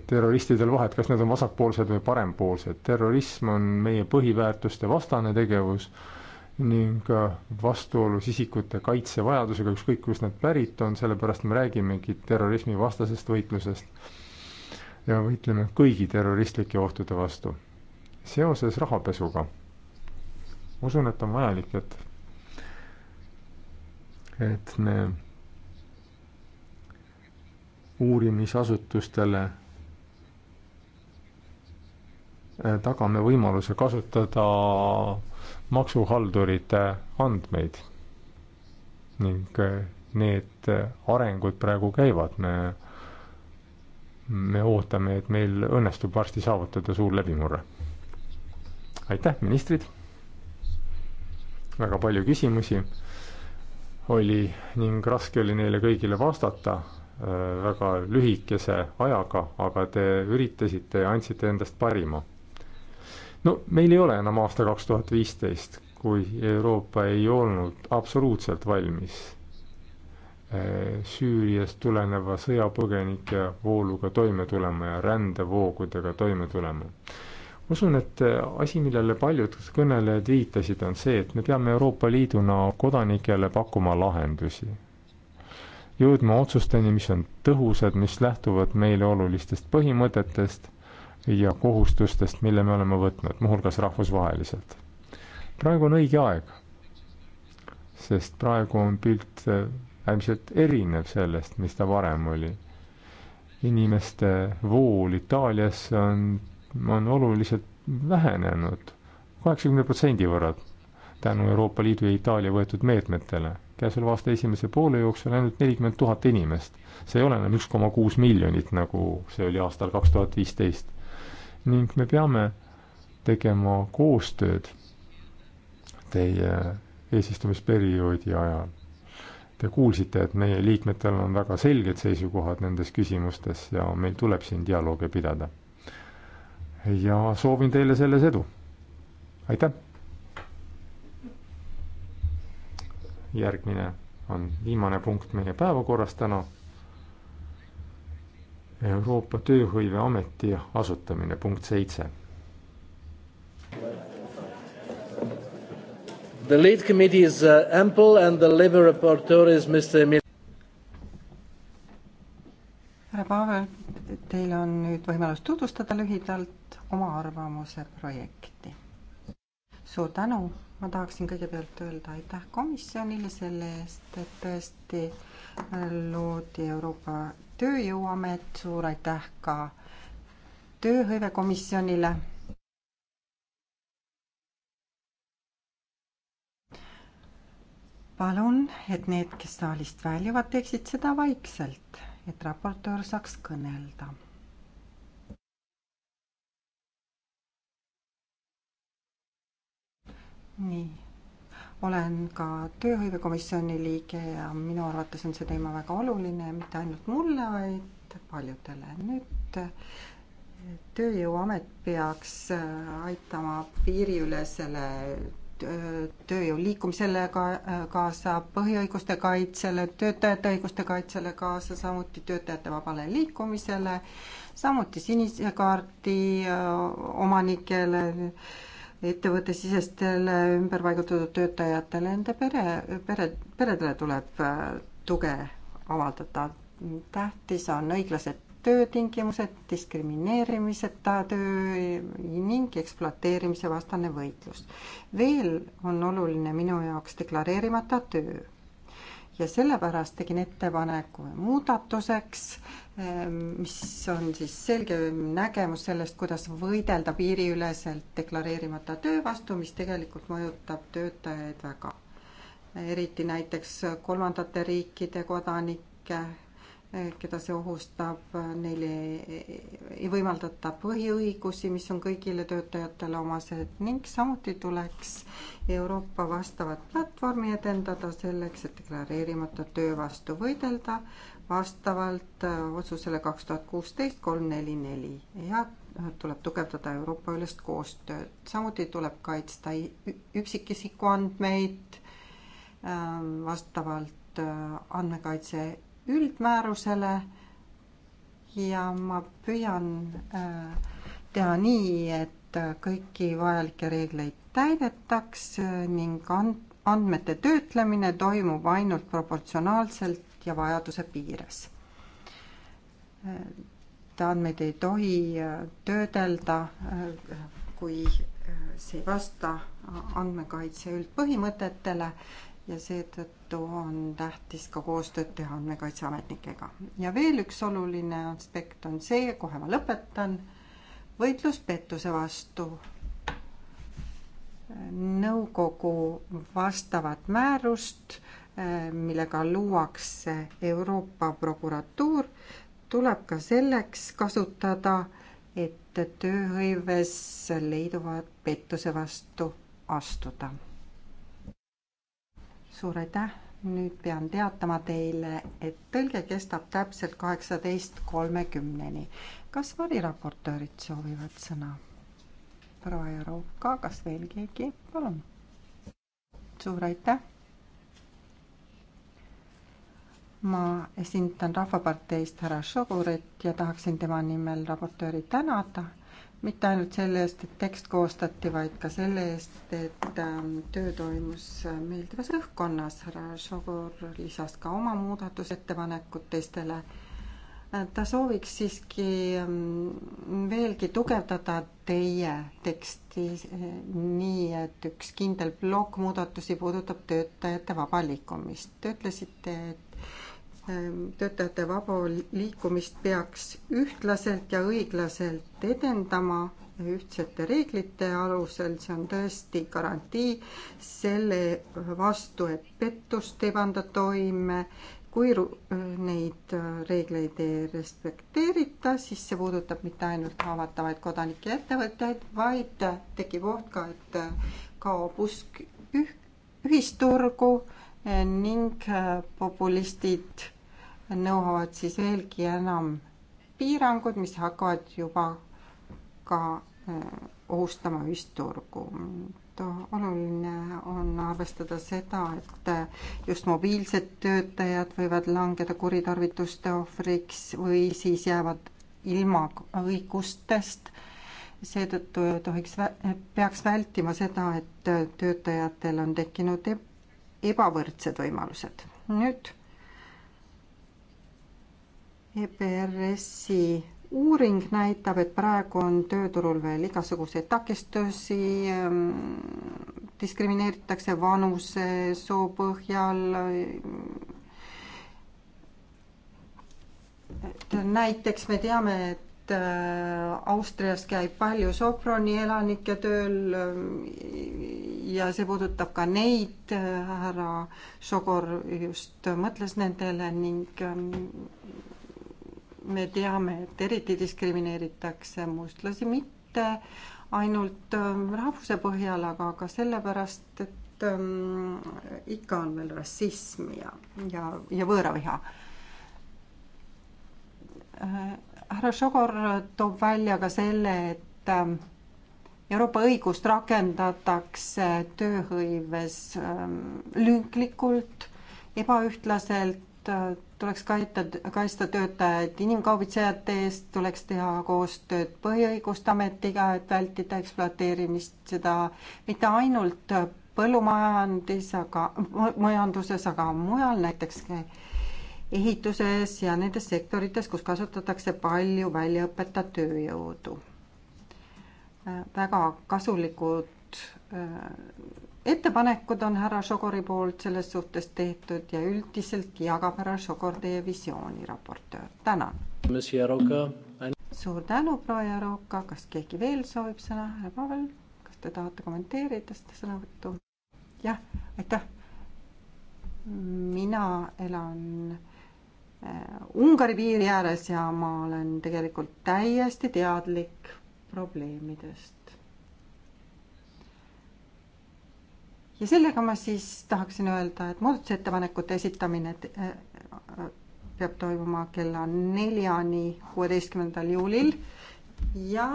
terroristidel vahet, kas nad on vasakpoolsed või parempoolsed, terrorism on meie põhiväärtuste vastane tegevus ning vastuolus isikute kaitsevajadusega, ükskõik kust nad pärit on, sellepärast me räägimegi terrorismivastasest võitlusest ja võitleme kõigi terroristlike ohtude vastu. seoses rahapesuga usun, et on vajalik, et, et me uurimisasutustele äh, tagame võimaluse kasutada maksuhaldurite andmeid. ning eh, need eh, arengud praegu käivad, me, me ootame, et meil õnnestub varsti saavutada suur läbimurre. aitäh, ministrid! väga palju küsimusi oli ning raske oli neile kõigile vastata eh, väga lühikese ajaga, aga te üritasite ja andsite endast parima no meil ei ole enam aasta kaks tuhat viisteist, kui Euroopa ei olnud absoluutselt valmis eh, Süüriast tuleneva sõjapõgenike vooluga toime tulema ja rändevoogudega toime tulema. usun, et eh, asi, millele paljud kõnelejad viitasid, on see, et me peame Euroopa Liiduna kodanikele pakkuma lahendusi. jõudma otsusteni, mis on tõhusad, mis lähtuvad meile olulistest põhimõtetest ja kohustustest, mille me oleme võtnud, muuhulgas rahvusvaheliselt. praegu on õige aeg, sest praegu on pilt äh, äärmiselt erinev sellest, mis ta varem oli. inimeste vool Itaaliasse on, on oluliselt vähenenud kaheksakümne protsendi võrra tänu Euroopa Liidu ja Itaalia võetud meetmetele. käesoleva aasta esimese poole jooksul ainult nelikümmend tuhat inimest. see ei ole enam üks koma kuus miljonit, nagu see oli aastal kaks tuhat viisteist ning me peame tegema koostööd teie eesistumisperioodi ajal. Te kuulsite, et meie liikmetel on väga selged seisukohad nendes küsimustes ja meil tuleb siin dialoogi pidada. ja soovin teile selles edu. aitäh! järgmine on viimane punkt meie päevakorras täna Euroopa Tööhõiveameti asutamine, punkt seitse. The lead committee is uh, ample and the labor reporter is Mr Emil. härra Pavel, teil on nüüd võimalus tutvustada lühidalt oma arvamuse projekti. suur tänu, ma tahaksin kõigepealt öelda aitäh komisjonile selle eest, et tõesti loodi Euroopa Tööjõuamet, suur aitäh ka Tööhõivekomisjonile. palun, et need, kes saalist väljuvad, teeksid seda vaikselt, et raportöör saaks kõnelda nii, olen ka tööhõivekomisjoni liige ja minu arvates on see teema väga oluline mitte ainult mulle, vaid paljudele. nüüd tööjõuamet peaks äh, aitama piiriülesele äh, tööjõu liikumisele ka äh, kaasa, põhiõiguste kaitsele, töötajate õiguste kaitsele kaasa, samuti töötajate vabale liikumisele, samuti sinise kaardi omanikele äh, ettevõttesisestele ümberpaigutatud töötajatele, nende pere, pere, peredele tuleb äh, tuge avaldada. tähtis on õiglased töötingimused, diskrimineerimiseta töö ning ekspluateerimise vastane võitlus. veel on oluline minu jaoks deklareerimata töö ja sellepärast tegin ettepaneku muudatuseks, ehm, mis on siis selge nägemus sellest, kuidas võidelda piiriüleselt deklareerimata töö vastu, mis tegelikult mõjutab töötajaid väga. eriti näiteks kolmandate riikide kodanikke keda see ohustab, neile ei, ei võimaldata põhiõigusi, mis on kõigile töötajatele omased ning samuti tuleks Euroopa vastavat platvormi edendada selleks, et deklareerimata töö vastu võidelda vastavalt äh, otsusele kaks tuhat kuusteist kolm neli neli ja tuleb tugevdada Euroopa ülest koostööd. samuti tuleb kaitsta üksikisiku andmeid äh, vastavalt äh, andmekaitse üldmäärusele ja ma püüan äh, teha nii, et kõiki vajalikke reegleid täidetaks ning and-, andmete töötlemine toimub ainult proportsionaalselt ja vajaduse piires. et äh, andmeid ei tohi äh, töödelda, kui see ei vasta andmekaitse üldpõhimõtetele ja seetõttu seetõttu on tähtis ka koostööd teha andmekaitseametnikega. ja veel üks oluline aspekt on see, kohe ma lõpetan, võitlus pettuse vastu. nõukogu vastavat määrust, millega luuakse Euroopa prokuratuur, tuleb ka selleks kasutada, et tööhõives leiduvat pettuse vastu astuda suur aitäh, nüüd pean teatama teile, et tõlge kestab täpselt kaheksateist kolmekümneni. kas variraportöörid soovivad sõna? proua Jarovka, kas veel keegi? palun. suur aitäh. ma esindan Rahvaparteist härra Šogurit ja tahaksin tema nimel raportööri tänada mitte ainult selle eest, et tekst koostati, vaid ka selle eest, et ähm, töö toimus äh, meeldivas õhkkonnas. härra Šogor lisas ka oma muudatusettepanekud teistele. Äh, ta sooviks siiski ähm, veelgi tugevdada teie teksti äh, nii, et üks kindel plokk muudatusi puudutab töötajate vaba liikumist. Te ütlesite, et Ehm, töötajate vaba liikumist peaks ühtlaselt ja õiglaselt edendama ühtsete reeglite alusel, see on tõesti garantii selle vastu, et pettust ei panda toime. kui neid reegleid ei respekteerita, siis see puudutab mitte ainult haavatavaid kodanikke ja ettevõtteid, vaid tekib oht ka, et kaob usk üh-, ühisturgu eh, ning eh, populistid nõuavad siis veelgi enam piirangud, mis hakkavad juba ka äh, ohustama ühisturgu. oluline on arvestada seda, et äh, just mobiilsed töötajad võivad langeda kuritarvituste ohvriks või siis jäävad ilma õigustest. seetõttu tohiks, peaks vältima seda, et äh, töötajatel on tekkinud ebavõrdsed võimalused. nüüd EBRS-i uuring näitab, et praegu on tööturul veel igasuguseid takistusi, ehm, diskrimineeritakse vanuse, soo põhjal, näiteks me teame, et äh, Austrias käib palju Soproni elanikke tööl ehm, ja see puudutab ka neid, härra Sogor just mõtles nendele ning ehm, me teame, et eriti diskrimineeritakse mustlasi mitte ainult ähm, rahvuse põhjal, aga ka sellepärast, et ähm, ikka on veel rassism ja, ja, ja võõraviha äh,. härra Šogor toob välja ka selle, et äh, Euroopa õigust rakendatakse tööhõives ähm, lünklikult, ebaühtlaselt äh,, tuleks kaita, kaitsta töötajaid inimkaubitsejate eest, tuleks teha koostööd Põhiõiguste Ametiga, et vältida ekspluateerimist, seda mitte ainult põllumajandis, aga majanduses, aga mujal näiteks ehituses ja nendes sektorites, kus kasutatakse palju väljaõpetatud tööjõudu. väga kasulikud äh, ettepanekud on härra Šogori poolt selles suhtes tehtud ja üldiselt jagab härra Šogor teie visiooni, raportöör. tänan. suur tänu, proua Jaroka, kas keegi veel soovib sõna, härra Pavel, kas te tahate kommenteerida seda sõnavõttu? jah, aitäh. mina elan äh, Ungari piiri ääres ja ma olen tegelikult täiesti teadlik probleemidest ja sellega ma siis tahaksin öelda, et muudatusettepanekute esitamine äh, äh, peab toimuma kella neljani, kuueteistkümnendal juulil ja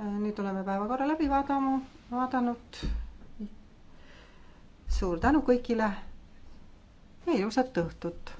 äh, nüüd oleme päevakorra läbi vaadama, vaadanud. suur tänu kõigile ja ilusat õhtut